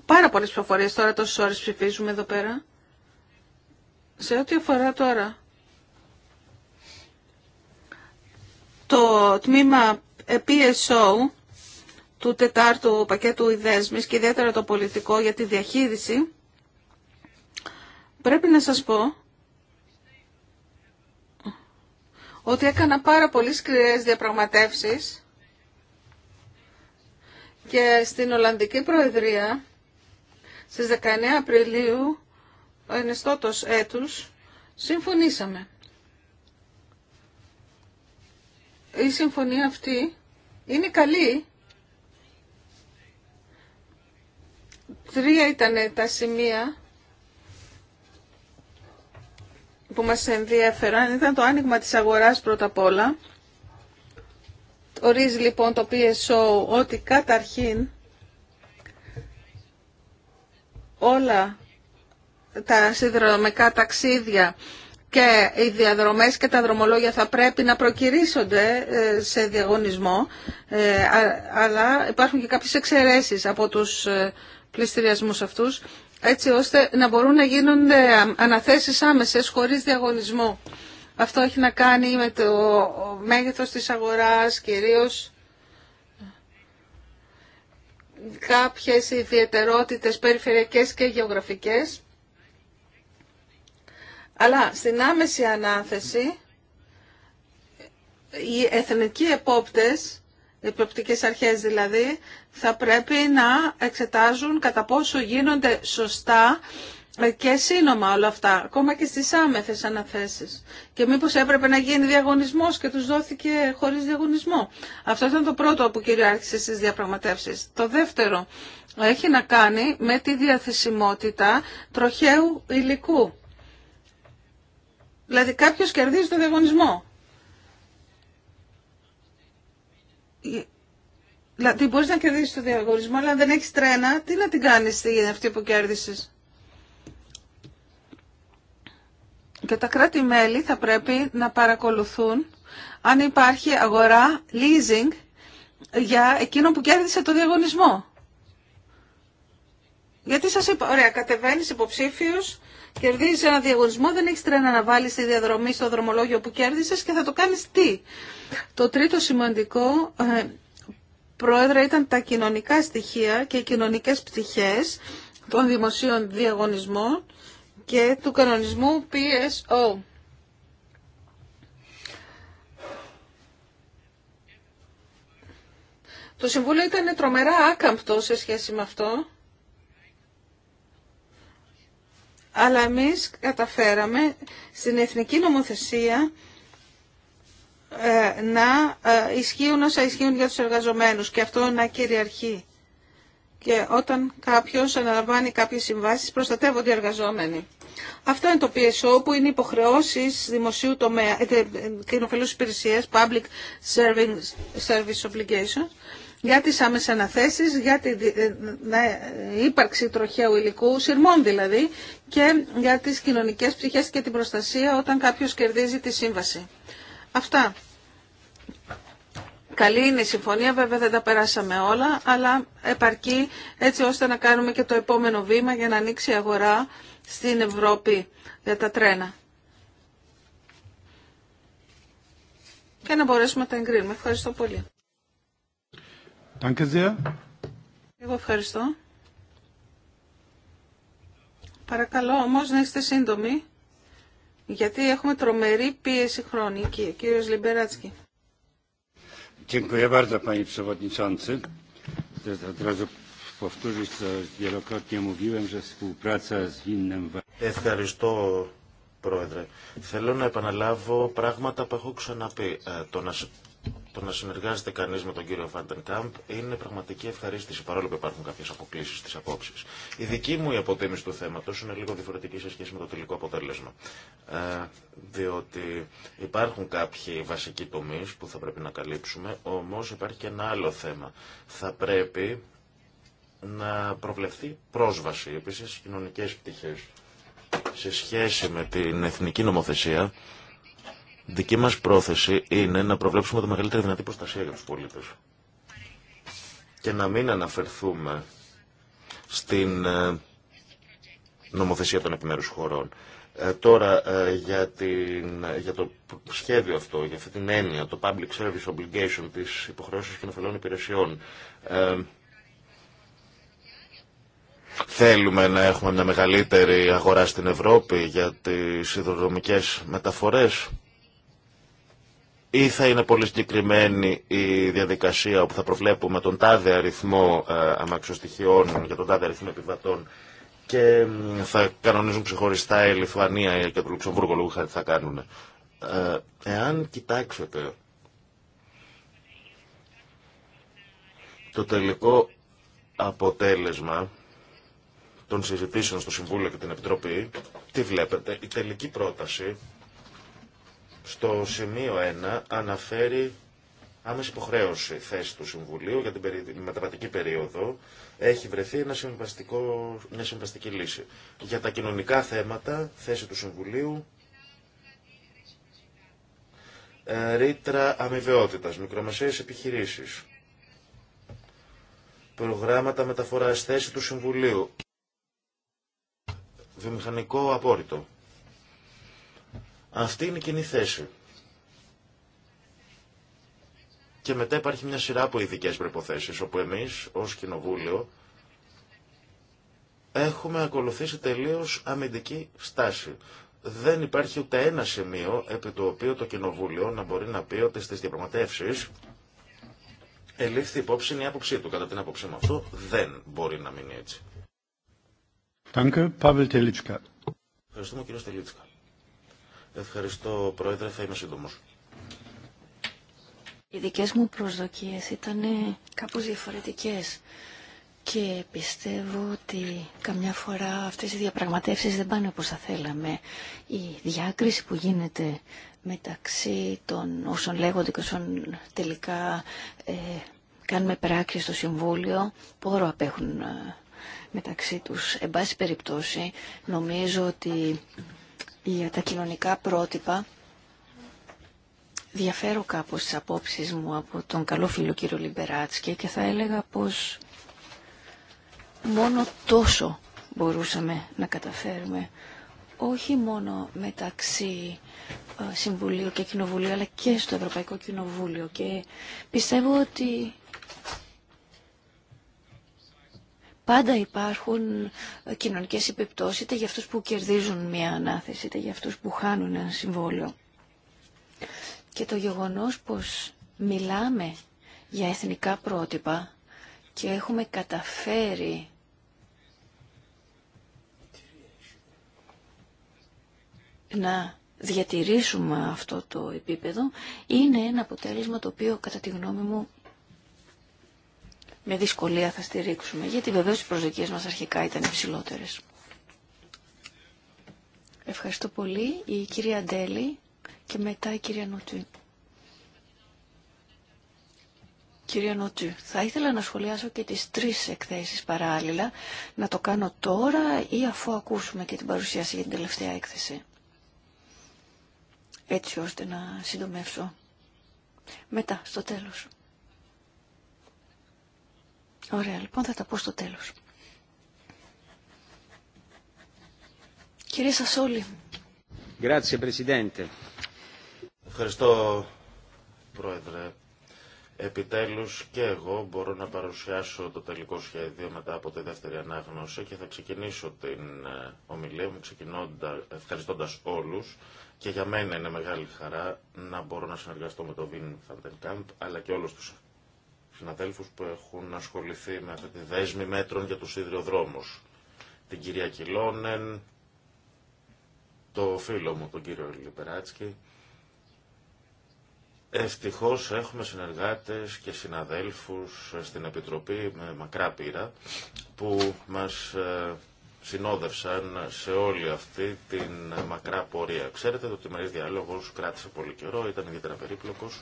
Πάρα πολλές πληροφορίες τώρα τόσες ώρες ψηφίζουμε εδώ πέρα. Σε ό,τι αφορά τώρα το τμήμα PSO του τετάρτου πακέτου ιδέσμης και ιδιαίτερα το πολιτικό για τη διαχείριση, πρέπει να σας πω ότι έκανα πάρα πολύ σκληρές διαπραγματεύσεις και στην Ολλανδική Προεδρία στις 19 Απριλίου ενεστώτος έτους συμφωνήσαμε. Η συμφωνία αυτή είναι καλή. Τρία ήταν τα σημεία που μας ενδίεφεραν, ήταν το άνοιγμα της αγοράς πρώτα απ' όλα. Ορίζει λοιπόν το PSO ότι καταρχήν όλα τα σιδηροδρομικά ταξίδια και οι διαδρομές και τα δρομολόγια θα πρέπει να προκυρήσονται ε, σε διαγωνισμό, ε, αλλά υπάρχουν και κάποιες εξαιρέσεις από τους ε, πληστηριασμούς αυτούς έτσι ώστε να μπορούν να γίνονται αναθέσεις άμεσες χωρίς διαγωνισμό. Αυτό έχει να κάνει με το μέγεθος της αγοράς, κυρίως κάποιες ιδιαιτερότητες περιφερειακές και γεωγραφικές. Αλλά στην άμεση ανάθεση οι εθνικοί επόπτες οι αρχές δηλαδή, θα πρέπει να εξετάζουν κατά πόσο γίνονται σωστά και σύνομα όλα αυτά, ακόμα και στις άμεθες αναθέσεις. Και μήπως έπρεπε να γίνει διαγωνισμός και τους δόθηκε χωρίς διαγωνισμό. Αυτό ήταν το πρώτο που κυριάρχησε στις διαπραγματεύσεις. Το δεύτερο έχει να κάνει με τη διαθεσιμότητα τροχαίου υλικού. Δηλαδή κάποιος κερδίζει το διαγωνισμό. Δηλαδή μπορεί να κερδίσει το διαγωνισμό, αλλά αν δεν έχει τρένα, τι να την κάνεις αυτή που κέρδισε. Και τα κράτη-μέλη θα πρέπει να παρακολουθούν αν υπάρχει αγορά leasing για εκείνο που κέρδισε το διαγωνισμό. Γιατί σας είπα, ωραία, κατεβαίνεις υποψήφιος, κερδίζει ένα διαγωνισμό, δεν έχει τρένα να βάλεις τη διαδρομή στο δρομολόγιο που κέρδισες και θα το κάνεις τι. Το τρίτο σημαντικό, ε, πρόεδρε, ήταν τα κοινωνικά στοιχεία και οι κοινωνικέ πτυχές των δημοσίων διαγωνισμών και του κανονισμού PSO. Το Συμβούλιο ήταν τρομερά άκαμπτο σε σχέση με αυτό αλλά εμείς καταφέραμε στην εθνική νομοθεσία ε, να ε, ισχύουν όσα ισχύουν για τους εργαζομένους και αυτό να κυριαρχεί. Και όταν κάποιος αναλαμβάνει κάποιες συμβάσεις προστατεύονται οι εργαζόμενοι. Αυτό είναι το PSO που είναι υποχρεώσεις δημοσίου τομέα, ε, κοινοφελούς υπηρεσίες, public service obligations, για τις άμεσες αναθέσεις, για την ε, ε, ύπαρξη τροχαίου υλικού, σειρμών δηλαδή, και για τις κοινωνικές ψυχές και την προστασία όταν κάποιος κερδίζει τη σύμβαση. Αυτά. Καλή είναι η συμφωνία, βέβαια δεν τα περάσαμε όλα, αλλά επαρκεί έτσι ώστε να κάνουμε και το επόμενο βήμα για να ανοίξει η αγορά στην Ευρώπη για τα τρένα. Και να μπορέσουμε να τα εγκρίνουμε. Ευχαριστώ πολύ. Εγώ ευχαριστώ. Παρακαλώ όμως να είστε σύντομοι, γιατί έχουμε τρομερή πίεση χρονική. Κύριος Λιμπεράτσκι. Ευχαριστώ, Πρόεδρε. Θέλω να επαναλάβω πράγματα που έχω ξαναπεί. Ε, το να το να συνεργάζεται κανεί με τον κύριο Φάντεν Κάμπ είναι πραγματική ευχαρίστηση, παρόλο που υπάρχουν κάποιε αποκλήσει στι απόψει. Η δική μου η αποτίμηση του θέματο είναι λίγο διαφορετική σε σχέση με το τελικό αποτέλεσμα. Ε, διότι υπάρχουν κάποιοι βασικοί τομεί που θα πρέπει να καλύψουμε, όμω υπάρχει και ένα άλλο θέμα. Θα πρέπει να προβλεφθεί πρόσβαση, επίση κοινωνικέ πτυχέ σε σχέση με την εθνική νομοθεσία Δική μας πρόθεση είναι να προβλέψουμε τη μεγαλύτερη δυνατή προστασία για τους πολίτες και να μην αναφερθούμε στην ε, νομοθεσία των επιμέρους χωρών. Ε, τώρα ε, για, το σχέδιο αυτό, για αυτή την έννοια, το Public Service Obligation της υποχρεώσεως κοινοφελών υπηρεσιών, ε, Θέλουμε να έχουμε μια μεγαλύτερη αγορά στην Ευρώπη για τις υδροδρομικές μεταφορές ή θα είναι πολύ συγκεκριμένη η διαδικασία όπου θα προβλέπουμε τον τάδε αριθμό ε, αμαξοστοιχειών για τον τάδε αριθμό επιβατών και θα κανονίζουν ξεχωριστά η Λιθουανία και το Λουξεμβούργο λόγω χάρη θα κάνουν. Ε, εάν κοιτάξετε το τελικό αποτέλεσμα των συζητήσεων στο Συμβούλιο και την Επιτροπή, τι βλέπετε, η τελική πρόταση στο σημείο 1 αναφέρει άμεση υποχρέωση θέση του Συμβουλίου για την μεταβατική περίοδο. Έχει βρεθεί ένα μια συμβαστική λύση. Για τα κοινωνικά θέματα, θέση του Συμβουλίου, ε, ρήτρα αμοιβαιότητα, μικρομεσαίε επιχειρήσει, προγράμματα μεταφορά θέση του Συμβουλίου, βιομηχανικό απόρριτο. Αυτή είναι η κοινή θέση. Και μετά υπάρχει μια σειρά από ειδικέ προποθέσει, όπου εμεί ω Κοινοβούλιο έχουμε ακολουθήσει τελείω αμυντική στάση. Δεν υπάρχει ούτε ένα σημείο επί το οποίο το Κοινοβούλιο να μπορεί να πει ότι στι διαπραγματεύσει ελήφθη υπόψη η άποψή του. Κατά την άποψή μου αυτό δεν μπορεί να μείνει έτσι. Ευχαριστούμε κύριο Στελίτσκα. Ευχαριστώ, Πρόεδρε. Θα είμαι σύντομος. Οι δικές μου προσδοκίες ήταν κάπως διαφορετικές και πιστεύω ότι καμιά φορά αυτές οι διαπραγματεύσεις δεν πάνε όπως θα θέλαμε. Η διάκριση που γίνεται μεταξύ των όσων λέγονται και όσων τελικά ε, κάνουμε πράξη στο Συμβούλιο, πόρο απέχουν ε, μεταξύ τους. Εν πάση περιπτώσει, νομίζω ότι για τα κοινωνικά πρότυπα διαφέρω κάπως τις απόψεις μου από τον καλό φίλο κύριο Λιμπεράτσκε και θα έλεγα πως μόνο τόσο μπορούσαμε να καταφέρουμε όχι μόνο μεταξύ ε, Συμβουλίου και Κοινοβουλίου αλλά και στο Ευρωπαϊκό Κοινοβούλιο και πιστεύω ότι πάντα υπάρχουν ε, κοινωνικές επιπτώσεις είτε για αυτού που κερδίζουν μια ανάθεση είτε για αυτού που χάνουν ένα συμβόλαιο. Και το γεγονός πως μιλάμε για εθνικά πρότυπα και έχουμε καταφέρει να διατηρήσουμε αυτό το επίπεδο είναι ένα αποτέλεσμα το οποίο κατά τη γνώμη μου με δυσκολία θα στηρίξουμε, γιατί βεβαίως οι προσδοκίες μας αρχικά ήταν υψηλότερες. Ευχαριστώ πολύ. Η κυρία Ντέλη και μετά η κυρία Νοτζή. Κυρία Νότζου, θα ήθελα να σχολιάσω και τις τρεις εκθέσεις παράλληλα. Να το κάνω τώρα ή αφού ακούσουμε και την παρουσίαση για την τελευταία έκθεση. Έτσι ώστε να συντομεύσω. Μετά, στο τέλος. Ωραία, λοιπόν θα τα πω στο τέλος. Κύριε Σασόλη. Ευχαριστώ, Πρόεδρε. Επιτέλους και εγώ μπορώ να παρουσιάσω το τελικό σχέδιο μετά από τη δεύτερη ανάγνωση και θα ξεκινήσω την ε, ομιλία μου ευχαριστώντας όλους και για μένα είναι μεγάλη χαρά να μπορώ να συνεργαστώ με τον Βιν Φαντερκάμπ αλλά και όλους τους συναδέλφους που έχουν ασχοληθεί με αυτή τη δέσμη μέτρων για τους ίδριοδρόμους. Την κυρία Κιλόνεν, το φίλο μου, τον κύριο Λιπεράτσκι. Ευτυχώς έχουμε συνεργάτες και συναδέλφους στην Επιτροπή με μακρά πείρα που μας ε, συνόδευσαν σε όλη αυτή την μακρά πορεία. Ξέρετε ότι ο Τιμαρής διάλογος κράτησε πολύ καιρό, ήταν ιδιαίτερα περίπλοκος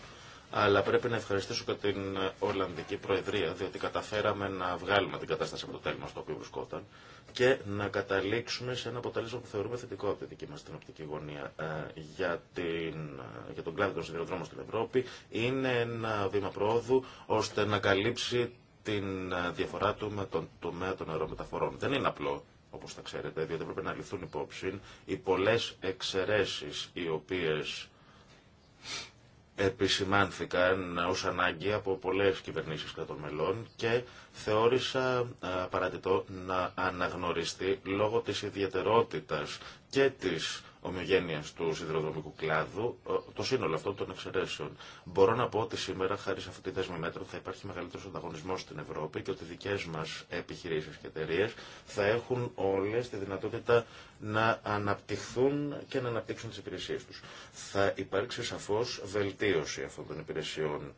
αλλά πρέπει να ευχαριστήσω και την Ολλανδική Προεδρία, διότι καταφέραμε να βγάλουμε την κατάσταση από το τέλμα στο οποίο βρισκόταν και να καταλήξουμε σε ένα αποτέλεσμα που θεωρούμε θετικό από τη δική μα την οπτική γωνία ε, για, την, ε, για τον κλάδο των σιδηροδρόμων στην Ευρώπη. Είναι ένα βήμα πρόοδου ώστε να καλύψει την ε, διαφορά του με τον τομέα των αερομεταφορών. Δεν είναι απλό όπως θα ξέρετε, διότι πρέπει να ληφθούν υπόψη οι πολλές εξαιρέσεις οι οποίες επισημάνθηκαν ως ανάγκη από πολλές κυβερνήσεις κρατομελών μελών και θεώρησα παρατητό να αναγνωριστεί λόγω της ιδιαιτερότητας και της ομογένεια του σιδηροδρομικού κλάδου, ε, το σύνολο αυτό των εξαιρέσεων. Μπορώ να πω ότι σήμερα, χάρη σε αυτή τη δέσμη μέτρων, θα υπάρχει μεγαλύτερο ανταγωνισμό στην Ευρώπη και ότι δικέ μα επιχειρήσει και εταιρείε θα έχουν όλε τη δυνατότητα να αναπτυχθούν και να αναπτύξουν τι υπηρεσίε του. Θα υπάρξει σαφώ βελτίωση αυτών των υπηρεσιών.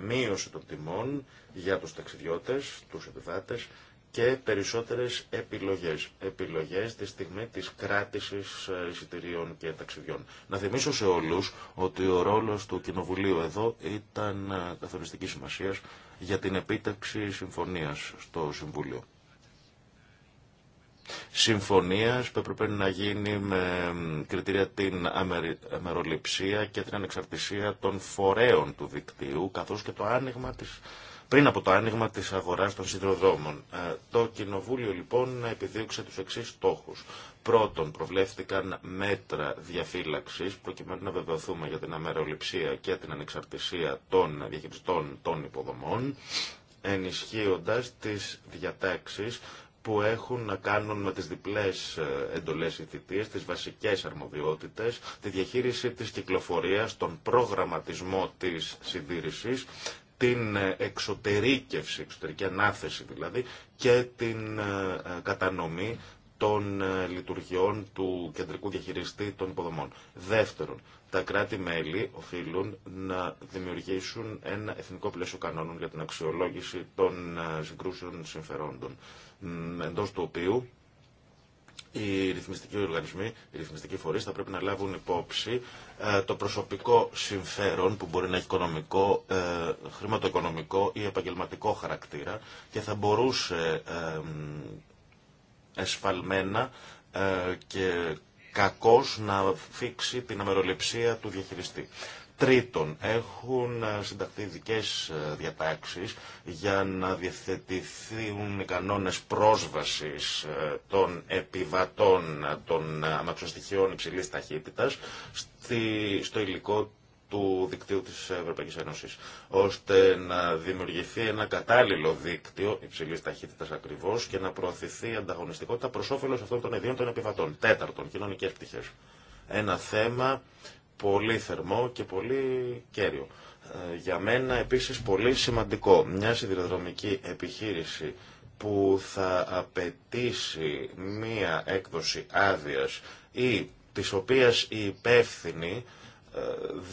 Μείωση των τιμών για τους ταξιδιώτες, τους επιβάτε και περισσότερες επιλογές. Επιλογές τη στιγμή της κράτησης ε, εισιτηρίων και ταξιδιών. Να θυμίσω σε όλους ότι ο ρόλος του Κοινοβουλίου εδώ ήταν ε, καθοριστική σημασία για την επίταξη συμφωνίας στο Συμβούλιο. Συμφωνίας που έπρεπε να γίνει με κριτήρια την αμεροληψία και την ανεξαρτησία των φορέων του δικτύου καθώς και το άνοιγμα της πριν από το άνοιγμα τη αγορά των σιδηροδρόμων. Ε, το Κοινοβούλιο λοιπόν επιδίωξε του εξή στόχους. Πρώτον, προβλέφθηκαν μέτρα διαφύλαξη προκειμένου να βεβαιωθούμε για την αμεροληψία και την ανεξαρτησία των διαχειριστών των υποδομών, ενισχύοντα τι διατάξει που έχουν να κάνουν με τις διπλές ε, εντολές τις βασικές αρμοδιότητες, τη διαχείριση της κυκλοφορίας, τον προγραμματισμό της συντήρησης την ε, εξωτερήκευση, εξωτερική ανάθεση δηλαδή, και την ε, ε, κατανομή των λειτουργιών του κεντρικού διαχειριστή των υποδομών. Δεύτερον, τα κράτη-μέλη οφείλουν να δημιουργήσουν ένα εθνικό πλαίσιο κανόνων για την αξιολόγηση των συγκρούσεων συμφερόντων, εντός του οποίου οι ρυθμιστικοί οργανισμοί, οι ρυθμιστικοί φορείς θα πρέπει να λάβουν υπόψη ε, το προσωπικό συμφέρον που μπορεί να έχει οικονομικό, ε, χρηματοοικονομικό ή επαγγελματικό χαρακτήρα και θα μπορούσε εσφαλμένα ε, και κακώς να φύξει την αμεροληψία του διαχειριστή. Τρίτον, έχουν ε, συνταχθεί ειδικέ ε, διατάξεις για να διευθετηθούν οι κανόνες πρόσβασης ε, των επιβατών των αμαξοστοιχειών υψηλής ταχύτητας στο υλικό του δικτύου της Ευρωπαϊκής Ένωσης, ώστε να δημιουργηθεί ένα κατάλληλο δίκτυο υψηλής ταχύτητας ακριβώς και να προωθηθεί ανταγωνιστικότητα προς όφελος αυτών των ιδίων των επιβατών. Τέταρτον, κοινωνικές πτυχές. Ένα θέμα πολύ θερμό και πολύ κέριο. Ε, για μένα επίσης πολύ σημαντικό μια σιδηροδρομική επιχείρηση που θα απαιτήσει μία έκδοση τη οποία ή της οποίας η υπευθυνη ε,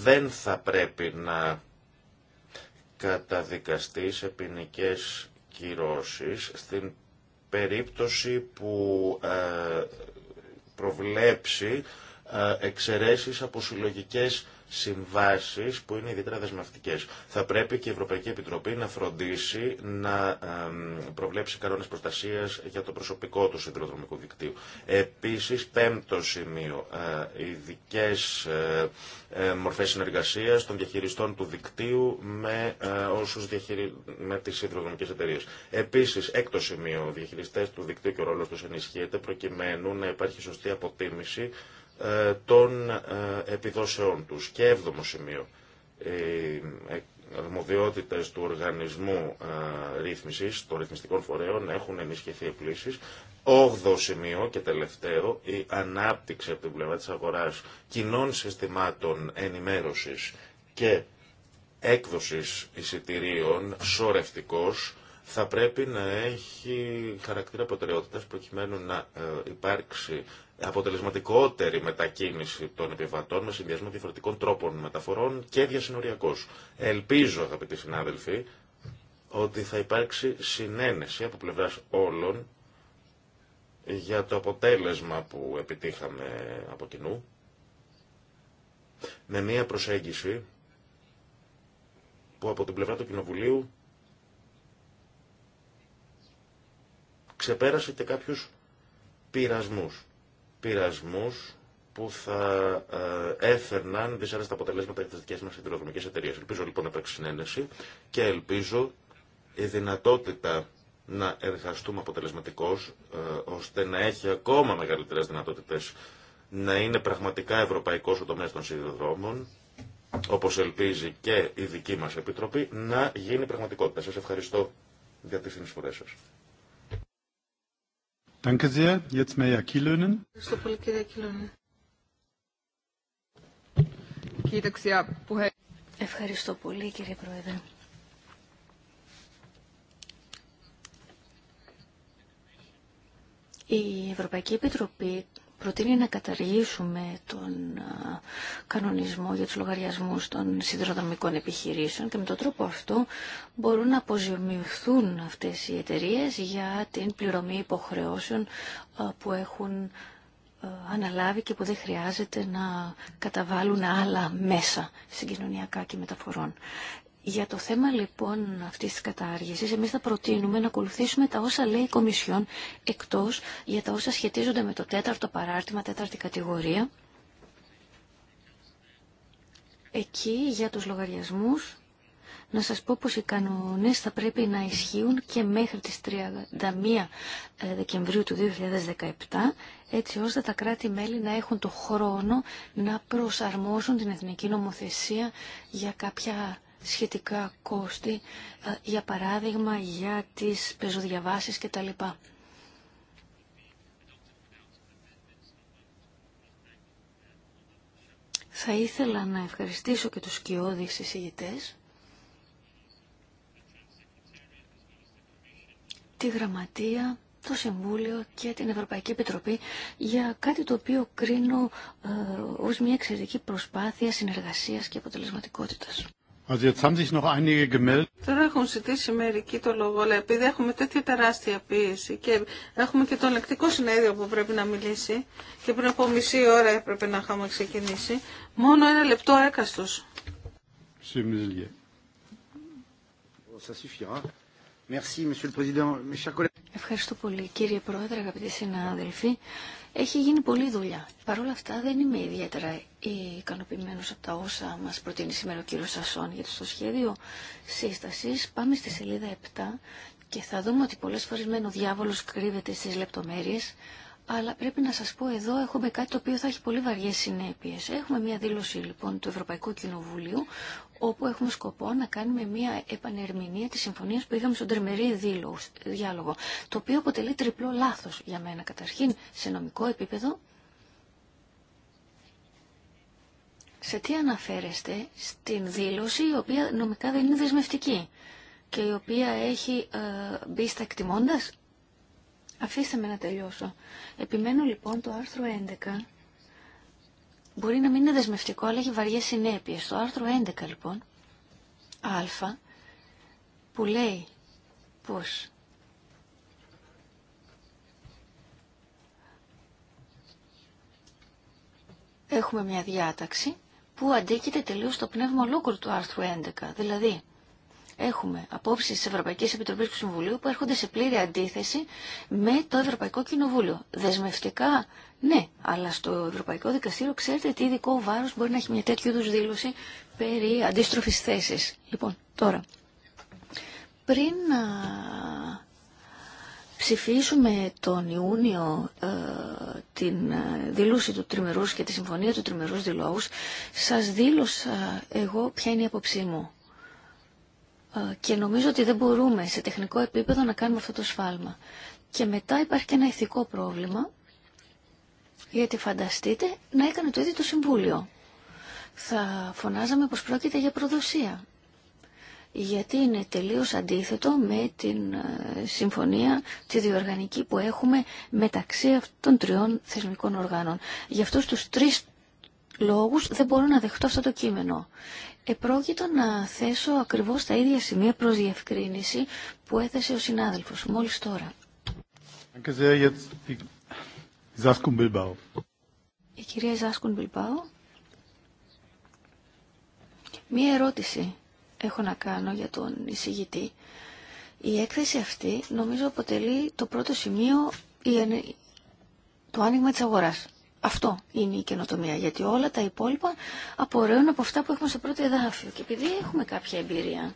δεν θα πρέπει να καταδικαστεί σε ποινικέ κυρώσεις στην περίπτωση που ε, προβλέψει ε, εξαιρέσεις από συλλογικέ συμβάσεις που είναι ιδιαίτερα δεσμευτικές. Θα πρέπει και η Ευρωπαϊκή Επιτροπή να φροντίσει να ε, προβλέψει κανόνες προστασίας για το προσωπικό του σιδηροδρομικού δικτύου. Επίσης, πέμπτο σημείο, ε, ειδικέ μορφές συνεργασίας των διαχειριστών του δικτύου με, όσους διαχειρι... με τις σιδηροδρομικές εταιρείες. Επίσης, έκτο σημείο, διαχειριστές του δικτύου και ο ρόλο του ενισχύεται προκειμένου να υπάρχει σωστή αποτίμηση ε, των ε, επιδόσεών τους. Και έβδομο σημείο, οι ε, αρμοδιότητες του οργανισμού ρύθμισης, των ρυθμιστικών φορέων, έχουν ενισχυθεί επίσης. Όγδο σημείο και τελευταίο, η ανάπτυξη από την πλευρά της αγοράς κοινών συστημάτων ενημέρωσης και έκδοσης εισιτηρίων σωρευτικός, θα πρέπει να έχει χαρακτήρα προτεραιότητας προκειμένου να υπάρξει αποτελεσματικότερη μετακίνηση των επιβατών με συνδυασμό διαφορετικών τρόπων μεταφορών και διασυνοριακώς. Ελπίζω, αγαπητοί συνάδελφοι, ότι θα υπάρξει συνένεση από πλευράς όλων για το αποτέλεσμα που επιτύχαμε από κοινού με μία προσέγγιση που από την πλευρά του Κοινοβουλίου ξεπέρασε και κάποιους πειρασμούς που θα ε, έφερναν δυσάρεστα αποτελέσματα για τι δικέ μα σιδηροδρομικέ εταιρείε. Ελπίζω λοιπόν να υπάρξει συνένεση και ελπίζω η δυνατότητα να εργαστούμε αποτελεσματικώ ε, ώστε να έχει ακόμα μεγαλύτερε δυνατότητε να είναι πραγματικά ευρωπαϊκό ο τομέα των σιδηροδρόμων όπω ελπίζει και η δική μα Επιτροπή να γίνει πραγματικότητα. Σα ευχαριστώ για τι συνεισφορέ σα. Danke sehr. Jetzt πολύ Ευχαριστώ πολύ κύριε Πρόεδρε. Η Ευρωπαϊκή Επιτροπή προτείνει να καταργήσουμε τον κανονισμό για τους λογαριασμούς των σιδηροδρομικών επιχειρήσεων και με τον τρόπο αυτό μπορούν να αποζημιωθούν αυτές οι εταιρείες για την πληρωμή υποχρεώσεων που έχουν αναλάβει και που δεν χρειάζεται να καταβάλουν άλλα μέσα συγκοινωνιακά και μεταφορών. Για το θέμα λοιπόν αυτής της κατάργησης, εμείς θα προτείνουμε να ακολουθήσουμε τα όσα λέει η Κομισιόν, εκτός για τα όσα σχετίζονται με το τέταρτο παράρτημα, τέταρτη κατηγορία. Εκεί για τους λογαριασμούς, να σας πω πως οι κανονές θα πρέπει να ισχύουν και μέχρι τις 31 ε, Δεκεμβρίου του 2017, έτσι ώστε τα κράτη-μέλη να έχουν το χρόνο να προσαρμόσουν την εθνική νομοθεσία για κάποια σχετικά κόστη, ε, για παράδειγμα για τις πεζοδιαβάσεις κτλ. Θα ήθελα να ευχαριστήσω και τους σκιώδεις εισηγητές, τη Γραμματεία, το Συμβούλιο και την Ευρωπαϊκή Επιτροπή για κάτι το οποίο κρίνω ε, ως μια εξαιρετική προσπάθεια συνεργασίας και αποτελεσματικότητας. Τώρα έχουν ζητήσει μερικοί το λόγο, αλλά επειδή έχουμε τέτοια τεράστια πίεση και έχουμε και το λεκτικό συνέδριο που πρέπει να μιλήσει και πριν από μισή ώρα έπρεπε να είχαμε ξεκινήσει, μόνο ένα λεπτό έκαστος. Ευχαριστώ πολύ κύριε Πρόεδρε, αγαπητοί συνάδελφοι. Έχει γίνει πολλή δουλειά. Παρ' όλα αυτά δεν είμαι ιδιαίτερα ικανοποιημένο από τα όσα μα προτείνει σήμερα ο κύριο Σασόν, για το σχέδιο σύσταση πάμε στη σελίδα 7 και θα δούμε ότι πολλέ φορέ μένει ο διάβολο κρύβεται στι λεπτομέρειε αλλά πρέπει να σας πω εδώ έχουμε κάτι το οποίο θα έχει πολύ βαριές συνέπειες. Έχουμε μια δήλωση λοιπόν του Ευρωπαϊκού Κοινοβουλίου όπου έχουμε σκοπό να κάνουμε μια επανερμηνία της συμφωνίας που είχαμε στον τριμερή διάλογο, το οποίο αποτελεί τριπλό λάθος για μένα. Καταρχήν, σε νομικό επίπεδο, σε τι αναφέρεστε στην δήλωση η οποία νομικά δεν είναι δεσμευτική και η οποία έχει ε, μπει στα εκτιμώντας. Αφήστε με να τελειώσω. Επιμένω λοιπόν το άρθρο 11. Μπορεί να μην είναι δεσμευτικό, αλλά έχει βαριές συνέπειες. Το άρθρο 11 λοιπόν, α, που λέει πώ έχουμε μια διάταξη που αντίκειται τελείως στο πνεύμα ολόκληρου του άρθρου 11. Δηλαδή, Έχουμε απόψει τη Ευρωπαϊκής Επιτροπή του Συμβουλίου που έρχονται σε πλήρη αντίθεση με το Ευρωπαϊκό Κοινοβούλιο. Δεσμευτικά, ναι, αλλά στο Ευρωπαϊκό Δικαστήριο ξέρετε τι ειδικό βάρο μπορεί να έχει μια τέτοιου είδου δήλωση περί αντίστροφης θέση. Λοιπόν, τώρα, πριν ψηφίσουμε τον Ιούνιο ε, την α, ε, δήλωση του Τριμερούς και τη συμφωνία του Τριμερούς Δηλώους, σας δήλωσα εγώ ποια είναι η απόψή μου. Ε, και νομίζω ότι δεν μπορούμε σε τεχνικό επίπεδο να κάνουμε αυτό το σφάλμα. Και μετά υπάρχει και ένα ηθικό πρόβλημα, γιατί φανταστείτε να έκανε το ίδιο το Συμβούλιο. Θα φωνάζαμε πως πρόκειται για προδοσία. Γιατί είναι τελείως αντίθετο με την ε, συμφωνία, τη διοργανική που έχουμε μεταξύ αυτών των τριών θεσμικών οργάνων. Γι' αυτούς τους τρεις λόγους δεν μπορώ να δεχτώ αυτό το κείμενο. Επρόκειτο να θέσω ακριβώς τα ίδια σημεία προς διευκρίνηση που έθεσε ο συνάδελφος μόλις τώρα. Η κυρία Ζάσκουν Ζάσκουν-Μπιλπάου. Μία ερώτηση έχω να κάνω για τον εισηγητή. Η έκθεση αυτή νομίζω αποτελεί το πρώτο σημείο το άνοιγμα της αγοράς. Αυτό είναι η καινοτομία, γιατί όλα τα υπόλοιπα απορρέουν από αυτά που έχουμε στο πρώτο εδάφιο. Και επειδή έχουμε κάποια εμπειρία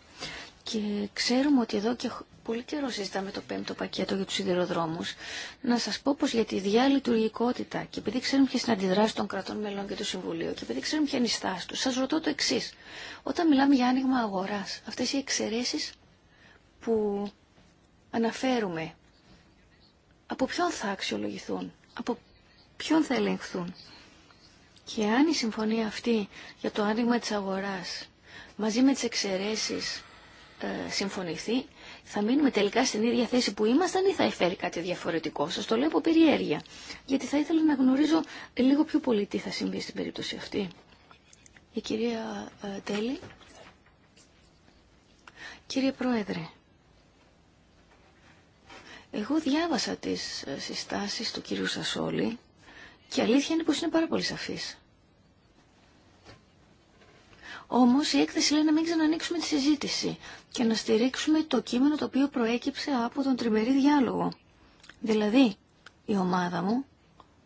και ξέρουμε ότι εδώ και πολύ καιρό συζητάμε το πέμπτο πακέτο για τους σιδηροδρόμους, να σας πω πως για τη διαλειτουργικότητα και επειδή ξέρουμε ποιες είναι αντιδράσεις των κρατών μελών και του Συμβουλίου και επειδή ξέρουμε ποια είναι η στάση του, σας ρωτώ το εξή. Όταν μιλάμε για άνοιγμα αγοράς, αυτές οι εξαιρεσει που αναφέρουμε, από ποιον θα αξιολογηθούν, από ποιον θα ελεγχθούν. Και αν η συμφωνία αυτή για το άνοιγμα της αγοράς μαζί με τις εξαιρέσεις ε, συμφωνηθεί, θα μείνουμε τελικά στην ίδια θέση που ήμασταν ή θα εφέρει κάτι διαφορετικό. Σας το λέω από περιέργεια. Γιατί θα ήθελα να γνωρίζω λίγο πιο πολύ τι θα συμβεί στην περίπτωση αυτή. Η κυρία ε, Τέλη. Κύριε Πρόεδρε, εγώ διάβασα τις ε, συστάσεις του κυρίου Σασόλη και η αλήθεια είναι πως είναι πάρα πολύ σαφής. Όμως η έκθεση λέει να μην ξανανοίξουμε τη συζήτηση και να στηρίξουμε το κείμενο το οποίο προέκυψε από τον τριμερή διάλογο. Δηλαδή, η ομάδα μου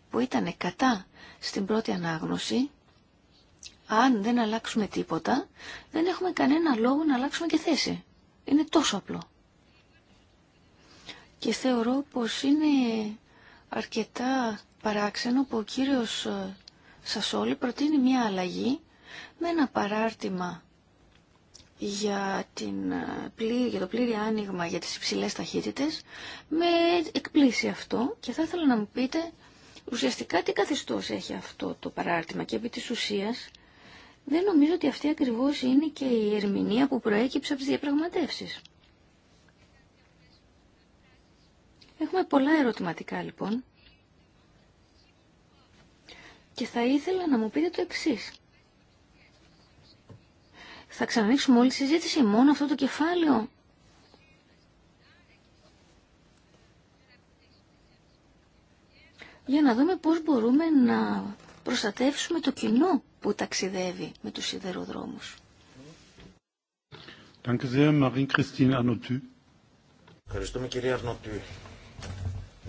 που ήταν κατά στην πρώτη ανάγνωση, αν δεν αλλάξουμε τίποτα, δεν έχουμε κανένα λόγο να αλλάξουμε και θέση. Είναι τόσο απλό. Και θεωρώ πως είναι αρκετά παράξενο που ο κύριος ε, Σασόλη προτείνει μια αλλαγή με ένα παράρτημα για, την, ε, για το πλήρη άνοιγμα για τις υψηλές ταχύτητες. Με εκπλήσει αυτό και θα ήθελα να μου πείτε ουσιαστικά τι καθεστώς έχει αυτό το παράρτημα και επί της ουσίας δεν νομίζω ότι αυτή ακριβώς είναι και η ερμηνεία που προέκυψε από τις διαπραγματεύσεις. Έχουμε πολλά ερωτηματικά λοιπόν. Και θα ήθελα να μου πείτε το εξής. Θα ξανανοίξουμε όλη τη συζήτηση, μόνο αυτό το κεφάλαιο. Για να δούμε πώς μπορούμε να προστατεύσουμε το κοινό που ταξιδεύει με τους σιδεροδρόμους. Ευχαριστούμε κυρία Αρνοτού.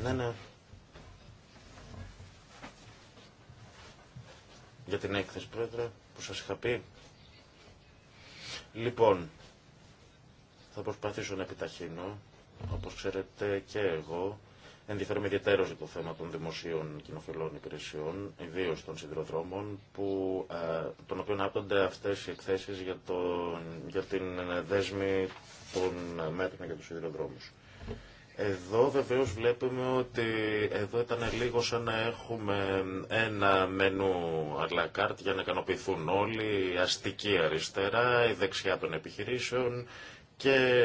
Ναι, ναι. Για την έκθεση, πρόεδρε, που σας είχα πει. Λοιπόν, θα προσπαθήσω να επιταχύνω. Όπως ξέρετε και εγώ, ενδιαφέρομαι ιδιαίτερως για το θέμα των δημοσίων κοινοφιλών υπηρεσιών, ιδίως των σιδηροδρόμων, που, ε, των οποίων άπτονται αυτές οι εκθέσεις για, το, για την ε, δέσμη των μέτρων για τους σιδηροδρόμους. Εδώ βεβαίως βλέπουμε ότι εδώ ήταν λίγο σαν να έχουμε ένα μενού αλακάρτ για να ικανοποιηθούν όλοι, η αστική αριστερά, η δεξιά των επιχειρήσεων και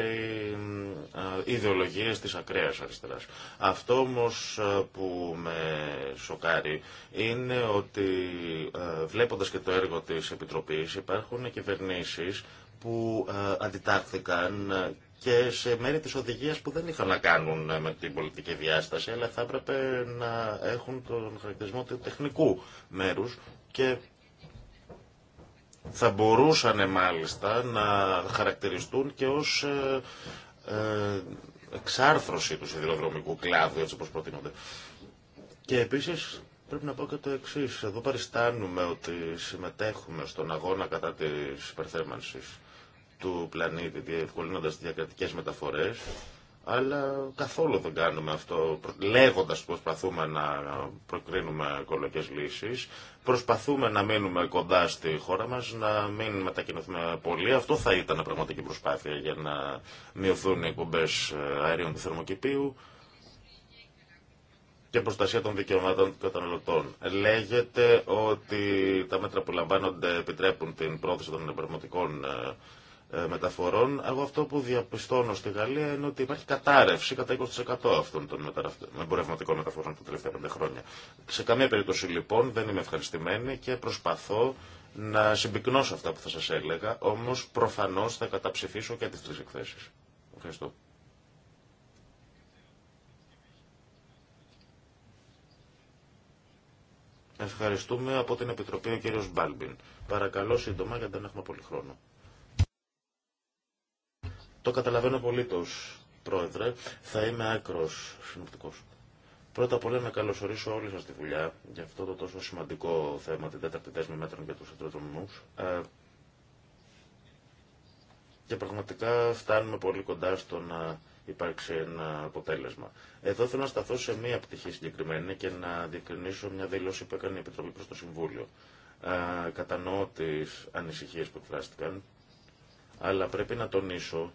οι ιδεολογίες της ακραίας αριστεράς. Αυτό όμως που με σοκάρει είναι ότι βλέποντας και το έργο της Επιτροπής υπάρχουν κυβερνήσεις που αντιτάχθηκαν και σε μέρη της οδηγίας που δεν είχαν να κάνουν με την πολιτική διάσταση, αλλά θα έπρεπε να έχουν τον χαρακτηρισμό του τεχνικού μέρους και θα μπορούσαν μάλιστα να χαρακτηριστούν και ως ε, ε, εξάρθρωση του σιδηροδρομικού κλάδου, έτσι όπως προτείνονται. Και επίσης Πρέπει να πω και το εξής. Εδώ παριστάνουμε ότι συμμετέχουμε στον αγώνα κατά της υπερθέρμανσης του πλανήτη, διευκολύνοντας τις διακρατικέ μεταφορές, αλλά καθόλου δεν κάνουμε αυτό λέγοντας προσπαθούμε να προκρίνουμε οικολογικές λύσει, προσπαθούμε να μείνουμε κοντά στη χώρα μας, να μην μετακινηθούμε πολύ. Αυτό θα ήταν πραγματική προσπάθεια για να μειωθούν οι εκπομπές ε, αερίων του θερμοκηπίου και προστασία των δικαιωμάτων των καταναλωτών. Λέγεται ότι τα μέτρα που λαμβάνονται επιτρέπουν την πρόθεση των πραγματικών ε, ε, μεταφορών. Εγώ αυτό που διαπιστώνω στη Γαλλία είναι ότι υπάρχει κατάρρευση κατά 20% αυτών των εμπορευματικών μεταφορών τα τελευταία πέντε χρόνια. Σε καμία περίπτωση λοιπόν δεν είμαι ευχαριστημένη και προσπαθώ να συμπυκνώσω αυτά που θα σας έλεγα, όμως προφανώς θα καταψηφίσω και τις τρεις εκθέσεις. Ευχαριστώ. Ευχαριστούμε από την Επιτροπή ο κύριος Μπάλμπιν. Παρακαλώ σύντομα γιατί δεν έχουμε πολύ χρόνο. Το καταλαβαίνω απολύτω, Πρόεδρε. Θα είμαι άκρο συνοπτικό. Πρώτα απ' όλα να καλωσορίσω όλη σα τη δουλειά για αυτό το τόσο σημαντικό θέμα, την τέταρτη δέσμη μέτρων για του Ε, Και πραγματικά φτάνουμε πολύ κοντά στο να υπάρξει ένα αποτέλεσμα. Εδώ θέλω να σταθώ σε μία πτυχή συγκεκριμένη και να διευκρινίσω μια δήλωση που έκανε η Επιτροπή προ το Συμβούλιο. Ε, κατανοώ τι ανησυχίε που εκφράστηκαν, αλλά πρέπει να τονίσω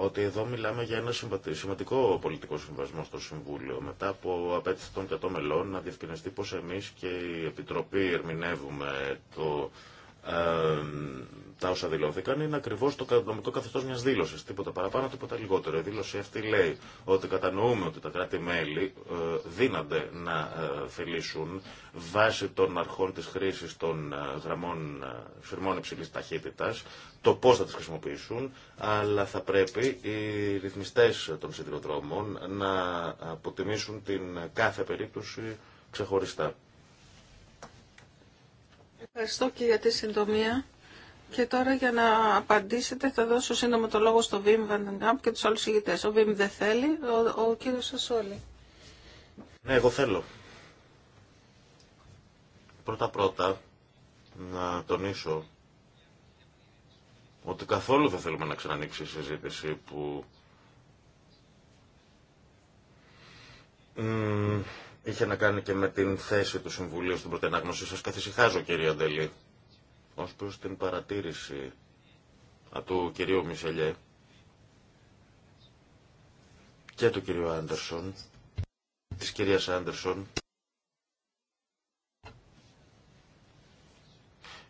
ότι εδώ μιλάμε για ένα σημαντικό πολιτικό συμβασμό στο Συμβούλιο. Μετά από απέτηση των 100 μελών να διευκρινιστεί πως εμείς και η Επιτροπή ερμηνεύουμε το ε, τα όσα δηλώθηκαν είναι ακριβώ το νομικό καθεστώ μια δήλωση. Τίποτα παραπάνω, τίποτα λιγότερο. Η δήλωση αυτή λέει ότι κατανοούμε ότι τα κράτη-μέλη ε, δύνανται να ε, θελήσουν βάσει των αρχών τη χρήση των γραμμών φυρμών υψηλή ταχύτητα το πώ θα τι χρησιμοποιήσουν, αλλά θα πρέπει οι ρυθμιστέ των σιδηροδρόμων να αποτιμήσουν την κάθε περίπτωση ξεχωριστά. Ευχαριστώ και για τη συντομία. Και τώρα για να απαντήσετε θα δώσω σύντομα το λόγο στο Βίμ Βαντεγκάμπ και τους άλλους ηγητές. Ο Βίμ δεν θέλει, ο, ο κύριος Σασόλη. Ναι, εγώ θέλω. Πρώτα-πρώτα να τονίσω ότι καθόλου δεν θέλουμε να ξανανοίξει η συζήτηση που είχε να κάνει και με την θέση του Συμβουλίου στην πρώτη ανάγνωση. Σας καθησυχάζω κύριε Αντελή. Ως προς την παρατήρηση του κυρίου Μισελιέ και του κυρίου Άντερσον, της κυρίας Άντερσον,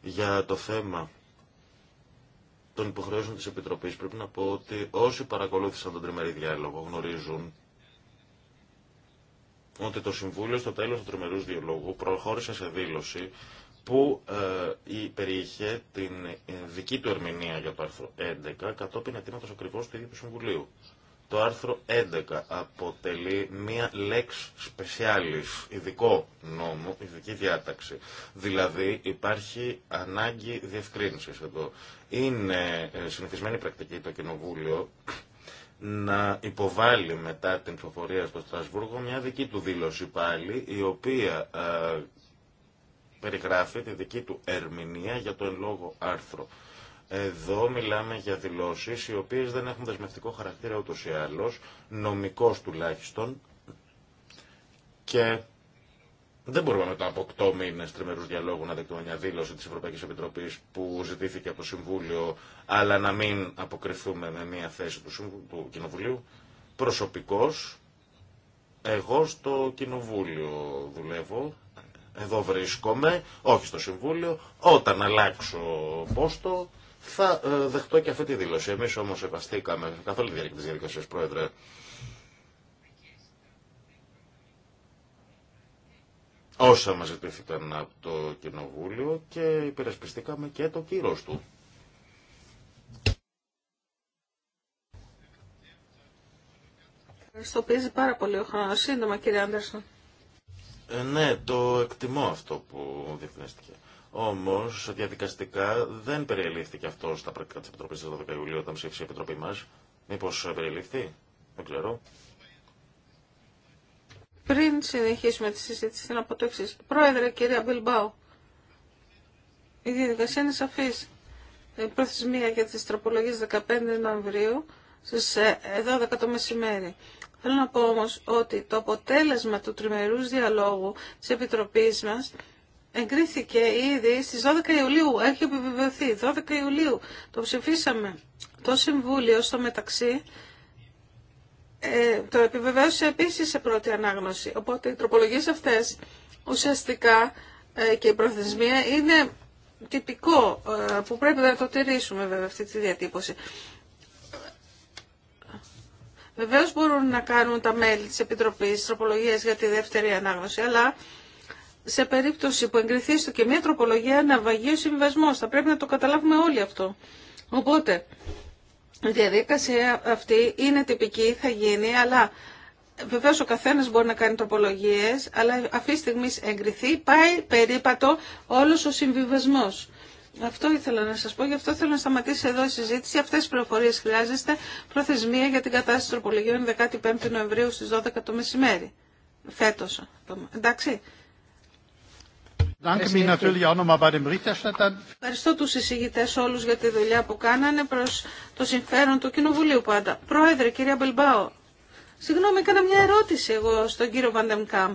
για το θέμα των υποχρεώσεων της Επιτροπής πρέπει να πω ότι όσοι παρακολούθησαν τον τριμερή διάλογο γνωρίζουν ότι το Συμβούλιο στο τέλος του τριμερούς διαλόγου προχώρησε σε δήλωση που ε, περιείχε την ε, δική του ερμηνεία για το άρθρο 11 κατόπιν αιτήματος ακριβώς του ίδιου του Συμβουλίου. Το άρθρο 11 αποτελεί μία λέξη specialis, ειδικό νόμο, ειδική διάταξη. Δηλαδή υπάρχει ανάγκη διευκρίνησης εδώ. Είναι ε, συνηθισμένη πρακτική το Κοινοβούλιο να υποβάλει μετά την ψηφοφορία στο Στρασβούργο μια δική του δήλωση πάλι, η οποία ε, περιγράφει τη δική του ερμηνεία για το εν άρθρο. Εδώ μιλάμε για δηλώσεις οι οποίες δεν έχουν δεσμευτικό χαρακτήρα ούτως ή άλλως, νομικός τουλάχιστον, και δεν μπορούμε μετά από 8 μήνε τριμερού διαλόγου να δεχτούμε μια δήλωση τη Ευρωπαϊκή Επιτροπή που ζητήθηκε από το Συμβούλιο, αλλά να μην αποκριθούμε με μια θέση του, του Κοινοβουλίου. Προσωπικώ, εγώ στο Κοινοβούλιο δουλεύω, εδώ βρίσκομαι, όχι στο Συμβούλιο. Όταν αλλάξω πόστο, θα ε, δεχτώ και αυτή τη δήλωση. Εμεί όμω ευαστήκαμε, καθ' όλη τη διάρκεια τη διαδικασία, Πρόεδρε, όσα μας ζητήθηκαν από το Κοινοβούλιο και υπερασπιστήκαμε και το κύρος του. Ευχαριστώ πάρα πολύ ο χρόνος. Σύντομα κύριε Άντερσον. Ε, ναι, το εκτιμώ αυτό που διευθυνέστηκε. Όμω, διαδικαστικά δεν περιελήφθηκε αυτό στα πρακτικά τη Επιτροπή τη 12 Ιουλίου όταν ψήφισε η Επιτροπή μα. Μήπω περιελήφθη, δεν ξέρω. Πριν συνεχίσουμε τη συζήτηση, θέλω να πω Πρόεδρε, κυρία Μπιλμπάου, η διαδικασία είναι σαφή. Η προθεσμία για τι τροπολογίε 15 Νοεμβρίου στι 12 ε, το μεσημέρι. Θέλω να πω όμω ότι το αποτέλεσμα του τριμερούς διαλόγου τη Επιτροπή μα εγκρίθηκε ήδη στι 12 Ιουλίου. Έχει επιβεβαιωθεί. 12 Ιουλίου το ψηφίσαμε. Το Συμβούλιο στο μεταξύ ε, το επιβεβαίωσε επίσης σε πρώτη ανάγνωση. Οπότε οι τροπολογίες αυτές ουσιαστικά ε, και η προθεσμία είναι τυπικό ε, που πρέπει να το τηρήσουμε βέβαια αυτή τη διατύπωση. Βεβαίω μπορούν να κάνουν τα μέλη της Επιτροπής τροπολογίες για τη δεύτερη ανάγνωση, αλλά σε περίπτωση που εγκριθεί στο και μια τροπολογία ένα ο συμβιβασμό. Θα πρέπει να το καταλάβουμε όλοι αυτό. Οπότε, η διαδικασία αυτή είναι τυπική, θα γίνει, αλλά βεβαίως ο καθένας μπορεί να κάνει τροπολογίες, αλλά αυτή τη στιγμή εγκριθεί, πάει περίπατο όλος ο συμβιβασμός. Αυτό ήθελα να σας πω, γι' αυτό θέλω να σταματήσει εδώ η συζήτηση. Αυτές τι πληροφορίε χρειάζεστε. Προθεσμία για την κατάσταση τροπολογιών 15 Νοεμβρίου στις 12 το μεσημέρι. φέτος. Εντάξει. Ε, Ευχαριστώ τους εισηγητές όλους για τη δουλειά που κάνανε προς το συμφέρον του Κοινοβουλίου πάντα. Πρόεδρε, κυρία Μπελμπάο, συγγνώμη, έκανα μια ερώτηση εγώ στον κύριο Βαντεμκάμπ.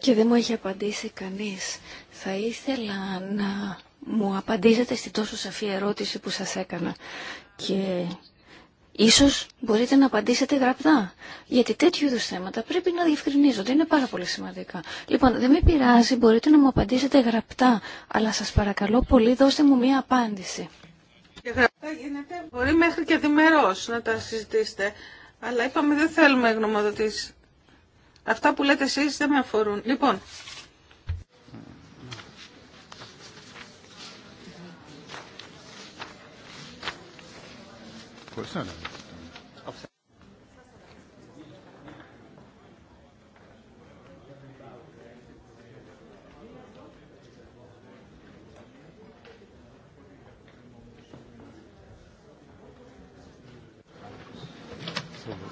Και δεν μου έχει απαντήσει κανείς. Θα ήθελα να μου απαντήσετε στη τόσο σαφή ερώτηση που σας έκανα. Και Ίσως μπορείτε να απαντήσετε γραπτά. Γιατί τέτοιου είδου θέματα πρέπει να διευκρινίζονται. Είναι πάρα πολύ σημαντικά. Λοιπόν, δεν με πειράζει, μπορείτε να μου απαντήσετε γραπτά. Αλλά σας παρακαλώ πολύ, δώστε μου μία απάντηση. Και γραπτά γίνεται, μπορεί μέχρι και διμερός να τα συζητήσετε. Αλλά είπαμε δεν θέλουμε γνωμοδοτήσεις. Αυτά που λέτε εσείς δεν με αφορούν. Λοιπόν,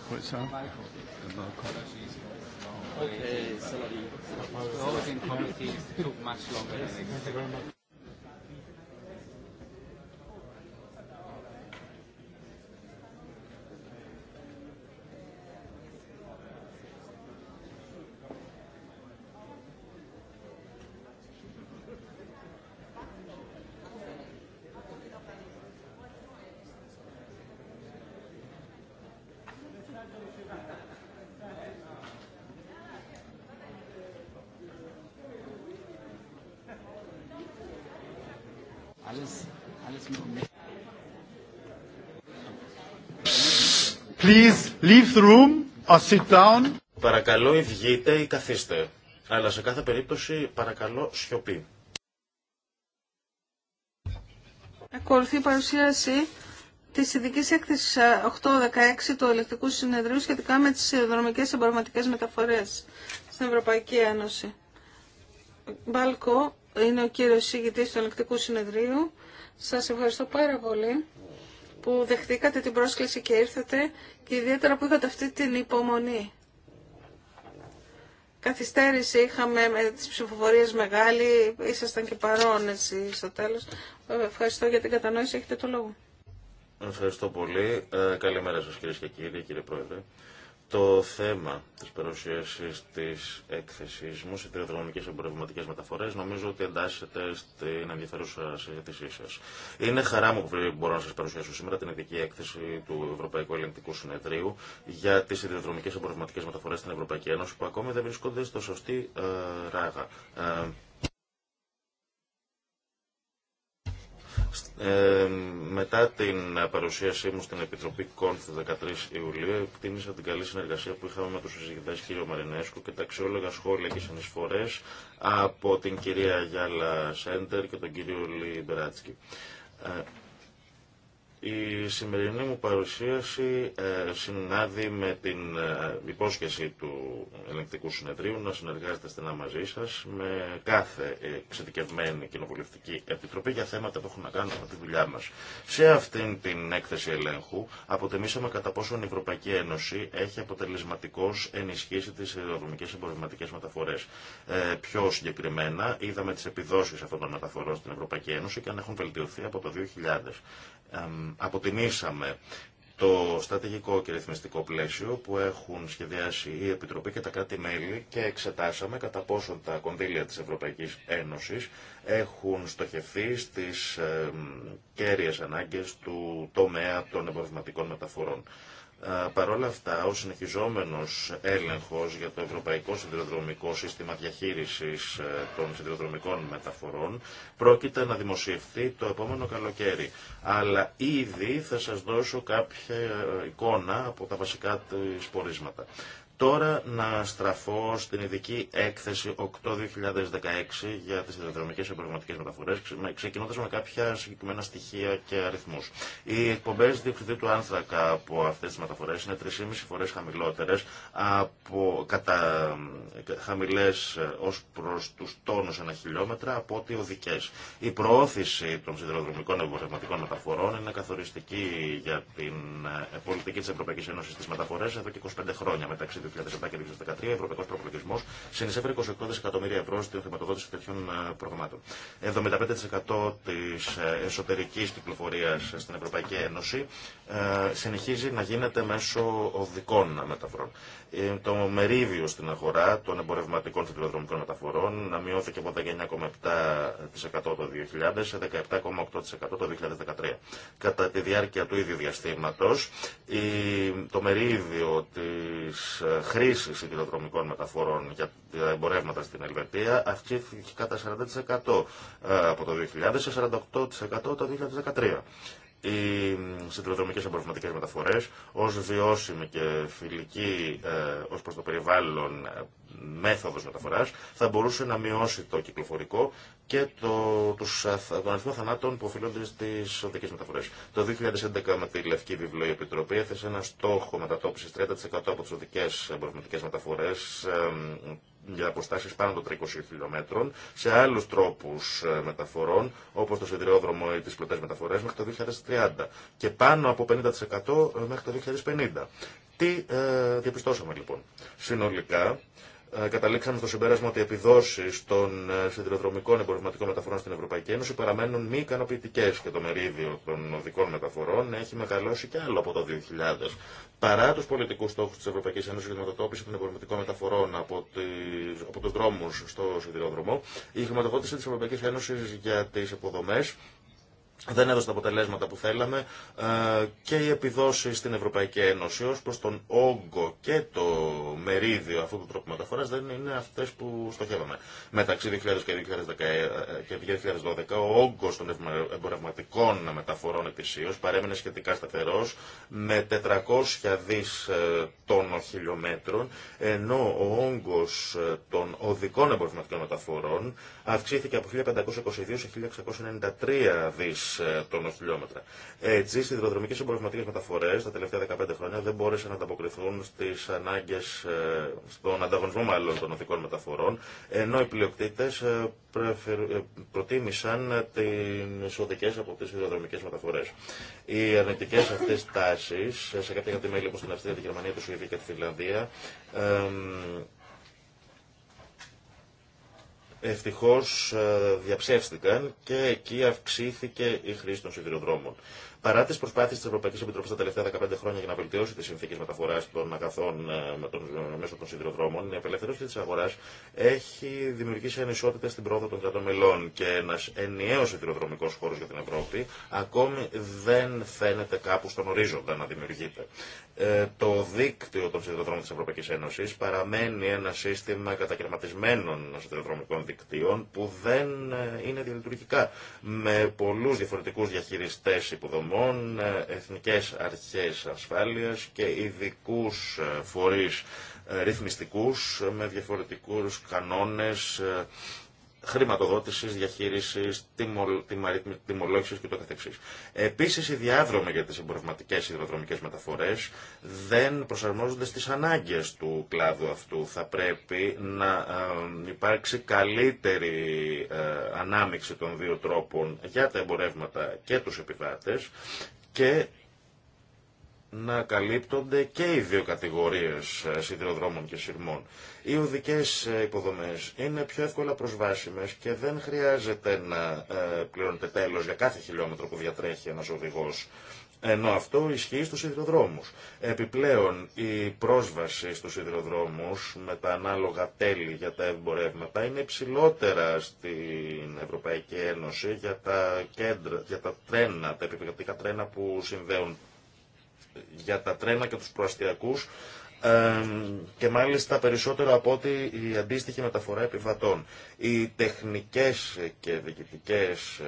What's that? Okay, sorry. The whole committee took much longer than expected. Please leave the room or sit down. Παρακαλώ ή βγείτε ή καθίστε. Αλλά σε κάθε περίπτωση παρακαλώ σιωπή. Ακολουθεί η παρουσίαση τη ειδική έκθεση 816 του Ελεκτικού Συνεδρίου σχετικά με τι σιδηροδρομικέ εμπορευματικέ μεταφορέ στην Ευρωπαϊκή Ένωση. Μπάλκο είναι ο κύριο ηγητή του Ελεκτικού Συνεδρίου. Σα ευχαριστώ πάρα πολύ που δεχτήκατε την πρόσκληση και ήρθατε και ιδιαίτερα που είχατε αυτή την υπομονή. Καθυστέρηση είχαμε με τις ψηφοφορίες μεγάλη, ήσασταν και παρόν εσύ στο τέλος. Ευχαριστώ για την κατανόηση, έχετε το λόγο. Ευχαριστώ πολύ. Ε, καλημέρα σας κύριε και κύριοι, κύριε Πρόεδρε. Το θέμα της παρουσίασης της έκθεσης μου σε τριοδρομικές εμπορευματικές μεταφορές νομίζω ότι εντάσσεται στην ενδιαφέρουσα συζήτησή σας. Είναι χαρά μου που μπορώ να σας παρουσιάσω σήμερα την ειδική έκθεση του Ευρωπαϊκού Ελληνικού Συνεδρίου για τις τριοδρομικές εμπορευματικές μεταφορές στην Ευρωπαϊκή Ένωση που ακόμη δεν βρίσκονται στο σωστή ε, ράγα. Ε, Ε, μετά την παρουσίασή μου στην Επιτροπή Κόντ 13 Ιουλίου, εκτίμησα την καλή συνεργασία που είχαμε με του συζητητέ κ. Μαρινέσκου και τα αξιόλογα σχόλια και συνεισφορέ από την κυρία Γιάλα Σέντερ και τον κύριο Λιμπεράτσκι. Ε, η σημερινή μου παρουσίαση ε, συνάδει με την ε, υπόσχεση του ελεγκτικού συνεδρίου να συνεργάζεται στενά μαζί σας με κάθε εξειδικευμένη κοινοβουλευτική επιτροπή για θέματα που έχουν να κάνουν με τη δουλειά μας. Σε αυτήν την έκθεση ελέγχου αποτεμήσαμε κατά πόσο η Ευρωπαϊκή Ένωση έχει αποτελεσματικώς ενισχύσει τις αεροδρομικές εμπορευματικές μεταφορές. Ε, πιο συγκεκριμένα είδαμε τις επιδόσεις αυτών των μεταφορών στην Ευρωπαϊκή Ένωση και αν έχουν βελτιωθεί από το 2000 αποτιμήσαμε το στρατηγικό και ρυθμιστικό πλαίσιο που έχουν σχεδιάσει η Επιτροπή και τα κράτη-μέλη και εξετάσαμε κατά πόσον τα κονδύλια της Ευρωπαϊκής Ένωσης έχουν στοχευθεί στις ε, κέρυες ανάγκες του τομέα των εμπορευματικών μεταφορών όλα αυτά, ο συνεχιζόμενος έλεγχος για το Ευρωπαϊκό Σιδηροδρομικό Σύστημα Διαχείρισης ε, των Σιδηροδρομικών Μεταφορών πρόκειται να δημοσιευθεί το επόμενο καλοκαίρι. Αλλά ήδη θα σας δώσω κάποια ε, εικόνα από τα βασικά της πορίσματα. Τώρα να στραφώ στην ειδική έκθεση 8-2016 για τι ιδεοδρομικέ και μεταφορές, μεταφορέ, ξεκινώντα με κάποια συγκεκριμένα στοιχεία και αριθμού. Οι εκπομπέ διοξιδίου του άνθρακα από αυτέ τι μεταφορέ είναι 3,5 φορέ χαμηλότερε από κατά χαμηλέ ε, ω προ του τόνου ένα χιλιόμετρα από ότι οδικέ. Η προώθηση των σιδηροδρομικών εμπορευματικών μεταφορών είναι καθοριστική για την ε, πολιτική τη Ευρωπαϊκή Ένωση στι μεταφορέ εδώ και 25 χρόνια μεταξύ 2007 και 2013, ευρωπαϊκό προπολογισμό, συνεισέφερε 28 δισεκατομμύρια ευρώ στην χρηματοδότηση τέτοιων ε, προγραμμάτων. 75% τη ε, εσωτερική κυκλοφορία στην Ευρωπαϊκή Ένωση ε, συνεχίζει να γίνεται μέσω οδικών μεταφορών. Το μερίδιο στην αγορά των εμπορευματικών κυκλοδρομικών μεταφορών να μειώθηκε από 19,7% το 2000 σε 17,8% το 2013. Κατά τη διάρκεια του ίδιου διαστήματος, το μερίδιο της χρήση συγκοινοδρομικών μεταφορών για εμπορεύματα στην Ελβετία αυξήθηκε κατά 40% ε, από το 2000 σε 48% το 2013 οι σιδηροδρομικές εμπορευματικέ μεταφορέ, ω βιώσιμη και φιλική ε, ως προς το περιβάλλον ε, μέθοδος μεταφοράς θα μπορούσε να μειώσει το κυκλοφορικό και το, τους, ε, τον αριθμό θανάτων που οφείλονται στι οδικές μεταφορέ. Το 2011 με τη Λευκή Βιβλία η Επιτροπή έθεσε ένα στόχο μετατόπισης 30% από τι οδικέ εμπορευματικέ μεταφορέ. ε, για αποστάσεις πάνω των 300 χιλιόμετρων, σε άλλους τρόπους ε, μεταφορών, όπως το σιδηρόδρομο ή τις πλωτές μεταφορές, μέχρι το 2030 και πάνω από 50% ε, μέχρι το 2050. Τι ε, διαπιστώσαμε λοιπόν. Συνολικά ε, καταλήξαμε στο συμπέρασμα ότι οι επιδόσει των ε, σιδηροδρομικών εμπορευματικών μεταφορών στην Ευρωπαϊκή Ένωση παραμένουν μη ικανοποιητικέ και το μερίδιο των οδικών μεταφορών έχει μεγαλώσει και άλλο από το 2000. Παρά του πολιτικού στόχου τη Ευρωπαϊκή Ένωση για τη μετατόπιση των εμπορευματικών μεταφορών από, από του δρόμου στο σιδηροδρομό, η χρηματοδότηση τη Ευρωπαϊκή Ένωση για τι υποδομέ δεν έδωσε τα αποτελέσματα που θέλαμε ε, και οι επιδόσει στην Ευρωπαϊκή Ένωση ω προ τον όγκο και το μερίδιο αυτού του τρόπου μεταφορά δεν είναι αυτέ που στοχεύαμε. Μεταξύ 2000 και 2012 ε, ο όγκο των εμπορευματικών μεταφορών ετησίω παρέμεινε σχετικά σταθερό με 400 δι ε, τόνο χιλιόμετρων ενώ ο όγκος των οδικών εμπορευματικών μεταφορών αυξήθηκε από 1522 σε 1693 δις ε, τονοχιλιόμετρα. Έτσι, οι σιδηροδρομικέ εμπορευματικέ μεταφορέ τα τελευταία 15 χρόνια δεν μπόρεσαν να ανταποκριθούν στι ανάγκε, ε, στον ανταγωνισμό μάλλον των οδικών μεταφορών, ενώ οι πλειοκτήτε ε, προτίμησαν τι οδικέ από τι σιδηροδρομικέ μεταφορέ. Οι αρνητικέ αυτέ τάσει σε κάποια κατημέλη όπω την Αυστρία, τη Γερμανία, τη Σουηδία και τη Φιλανδία ευτυχώς ε, διαψεύστηκαν και εκεί αυξήθηκε η χρήση των σιδηροδρόμων. Παρά τι προσπάθειε τη Ευρωπαϊκή Επιτροπή τα τελευταία 15 χρόνια για να βελτιώσει τι συνθήκε μεταφορά των αγαθών ε, με τον, ε, μέσω των σιδηροδρόμων, η απελευθέρωση τη αγορά έχει δημιουργήσει ανισότητα στην πρόοδο των κρατών και ένα ενιαίο σιδηροδρομικό χώρο για την Ευρώπη ακόμη δεν φαίνεται κάπου στον ορίζοντα να δημιουργείται. Ε, το δίκτυο των σιδηροδρόμων της Ευρωπαϊκής Ένωσης παραμένει ένα σύστημα κατακαιρματισμένων σιδηροδρομικών δικτύων που δεν ε, είναι διαλειτουργικά με πολλούς διαφορετικούς διαχειριστές υποδομών, ε, εθνικές αρχές ασφάλειας και ειδικού φορείς ρυθμιστικούς με διαφορετικούς κανόνες χρηματοδότησης, διαχείρισης, και τιμολόγησης κ.ο.κ. Επίσης, οι διάδρομοι για τις εμπορευματικές υδροδρομικές μεταφορές δεν προσαρμόζονται στις ανάγκες του κλάδου αυτού. Θα πρέπει να ε, υπάρξει καλύτερη ε, ανάμειξη των δύο τρόπων για τα εμπορεύματα και τους επιβάτες και να καλύπτονται και οι δύο κατηγορίες ε, σιδηροδρόμων και σειρμών. Οι οδικές ε, υποδομές είναι πιο εύκολα προσβάσιμες και δεν χρειάζεται να ε, πληρώνεται τέλος για κάθε χιλιόμετρο που διατρέχει ένας οδηγός. Ενώ αυτό ισχύει στους σιδηροδρόμους. Επιπλέον, η πρόσβαση στους σιδηροδρόμους με τα ανάλογα τέλη για τα εμπορεύματα είναι υψηλότερα στην Ευρωπαϊκή Ένωση για τα, κέντρα, για τα τρένα, τα επιπληκτικά τρένα που συνδέουν για τα τρένα και τους προαστιακούς και μάλιστα περισσότερο από ότι η αντίστοιχη μεταφορά επιβατών. Οι τεχνικές και διοικητικές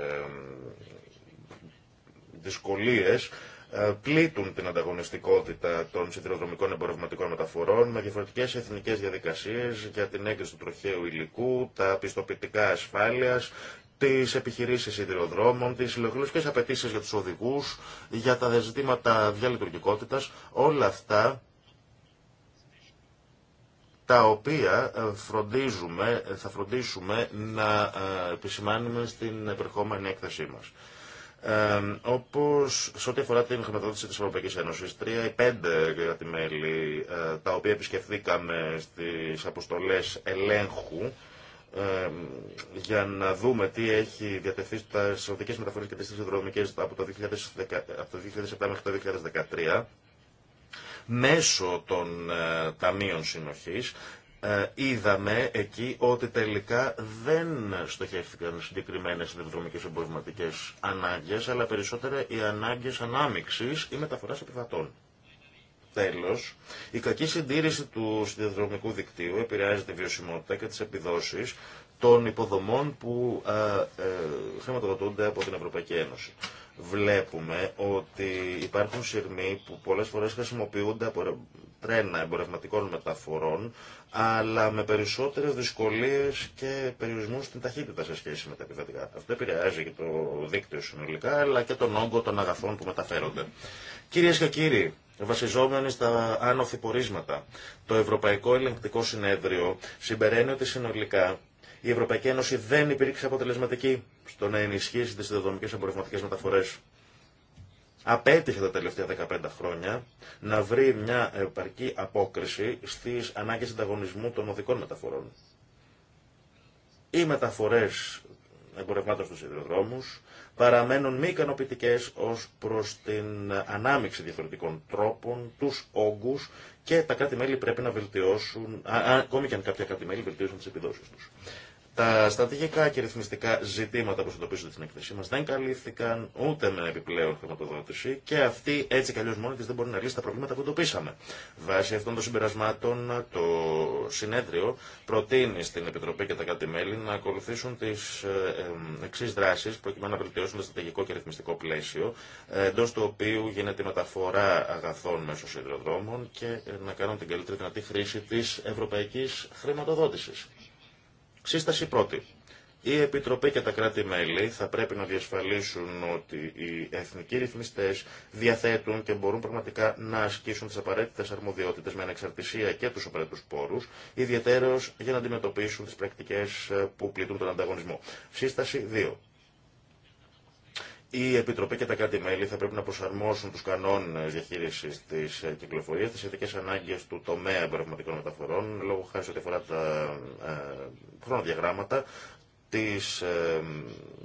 δυσκολίες ε, πλήττουν την ανταγωνιστικότητα των σιδηροδρομικών εμπορευματικών μεταφορών με διαφορετικέ εθνικές διαδικασίες για την έγκριση του τροχαίου υλικού, τα πιστοποιητικά ασφάλειας, τις επιχειρήσεις ιδεοδρόμων, τις συλλογικές απαιτήσει για τους οδηγούς, για τα ζητήματα διαλειτουργικότητας, όλα αυτά τα οποία ε, φροντίζουμε, ε, θα φροντίσουμε να ε, επισημάνουμε στην επερχόμενη έκθεσή μας. Ε, Όπω σε ό,τι αφορά την χρηματοδότηση τη Ευρωπαϊκή Ένωση, τρία ή πέντε κράτη-μέλη τα οποία επισκεφθήκαμε στι αποστολέ ελέγχου για να δούμε τι έχει διατεθεί στις οδικές μεταφορές και τις συνδρομικές από το 2007 μέχρι το 2013 μέσω των ε, ταμείων συνοχής ε, είδαμε εκεί ότι τελικά δεν στοχεύτηκαν συγκεκριμένε συνδρομικέ εμπορευματικές ανάγκες αλλά περισσότερα οι ανάγκες ανάμειξης ή μεταφοράς επιβατών. Τέλο, η κακή συντήρηση του σιδηροδρομικού δικτύου επηρεάζει τη βιωσιμότητα και τι επιδόσεις των υποδομών που ε, ε, χρηματοδοτούνται από την Ευρωπαϊκή Ένωση. Βλέπουμε ότι υπάρχουν σειρμοί που πολλές φορές χρησιμοποιούνται από τρένα εμπορευματικών μεταφορών, αλλά με περισσότερες δυσκολίες και περιορισμούς στην ταχύτητα σε σχέση με τα επιβατικά. Αυτό επηρεάζει και το δίκτυο συνολικά, αλλά και τον όγκο των αγαθών που μεταφέρονται. Κυρίε και κύριοι, βασιζόμενοι στα άνοθη πορίσματα. Το Ευρωπαϊκό Ελεγκτικό Συνέδριο συμπεραίνει ότι συνολικά η Ευρωπαϊκή Ένωση δεν υπήρξε αποτελεσματική στο να ενισχύσει τι δεδομικέ εμπορευματικέ μεταφορέ. Απέτυχε τα τελευταία 15 χρόνια να βρει μια επαρκή απόκριση στι ανάγκε ανταγωνισμού των οδικών μεταφορών. Οι μεταφορέ εμπορευμάτων στου σιδηροδρόμου, παραμένουν μη ικανοποιητικέ ως προς την ανάμειξη διαφορετικών τρόπων, τους όγκους και τα κράτη-μέλη πρέπει να βελτιώσουν, ακόμη και αν κάποια κράτη-μέλη βελτιώσουν τις επιδόσεις τους. Τα στρατηγικά και ρυθμιστικά ζητήματα που συντοπίζονται στην εκθεσή μα δεν καλύφθηκαν ούτε με επιπλέον χρηματοδότηση και αυτή έτσι κι αλλιώ μόνη τη δεν μπορεί να λύσει τα προβλήματα που εντοπίσαμε. Βάσει αυτών των συμπερασμάτων, το συνέδριο προτείνει στην Επιτροπή και τα κάτι μέλη να ακολουθήσουν τι ε, ε, εξή δράσει προκειμένου να βελτιώσουν το στρατηγικό και ρυθμιστικό πλαίσιο ε, εντό του οποίου γίνεται η μεταφορά αγαθών μέσω σιδηροδρόμων και να κάνουν την καλύτερη δυνατή χρήση τη ευρωπαϊκή χρηματοδότηση. Σύσταση πρώτη. Η Επιτροπή και τα κράτη-μέλη θα πρέπει να διασφαλίσουν ότι οι εθνικοί ρυθμιστέ διαθέτουν και μπορούν πραγματικά να ασκήσουν τι απαραίτητε αρμοδιότητε με ανεξαρτησία και του απαραίτητου πόρου, ιδιαίτερω για να αντιμετωπίσουν τι πρακτικέ που πλήττουν τον ανταγωνισμό. Σύσταση 2. Η Επιτροπή και τα κράτη-μέλη θα πρέπει να προσαρμόσουν του κανόνε διαχείριση τη ε, κυκλοφορία, τι ειδικέ ανάγκε του τομέα εμπορευματικών μεταφορών, λόγω χάρη ό,τι αφορά τα ε, χρονοδιαγράμματα, τη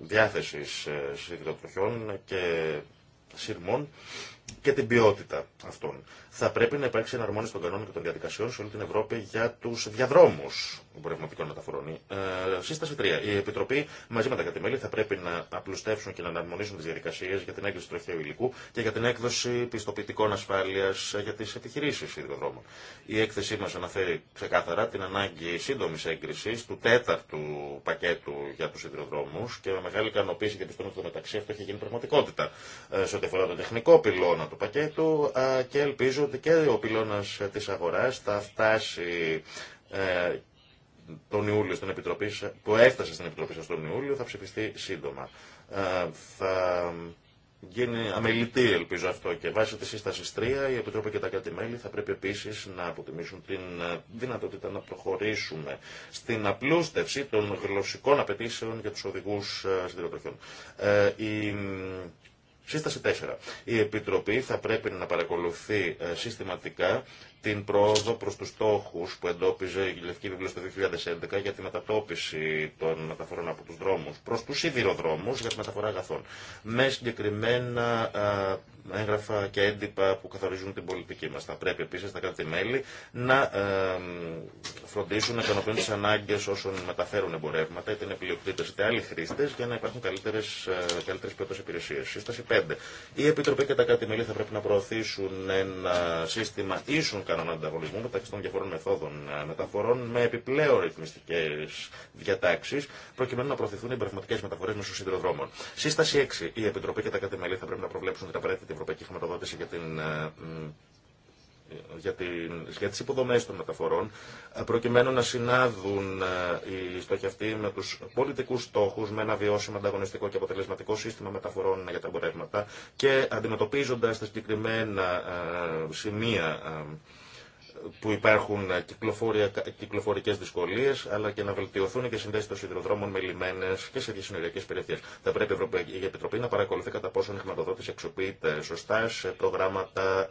διάθεση ε, ε και σύρμων και την ποιότητα αυτών. Θα πρέπει να υπάρξει εναρμόνιση των κανόνων και των διαδικασιών σε όλη την Ευρώπη για του διαδρόμου εμπορευματικών μεταφορών. Ε, σύσταση 3. Η Επιτροπή μαζί με τα κατημέλη θα πρέπει να απλουστεύσουν και να εναρμονίσουν τι διαδικασίε για την έκδοση τροχαίου υλικού και για την έκδοση πιστοποιητικών ασφάλεια για τι επιχειρήσει ιδιοδρόμων. Η έκθεσή μα αναφέρει ξεκάθαρα την ανάγκη σύντομη έγκριση του τέταρτου πακέτου για του υδροδρόμου και με μεγάλη ικανοποίηση γιατί στον μεταξύ αυτό έχει γίνει πραγματικότητα ε, σε ό,τι αφορά τον τεχνικό πυλώνα του πακέτου ε, και ελπίζω ότι και ο πυλώνας της αγοράς θα φτάσει ε, τον Ιούλιο στην Επιτροπή, που έφτασε στην Επιτροπή σας τον Ιούλιο, θα ψηφιστεί σύντομα. Ε, θα γίνει αμελητή ελπίζω αυτό και βάσει τη σύσταση 3 η Επιτροπή και τα κράτη-μέλη θα πρέπει επίσης να αποτιμήσουν την ε, δυνατότητα να προχωρήσουμε στην απλούστευση των γλωσσικών απαιτήσεων για τους οδηγούς ε, σιδηροτροχιών. Ε, η Σύσταση 4. Η Επιτροπή θα πρέπει να παρακολουθεί ε, συστηματικά την πρόοδο προς τους στόχους που εντόπιζε η Λευκή Βιβλία στο 2011 για τη μετατόπιση των μεταφορών από τους δρόμους προς τους σιδηροδρόμους για τη μεταφορά αγαθών με συγκεκριμένα έγγραφα και έντυπα που καθορίζουν την πολιτική μας. Θα πρέπει επίσης τα κράτη-μέλη να φροντίσουν να ικανοποιούν τις ανάγκες όσων μεταφέρουν εμπορεύματα είτε είναι επιλεκτήτες είτε άλλοι χρήστες για να υπάρχουν καλύτερες, καλύτερες ποιότητες υπηρεσίες. Σύσταση 5. Η Επιτροπή και τα κράτη-μέλη θα πρέπει να προωθήσουν ένα σύστημα ίσων κανόνων ανταγωνισμού μεταξύ των διαφορών μεθόδων ε, μεταφορών με επιπλέον ρυθμιστικέ διατάξει, προκειμένου να προωθηθούν οι πραγματικέ μεταφορέ μέσω σιδηροδρόμων. Σύσταση 6. Η Επιτροπή και τα κάτι θα πρέπει να προβλέψουν την απαραίτητη ευρωπαϊκή χρηματοδότηση για την ε, για, την, για τις υποδομές των μεταφορών ε, προκειμένου να συνάδουν οι στόχοι αυτοί με τους πολιτικούς στόχους με ένα βιώσιμο ανταγωνιστικό και αποτελεσματικό σύστημα μεταφορών για τα εμπορεύματα και αντιμετωπίζοντας τα συγκεκριμένα σημεία που υπάρχουν κυκλοφορικέ δυσκολίε, αλλά και να βελτιωθούν και συνδέσει των σιδηροδρόμων με λιμένε και σε διασυνοριακέ περιοχέ. Θα πρέπει η Ευρωπαϊκή Επιτροπή να παρακολουθεί κατά πόσο η χρηματοδότηση αξιοποιείται σωστά σε προγράμματα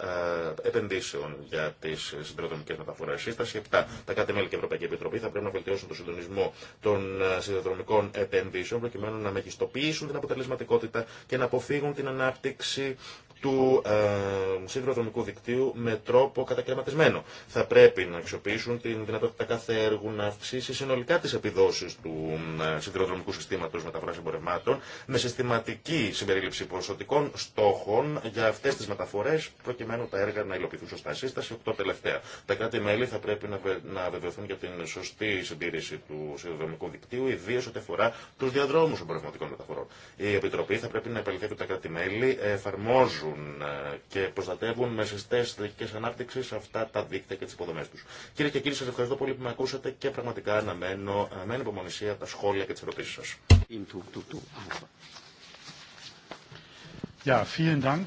ε, επενδύσεων για τι σιδηροδρομικέ μεταφορέ. Σύσταση 7. Τα κάτι μέλη και η Ευρωπαϊκή Επιτροπή θα πρέπει να βελτιώσουν τον συντονισμό των ε, σιδηροδρομικών επενδύσεων προκειμένου να μεγιστοποιήσουν την αποτελεσματικότητα και να αποφύγουν την ανάπτυξη του ε, δικτύου με τρόπο κατακαιρματισμένο. Θα πρέπει να αξιοποιήσουν την δυνατότητα κάθε έργου να αυξήσει συνολικά τι επιδόσει του ε, συστήματο μεταφορά εμπορευμάτων με συστηματική συμπερίληψη ποσοτικών στόχων για αυτέ τι μεταφορέ προκειμένου τα έργα να υλοποιηθούν σωστά. Σύσταση 8 τελευταία. Τα κράτη-μέλη θα πρέπει να, να βεβαιωθούν για την σωστή συντήρηση του σιδηροδρομικού δικτύου, ιδίω ό,τι αφορά του διαδρόμου εμπορευματικών μεταφορών. Η Επιτροπή θα πρέπει να επαληθεύει τα κράτη-μέλη εφαρμόζουν ε, και προστατεύουν με συστέ στρατηγικέ ανάπτυξη αυτά τα δίκτυα και τι υποδομέ του. Κύριε και κύριοι, σα ευχαριστώ πολύ που με ακούσατε και πραγματικά αναμένω με υπομονησία τα σχόλια και τι ερωτήσει σα. vielen Dank.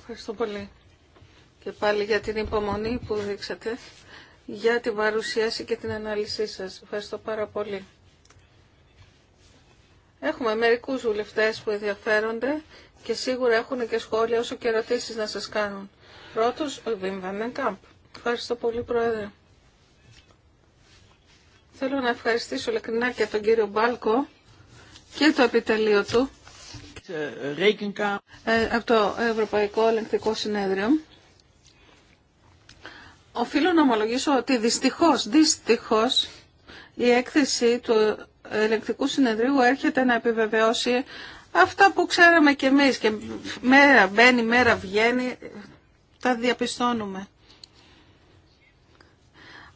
Ευχαριστώ πολύ και πάλι για την υπομονή που δείξατε, για την παρουσίαση και την ανάλυση σας. Ευχαριστώ πάρα πολύ. Έχουμε μερικούς βουλευτές που ενδιαφέρονται και σίγουρα έχουν και σχόλια όσο και ερωτήσεις να σας κάνουν. Πρώτος, ο Βιμ Βανενκάμπ. Ευχαριστώ πολύ, Πρόεδρε. Θέλω να ευχαριστήσω ειλικρινά και τον κύριο Μπάλκο και το επιτελείο του ε, από το Ευρωπαϊκό Ελεγκτικό Συνέδριο. Οφείλω να ομολογήσω ότι δυστυχώς, δυστυχώς η έκθεση του ελεκτικού συνεδρίου έρχεται να επιβεβαιώσει αυτά που ξέραμε κι εμείς και μέρα μπαίνει, μέρα βγαίνει, τα διαπιστώνουμε.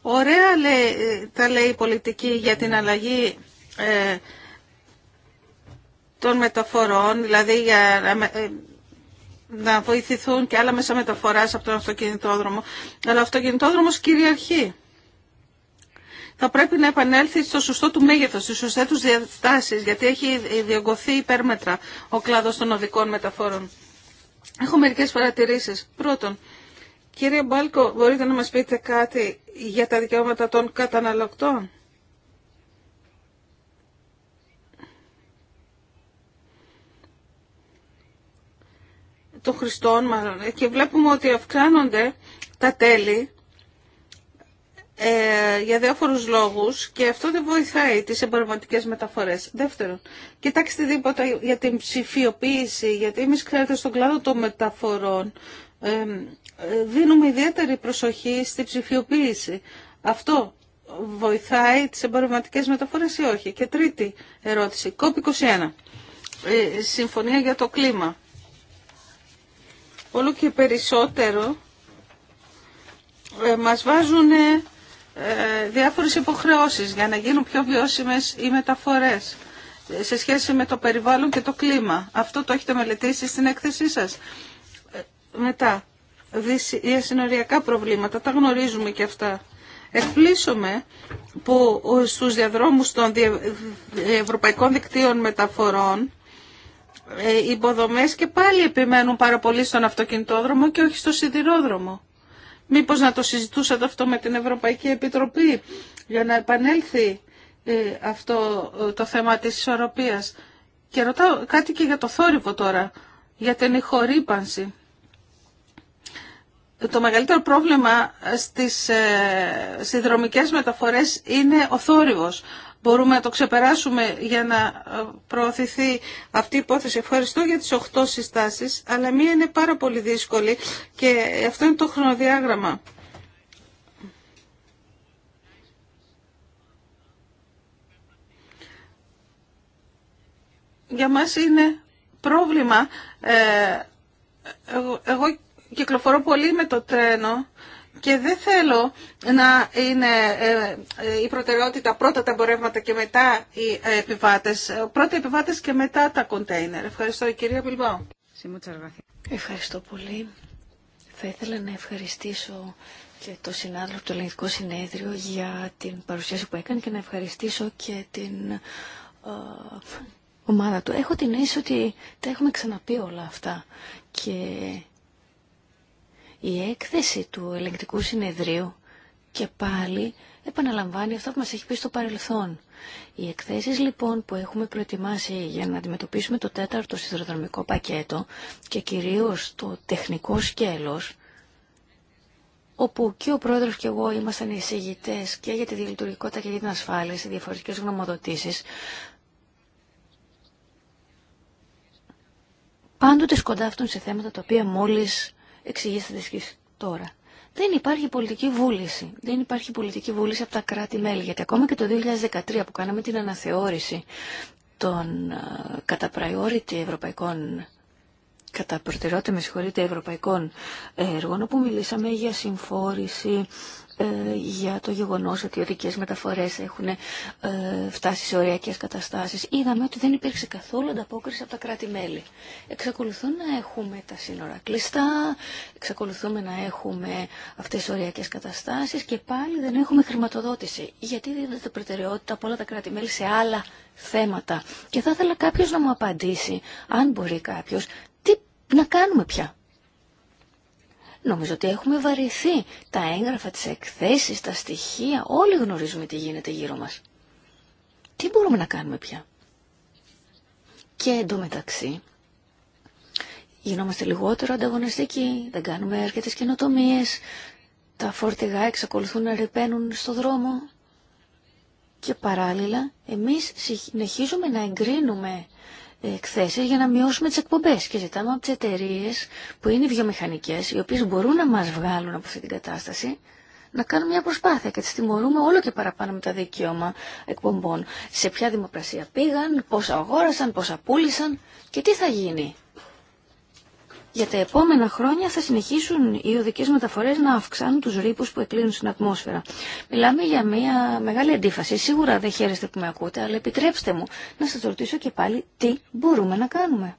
Ωραία λέει, τα λέει η πολιτική για την αλλαγή ε, των μεταφορών, δηλαδή για ε, να βοηθηθούν και άλλα μέσα μεταφοράς από τον αυτοκινητόδρομο. Αλλά ο αυτοκινητόδρομος κυριαρχεί θα πρέπει να επανέλθει στο σωστό του μέγεθος, στις σωστές του διαστάσεις, γιατί έχει διωγγωθεί υπέρμετρα ο κλάδος των οδικών μεταφόρων. Έχω μερικές παρατηρήσεις. Πρώτον, κύριε Μπάλκο, μπορείτε να μας πείτε κάτι για τα δικαιώματα των καταναλωτών. των Χριστών μάλλον και βλέπουμε ότι αυξάνονται τα τέλη ε, για διάφορους λόγους και αυτό δεν βοηθάει τις εμπορευματικές μεταφορές. Δεύτερον, κοιτάξτε τίποτα για την ψηφιοποίηση, γιατί εμείς ξέρετε στον κλάδο των μεταφορών ε, δίνουμε ιδιαίτερη προσοχή στη ψηφιοποίηση. Αυτό βοηθάει τις εμπορευματικές μεταφορές ή όχι. Και τρίτη ερώτηση, COP21, ε, Συμφωνία για το κλίμα. Όλο και περισσότερο ε, μας βάζουν ε, διάφορες υποχρεώσεις για να γίνουν πιο βιώσιμες οι μεταφορές σε σχέση με το περιβάλλον και το κλίμα. Αυτό το έχετε μελετήσει στην έκθεσή σας. Ε, μετά, διασυνοριακά προβλήματα, τα γνωρίζουμε και αυτά. Εκπλήσωμε που στους διαδρόμους των ευρωπαϊκών δικτύων μεταφορών ε, οι υποδομές και πάλι επιμένουν πάρα πολύ στον αυτοκινητόδρομο και όχι στο σιδηρόδρομο. Μήπως να το συζητούσατε αυτό με την Ευρωπαϊκή Επιτροπή για να επανέλθει ε, αυτό ε, το θέμα της ισορροπίας. Και ρωτάω κάτι και για το θόρυβο τώρα, για την ηχορύπανση. Το μεγαλύτερο πρόβλημα στις ε, συνδρομικές μεταφορές είναι ο θόρυβος μπορούμε να το ξεπεράσουμε για να ε, προωθηθεί αυτή η υπόθεση. Ευχαριστώ για τις 8 συστάσεις, αλλά μία είναι πάρα πολύ δύσκολη και αυτό είναι το χρονοδιάγραμμα. Για μας είναι πρόβλημα. Ε, εγώ κυκλοφορώ πολύ με το τρένο και δεν θέλω να είναι ε, ε, η προτεραιότητα πρώτα τα εμπορεύματα και μετά οι ε, επιβάτες. Πρώτα οι επιβάτες και μετά τα κοντέινερ. Ευχαριστώ η κυρία Μπιλμπάου. Ευχαριστώ πολύ. Θα ήθελα να ευχαριστήσω και το συνάδελφο του Ελληνικού Συνέδριου για την παρουσίαση που έκανε και να ευχαριστήσω και την ομάδα του. Έχω την αίσθηση ότι τα έχουμε ξαναπεί όλα αυτά και η έκθεση του ελεγκτικού συνεδρίου και πάλι επαναλαμβάνει αυτό που μας έχει πει στο παρελθόν. Οι εκθέσεις λοιπόν που έχουμε προετοιμάσει για να αντιμετωπίσουμε το τέταρτο σιδηροδρομικό πακέτο και κυρίως το τεχνικό σκέλος, όπου και ο πρόεδρος και εγώ ήμασταν εισηγητές και για τη διελειτουργικότητα και για την ασφάλεια σε διαφορετικές γνωμοδοτήσεις, πάντοτε σκοντάφτουν σε θέματα τα οποία μόλις εξηγήσετε εσείς τώρα. Δεν υπάρχει πολιτική βούληση. Δεν υπάρχει πολιτική βούληση από τα κράτη-μέλη. Γιατί ακόμα και το 2013 που κάναμε την αναθεώρηση των ε, κατά priority ευρωπαϊκών κατά προτεραιότητα ευρωπαϊκών ε, έργων όπου μιλήσαμε για συμφόρηση ε, για το γεγονός ότι οι οδικές μεταφορές έχουν ε, φτάσει σε ωριακές καταστάσεις. Είδαμε ότι δεν υπήρξε καθόλου ανταπόκριση από τα κράτη-μέλη. Εξακολουθούν να έχουμε τα σύνορα κλειστά, εξακολουθούμε να έχουμε αυτές τις ωριακές καταστάσεις και πάλι δεν έχουμε χρηματοδότηση. Γιατί δίνεται προτεραιότητα από όλα τα κράτη-μέλη σε άλλα θέματα. Και θα ήθελα κάποιο να μου απαντήσει, αν μπορεί κάποιο, τι να κάνουμε πια. Νομίζω ότι έχουμε βαρεθεί. Τα έγγραφα, τις εκθέσεις, τα στοιχεία, όλοι γνωρίζουμε τι γίνεται γύρω μας. Τι μπορούμε να κάνουμε πια. Και εντωμεταξύ γινόμαστε λιγότερο ανταγωνιστικοί, δεν κάνουμε αρκετές καινοτομίες, τα φορτηγά εξακολουθούν να ρηπαίνουν στο δρόμο και παράλληλα εμείς συνεχίζουμε να εγκρίνουμε εκθέσεις για να μειώσουμε τις εκπομπές και ζητάμε από τις εταιρείε που είναι βιομηχανικές, οι οποίες μπορούν να μας βγάλουν από αυτή την κατάσταση, να κάνουμε μια προσπάθεια και τις τιμωρούμε όλο και παραπάνω με τα δικαίωμα εκπομπών. Σε ποια δημοκρασία πήγαν, πόσα αγόρασαν, πόσα πούλησαν και τι θα γίνει για τα επόμενα χρόνια θα συνεχίσουν οι οδικέ μεταφορέ να αυξάνουν του ρήπου που εκλείνουν στην ατμόσφαιρα. Μιλάμε για μια μεγάλη αντίφαση. Σίγουρα δεν χαίρεστε που με ακούτε, αλλά επιτρέψτε μου να σα ρωτήσω και πάλι τι μπορούμε να κάνουμε.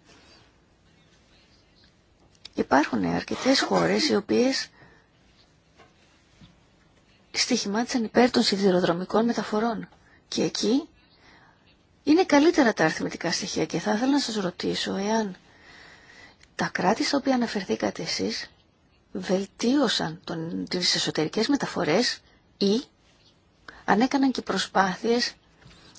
Υπάρχουν αρκετέ χώρε οι οποίε στοιχημάτισαν υπέρ των σιδηροδρομικών μεταφορών. Και εκεί είναι καλύτερα τα αριθμητικά στοιχεία και θα ήθελα να σας ρωτήσω εάν τα κράτη στα οποία αναφερθήκατε εσείς βελτίωσαν τον, τις εσωτερικές μεταφορές ή ανέκαναν και προσπάθειες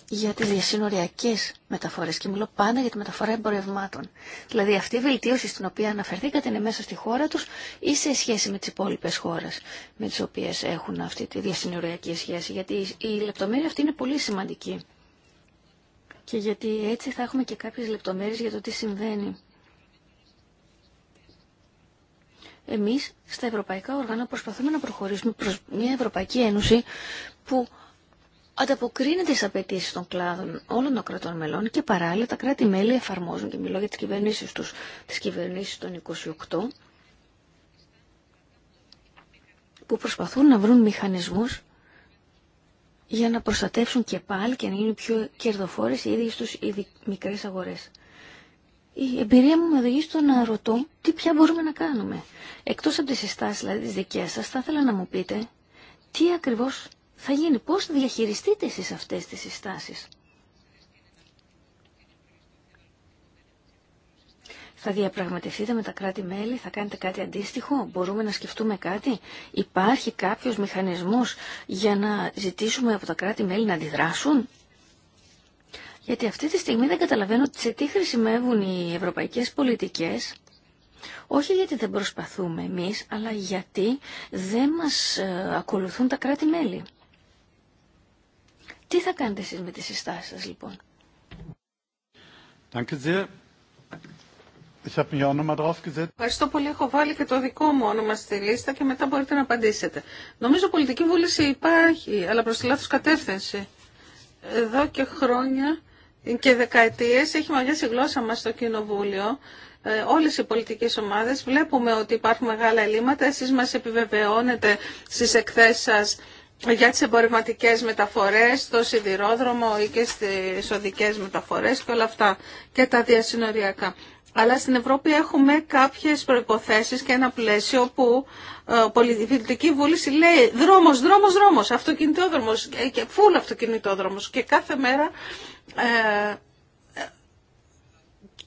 για τις διασυνοριακές μεταφορές και μιλώ πάντα για τη μεταφορά εμπορευμάτων. Δηλαδή αυτή η βελτίωση στην οποία αναφερθήκατε είναι μέσα στη χώρα τους ή σε σχέση με τις υπόλοιπε χώρες με τις οποίες έχουν αυτή τη διασυνοριακή σχέση γιατί η λεπτομέρεια αυτή είναι πολύ σημαντική και γιατί έτσι θα έχουμε και κάποιες λεπτομέρειες για το τι συμβαίνει εμείς στα ευρωπαϊκά οργάνα προσπαθούμε να προχωρήσουμε προ μια Ευρωπαϊκή Ένωση που ανταποκρίνεται στι απαιτήσει των κλάδων όλων των κρατών μελών και παράλληλα τα κράτη-μέλη εφαρμόζουν και μιλώ για τις κυβερνήσεις τους, τις των 28 που προσπαθούν να βρουν μηχανισμούς για να προστατεύσουν και πάλι και να γίνουν πιο κερδοφόρες οι ίδιες τους οι μικρές αγορές η εμπειρία μου με οδηγεί στο να ρωτώ τι πια μπορούμε να κάνουμε. Εκτός από τις συστάσεις δηλαδή τις δικές σας, θα ήθελα να μου πείτε τι ακριβώς θα γίνει, πώς θα διαχειριστείτε εσείς αυτές τις συστάσεις. Θα διαπραγματευτείτε με τα κράτη-μέλη, θα κάνετε κάτι αντίστοιχο, μπορούμε να σκεφτούμε κάτι. Υπάρχει κάποιος μηχανισμός για να ζητήσουμε από τα κράτη-μέλη να αντιδράσουν. Γιατί αυτή τη στιγμή δεν καταλαβαίνω σε τι χρησιμεύουν οι ευρωπαϊκές πολιτικές όχι γιατί δεν προσπαθούμε εμείς, αλλά γιατί δεν μας ε, ακολουθούν τα κράτη-μέλη. Τι θα κάνετε εσείς με τις συστάσεις σας, λοιπόν. Ευχαριστώ πολύ. Έχω βάλει και το δικό μου όνομα στη λίστα και μετά μπορείτε να απαντήσετε. Νομίζω πολιτική βούληση υπάρχει, αλλά προς τη λάθος κατεύθυνση. Εδώ και χρόνια και δεκαετίες έχει μαγιάσει η γλώσσα μας στο Κοινοβούλιο ε, όλες οι πολιτικές ομάδες. Βλέπουμε ότι υπάρχουν μεγάλα ελλείμματα. Εσείς μας επιβεβαιώνετε στις εκθέσεις σας για τις εμπορευματικέ μεταφορές, στο σιδηρόδρομο ή και στις οδικές μεταφορές και όλα αυτά και τα διασυνοριακά. Αλλά στην Ευρώπη έχουμε κάποιες προϋποθέσεις και ένα πλαίσιο που η ε, πολιτική βούληση λέει δρόμος, δρόμος, δρόμος, αυτοκινητόδρομος και φουλ αυτοκινητόδρομος και κάθε μέρα ε,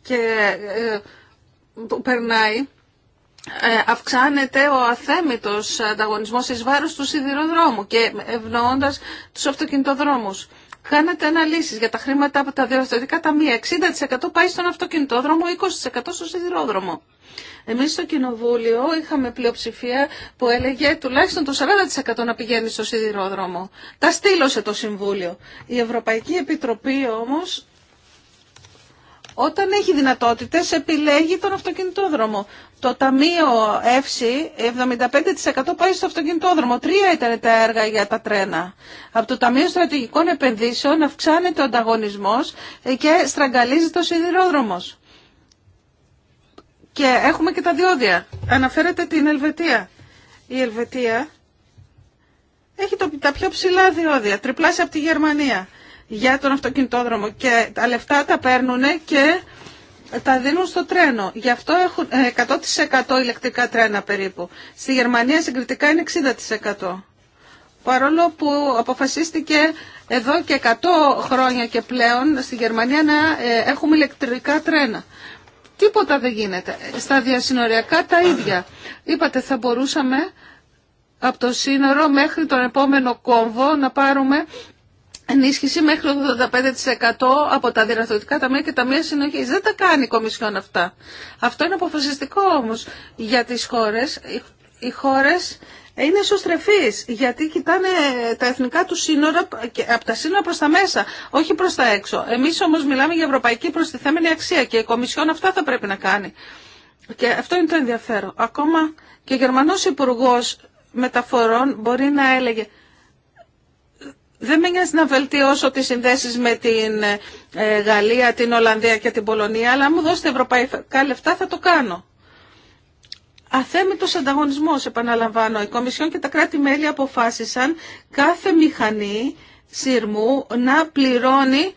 και ε, που περνάει ε, αυξάνεται ο αθέμητος ανταγωνισμός εις βάρος του σιδηροδρόμου και ευνοώντας τους αυτοκινητοδρόμους. Κάνατε αναλύσει για τα χρήματα από τα διορθωτικά ταμεία. 60% πάει στον αυτοκινητόδρομο, 20% στο σιδηρόδρομο. Εμεί στο Κοινοβούλιο είχαμε πλειοψηφία που έλεγε τουλάχιστον το 40% να πηγαίνει στο σιδηρόδρομο. Τα στείλωσε το Συμβούλιο. Η Ευρωπαϊκή Επιτροπή όμως όταν έχει δυνατότητες επιλέγει τον αυτοκινητόδρομο. Το ταμείο ΕΦΣΥ 75% πάει στο αυτοκινητόδρομο. Τρία ήταν τα έργα για τα τρένα. Από το Ταμείο Στρατηγικών Επενδύσεων αυξάνεται ο ανταγωνισμός και στραγγαλίζεται ο σιδηρόδρομος. Και έχουμε και τα διόδια. Αναφέρεται την Ελβετία. Η Ελβετία έχει τα πιο ψηλά διόδια, τριπλάσια από τη Γερμανία για τον αυτοκινητόδρομο και τα λεφτά τα παίρνουν και τα δίνουν στο τρένο. Γι' αυτό έχουν 100% ε, ηλεκτρικά τρένα περίπου. Στη Γερμανία συγκριτικά είναι 60%. Παρόλο που αποφασίστηκε εδώ και 100 χρόνια και πλέον στη Γερμανία να ε, έχουμε ηλεκτρικά τρένα. Τίποτα δεν γίνεται. Στα διασυνοριακά τα ίδια. Είπατε θα μπορούσαμε από το σύνορο μέχρι τον επόμενο κόμβο να πάρουμε ενίσχυση μέχρι το 85% από τα διαρθρωτικά ταμεία και ταμεία συνοχή. Δεν τα κάνει η Κομισιόν αυτά. Αυτό είναι αποφασιστικό όμω για τι χώρε. Οι χώρε είναι σωστρεφείς, γιατί κοιτάνε τα εθνικά του σύνορα από τα σύνορα προ τα μέσα, όχι προ τα έξω. Εμεί όμω μιλάμε για ευρωπαϊκή προστιθέμενη αξία και η Κομισιόν αυτά θα πρέπει να κάνει. Και αυτό είναι το ενδιαφέρον. Ακόμα και ο Γερμανός υπουργό Μεταφορών μπορεί να έλεγε δεν με νοιάζει να βελτιώσω τις συνδέσεις με την ε, Γαλλία, την Ολλανδία και την Πολωνία, αλλά αν μου δώσετε ευρωπαϊκά λεφτά θα το κάνω. Αθέμητος ανταγωνισμός, επαναλαμβάνω, η Κομισιόν και τα κράτη-μέλη αποφάσισαν κάθε μηχανή σύρμου να πληρώνει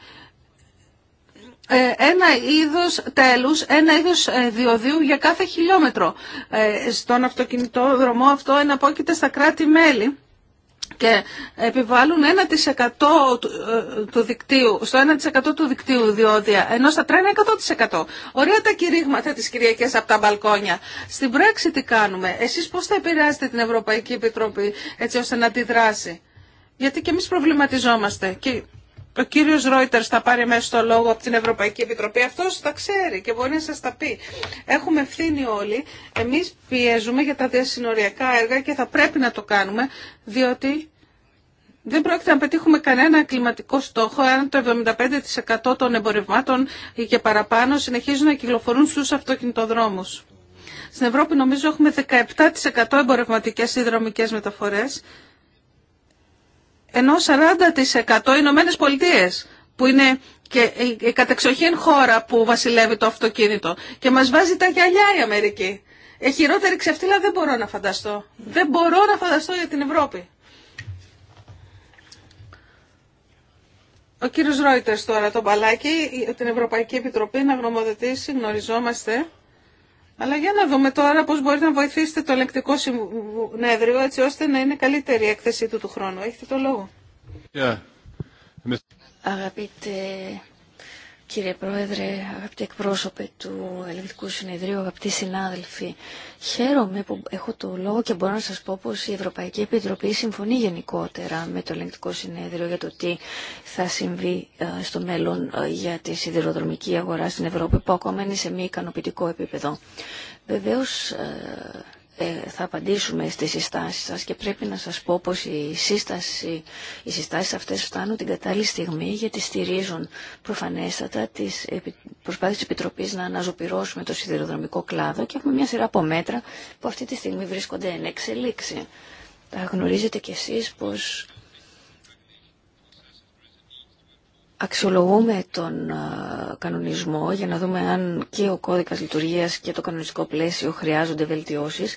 ε, ένα είδος τέλους, ένα είδος ε, διοδίου για κάθε χιλιόμετρο. Στον αυτοκινητόδρομο αυτό εναπόκειται στα κράτη-μέλη και επιβάλλουν 1% ε, του δικτύου, στο 1% του δικτύου διόδια, ενώ στα τρένα 100%. Ωραία τα κηρύγματα της Κυριακής από τα μπαλκόνια. Στην πράξη τι κάνουμε, εσείς πώς θα επηρεάσετε την Ευρωπαϊκή Επιτροπή έτσι ώστε να αντιδράσει. Γιατί και εμείς προβληματιζόμαστε και ο κύριος Ρόιτερς θα πάρει μέσα το λόγο από την Ευρωπαϊκή Επιτροπή. Αυτός τα ξέρει και μπορεί να σας τα πει. Έχουμε ευθύνη όλοι. Εμείς πιέζουμε για τα διασυνοριακά έργα και θα πρέπει να το κάνουμε, διότι δεν πρόκειται να πετύχουμε κανένα κλιματικό στόχο αν το 75% των εμπορευμάτων και παραπάνω συνεχίζουν να κυκλοφορούν στους αυτοκινητοδρόμους. Στην Ευρώπη νομίζω έχουμε 17% εμπορευματικές ή δρομικές μεταφορές ενώ 40% οι Ηνωμένε Πολιτείε, που είναι και η κατεξοχήν χώρα που βασιλεύει το αυτοκίνητο και μας βάζει τα γυαλιά η Αμερική. Ε, χειρότερη ξεφτύλα δεν μπορώ να φανταστώ. Δεν μπορώ να φανταστώ για την Ευρώπη. Ο κύριος Ρόιτερς τώρα, τον Παλάκη, την Ευρωπαϊκή Επιτροπή, να γνωμοδοτήσει, γνωριζόμαστε. Αλλά για να δούμε τώρα πώς μπορείτε να βοηθήσετε το ελεκτικό συνέδριο έτσι ώστε να είναι καλύτερη η έκθεσή του του χρόνου. Έχετε το λόγο. Yeah. Αγαπητέ Κύριε Πρόεδρε, αγαπητοί εκπρόσωποι του Ελληνικού Συνεδρίου, αγαπητοί συνάδελφοι, χαίρομαι που έχω το λόγο και μπορώ να σας πω πως η Ευρωπαϊκή Επιτροπή συμφωνεί γενικότερα με το Ελληνικό Συνέδριο για το τι θα συμβεί ε, στο μέλλον ε, για τη σιδηροδρομική αγορά στην Ευρώπη που ακόμα είναι σε μη ικανοποιητικό επίπεδο. Βεβαίως, ε, ε, θα απαντήσουμε στις συστάσεις σας και πρέπει να σας πω πως η σύσταση, οι συστάσεις αυτές φτάνουν την κατάλληλη στιγμή γιατί στηρίζουν προφανέστατα τις προσπάθειες της Επιτροπής να αναζωπυρώσουμε το σιδηροδρομικό κλάδο και έχουμε μια σειρά από μέτρα που αυτή τη στιγμή βρίσκονται εν εξελίξη. Τα γνωρίζετε κι εσείς πως Αξιολογούμε τον κανονισμό για να δούμε αν και ο κώδικας λειτουργίας και το κανονιστικό πλαίσιο χρειάζονται βελτιώσεις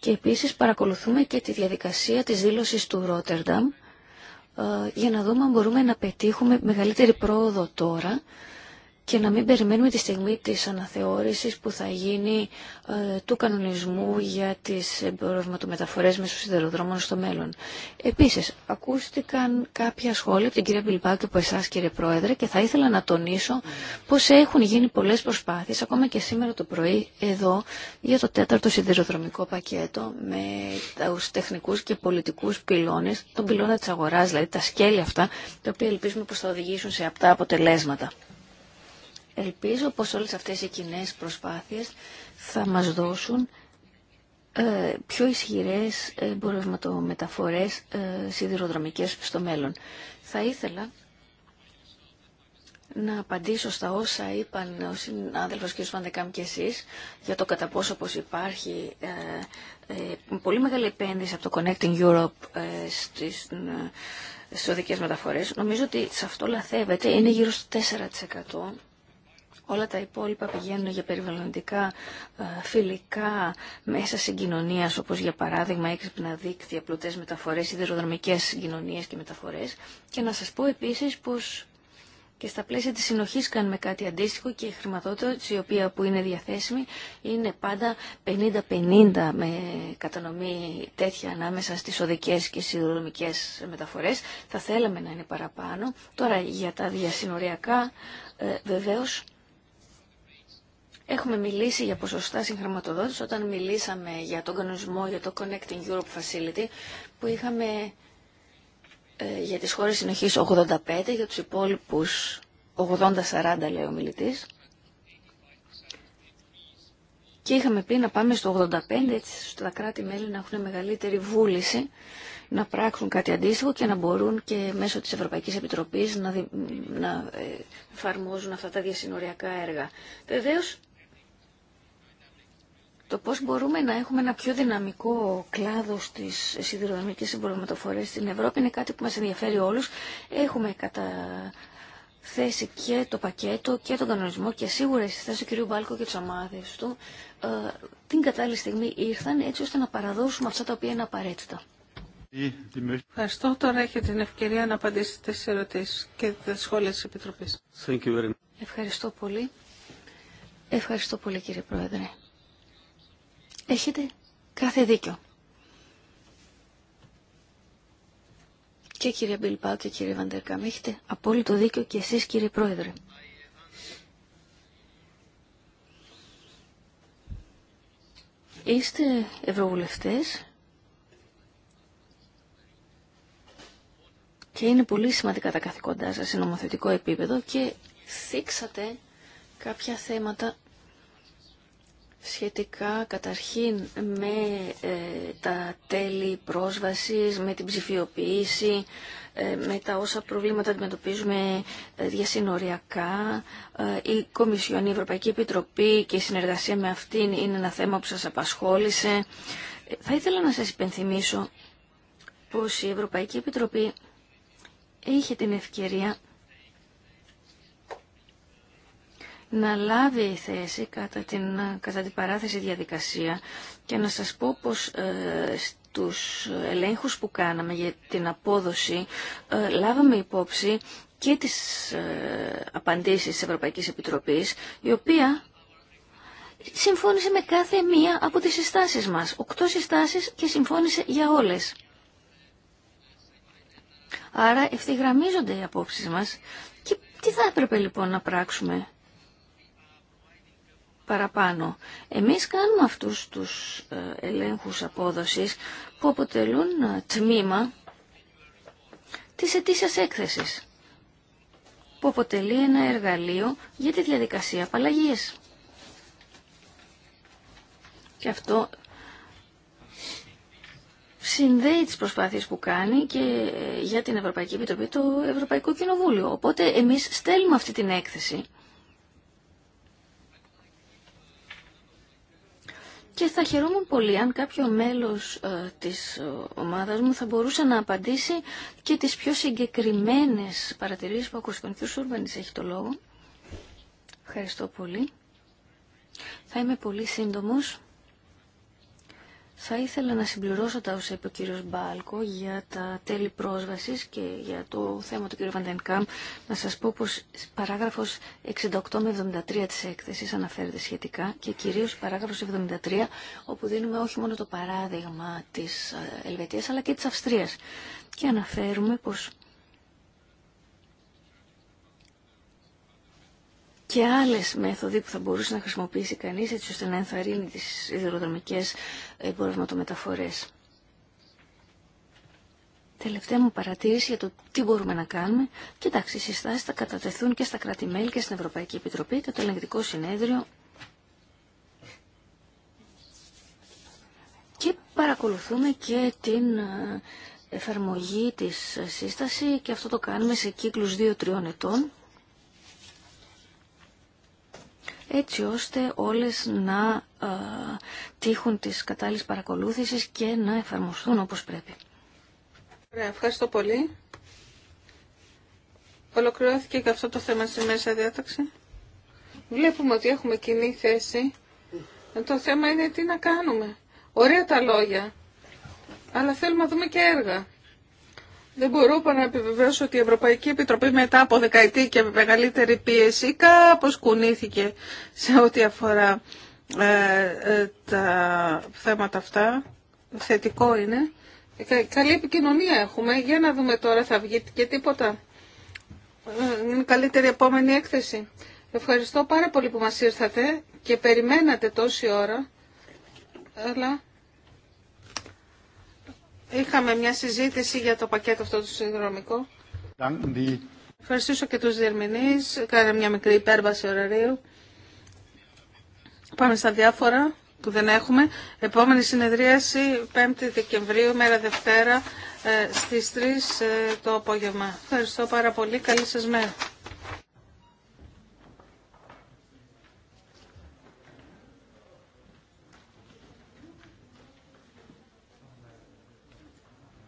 και επίσης παρακολουθούμε και τη διαδικασία της δήλωσης του Ρότερνταμ για να δούμε αν μπορούμε να πετύχουμε μεγαλύτερη πρόοδο τώρα και να μην περιμένουμε τη στιγμή της αναθεώρησης που θα γίνει ε, του κανονισμού για τις εμπορευματομεταφορές μέσω σιδεροδρόμων στο μέλλον. Επίσης, ακούστηκαν κάποια σχόλια από την κυρία Πιλπάκη και από εσάς κύριε Πρόεδρε και θα ήθελα να τονίσω πως έχουν γίνει πολλές προσπάθειες, ακόμα και σήμερα το πρωί εδώ, για το τέταρτο σιδηροδρομικό πακέτο με τους τεχνικούς και πολιτικούς πυλώνες, τον πυλώνα της αγοράς, δηλαδή τα σκέλη αυτά, τα οποία ελπίζουμε πως θα οδηγήσουν σε αυτά αποτελέσματα. Ελπίζω πως όλες αυτές οι κοινέ προσπάθειες θα μας δώσουν ε, πιο ισχυρές εμπορευματομεταφορές ε, σιδηροδρομικές στο μέλλον. Θα ήθελα να απαντήσω στα όσα είπαν ο συνάδελφος κ. Βανδεκάμ και εσείς για το κατά πόσο πως υπάρχει ε, ε, πολύ μεγάλη επένδυση από το Connecting Europe ε, στις, ε, στις οδικές μεταφορές. Νομίζω ότι σε αυτό λαθεύεται. Είναι γύρω στο 4% Όλα τα υπόλοιπα πηγαίνουν για περιβαλλοντικά ε, φιλικά μέσα συγκοινωνία, όπω για παράδειγμα έξυπνα δίκτυα, πλωτέ μεταφορέ, σιδηροδρομικέ συγκοινωνίε και μεταφορέ. Και να σα πω επίση πω και στα πλαίσια της συνοχής κάνουμε κάτι αντίστοιχο και η χρηματοδότηση η οποία που είναι διαθέσιμη είναι πάντα 50-50 με κατανομή τέτοια ανάμεσα στις οδικές και σιδηροδρομικές μεταφορές. Θα θέλαμε να είναι παραπάνω. Τώρα για τα διασυνοριακά ε, Έχουμε μιλήσει για ποσοστά συγχρηματοδότηση όταν μιλήσαμε για τον κανονισμό για το Connecting Europe Facility που είχαμε ε, για τις χώρες συνοχής 85, για τους υπόλοιπους 80-40 λέει ο μιλητής. Και είχαμε πει να πάμε στο 85 έτσι ώστε κράτη-μέλη να έχουν μεγαλύτερη βούληση να πράξουν κάτι αντίστοιχο και να μπορούν και μέσω της Ευρωπαϊκής Επιτροπής να, να ε, εφαρμόζουν αυτά τα διασυνοριακά έργα. Βεβαίως το πώς μπορούμε να έχουμε ένα πιο δυναμικό κλάδο στις σιδηροδρομικές συμπορομεταφορές στην Ευρώπη είναι κάτι που μας ενδιαφέρει όλους. Έχουμε κατά θέση και το πακέτο και τον κανονισμό και σίγουρα στη θέση του κ. Μπάλκο και τις ομάδες του ε, την κατάλληλη στιγμή ήρθαν έτσι ώστε να παραδώσουμε αυτά τα οποία είναι απαραίτητα. Ευχαριστώ. Τώρα έχετε την ευκαιρία να απαντήσετε στις ερωτήσεις και τα σχόλια της Επιτροπής. Thank Ευχαριστώ πολύ. Ευχαριστώ πολύ κύριε Πρόεδρε. Έχετε κάθε δίκιο. Και κύριε Μπιλπάου και κύριε Βαντερκάμ, έχετε απόλυτο δίκιο και εσείς κύριε Πρόεδρε. Είστε ευρωβουλευτές και είναι πολύ σημαντικά τα καθηκοντά σας σε νομοθετικό επίπεδο και θίξατε κάποια θέματα σχετικά καταρχήν με ε, τα τέλη πρόσβασης, με την ψηφιοποίηση, ε, με τα όσα προβλήματα αντιμετωπίζουμε ε, διασυνοριακά. Η Κομισιόν, η Ευρωπαϊκή Επιτροπή και η συνεργασία με αυτήν είναι ένα θέμα που σας απασχόλησε. Θα ήθελα να σας υπενθυμίσω πως η Ευρωπαϊκή Επιτροπή είχε την ευκαιρία να λάβει η θέση κατά την, κατά την παράθεση διαδικασία και να σας πω πως ε, στους ελέγχους που κάναμε για την απόδοση ε, λάβαμε υπόψη και τις ε, απαντήσεις της Ευρωπαϊκής Επιτροπής η οποία συμφώνησε με κάθε μία από τις συστάσεις μας. Οκτώ συστάσεις και συμφώνησε για όλες. Άρα ευθυγραμμίζονται οι απόψεις μας και τι θα έπρεπε λοιπόν να πράξουμε παραπάνω. Εμείς κάνουμε αυτούς τους ε, ελέγχους απόδοσης που αποτελούν ε, τμήμα της ετήσιας έκθεσης που αποτελεί ένα εργαλείο για τη διαδικασία απαλλαγής. Και αυτό συνδέει τις προσπάθειες που κάνει και ε, για την Ευρωπαϊκή Επιτροπή το Ευρωπαϊκό Κοινοβούλιο. Οπότε εμείς στέλνουμε αυτή την έκθεση Και θα χαιρόμουν πολύ αν κάποιο μέλος ε, της ε, ομάδας μου θα μπορούσε να απαντήσει και τις πιο συγκεκριμένες παρατηρήσεις που ακούστηκαν. Ο Ούρμπανης έχει το λόγο. Ευχαριστώ πολύ. Θα είμαι πολύ σύντομος. Θα ήθελα να συμπληρώσω τα όσα είπε ο κύριο Μπάλκο για τα τέλη πρόσβαση και για το θέμα του κύριου Βαντενκάμ. Να σας πω πως παράγραφος 68 με 73 της έκθεσης αναφέρεται σχετικά και κυρίως παράγραφος 73 όπου δίνουμε όχι μόνο το παράδειγμα της ε, Ελβετίας αλλά και της Αυστρίας. Και αναφέρουμε πω. και άλλες μέθοδοι που θα μπορούσε να χρησιμοποιήσει κανείς έτσι ώστε να ενθαρρύνει τις ιδεροδρομικέ εμπορευματομεταφορές. Τελευταία μου παρατήρηση για το τι μπορούμε να κάνουμε. Κοιτάξτε, οι συστάσεις θα κατατεθούν και στα κράτη-μέλη και στην Ευρωπαϊκή Επιτροπή και το Ελεγκτικό Συνέδριο και παρακολουθούμε και την ε, εφαρμογή της σύσταση και αυτό το κάνουμε σε κύκλους 2-3 ετών. έτσι ώστε όλες να ε, τύχουν τις κατάλληλες παρακολούθησης και να εφαρμοστούν όπως πρέπει. Ωραία, ευχαριστώ πολύ. Ολοκληρώθηκε και αυτό το θέμα στη μέσα διάταξη. Βλέπουμε ότι έχουμε κοινή θέση. Ε, το θέμα είναι τι να κάνουμε. Ωραία τα λόγια. Αλλά θέλουμε να δούμε και έργα. Δεν μπορώ παρά να επιβεβαιώσω ότι η Ευρωπαϊκή Επιτροπή μετά από δεκαετή και μεγαλύτερη πίεση κάπως κουνήθηκε σε ό,τι αφορά ε, ε, τα θέματα αυτά. Θετικό είναι. Ε, καλή επικοινωνία έχουμε. Για να δούμε τώρα θα βγει και τίποτα. Είναι καλύτερη επόμενη έκθεση. Ευχαριστώ πάρα πολύ που μας ήρθατε και περιμένατε τόση ώρα. Αλλά Είχαμε μια συζήτηση για το πακέτο αυτό το συνδρομικό. Ευχαριστήσω και τους διερμηνείς. Κάνε μια μικρή υπέρβαση ωραρίου. Πάμε στα διάφορα που δεν έχουμε. Επόμενη συνεδρίαση 5η Δεκεμβρίου, μέρα Δευτέρα, ε, στις 3 ε, το απόγευμα. Ευχαριστώ πάρα πολύ. Καλή σας μέρα.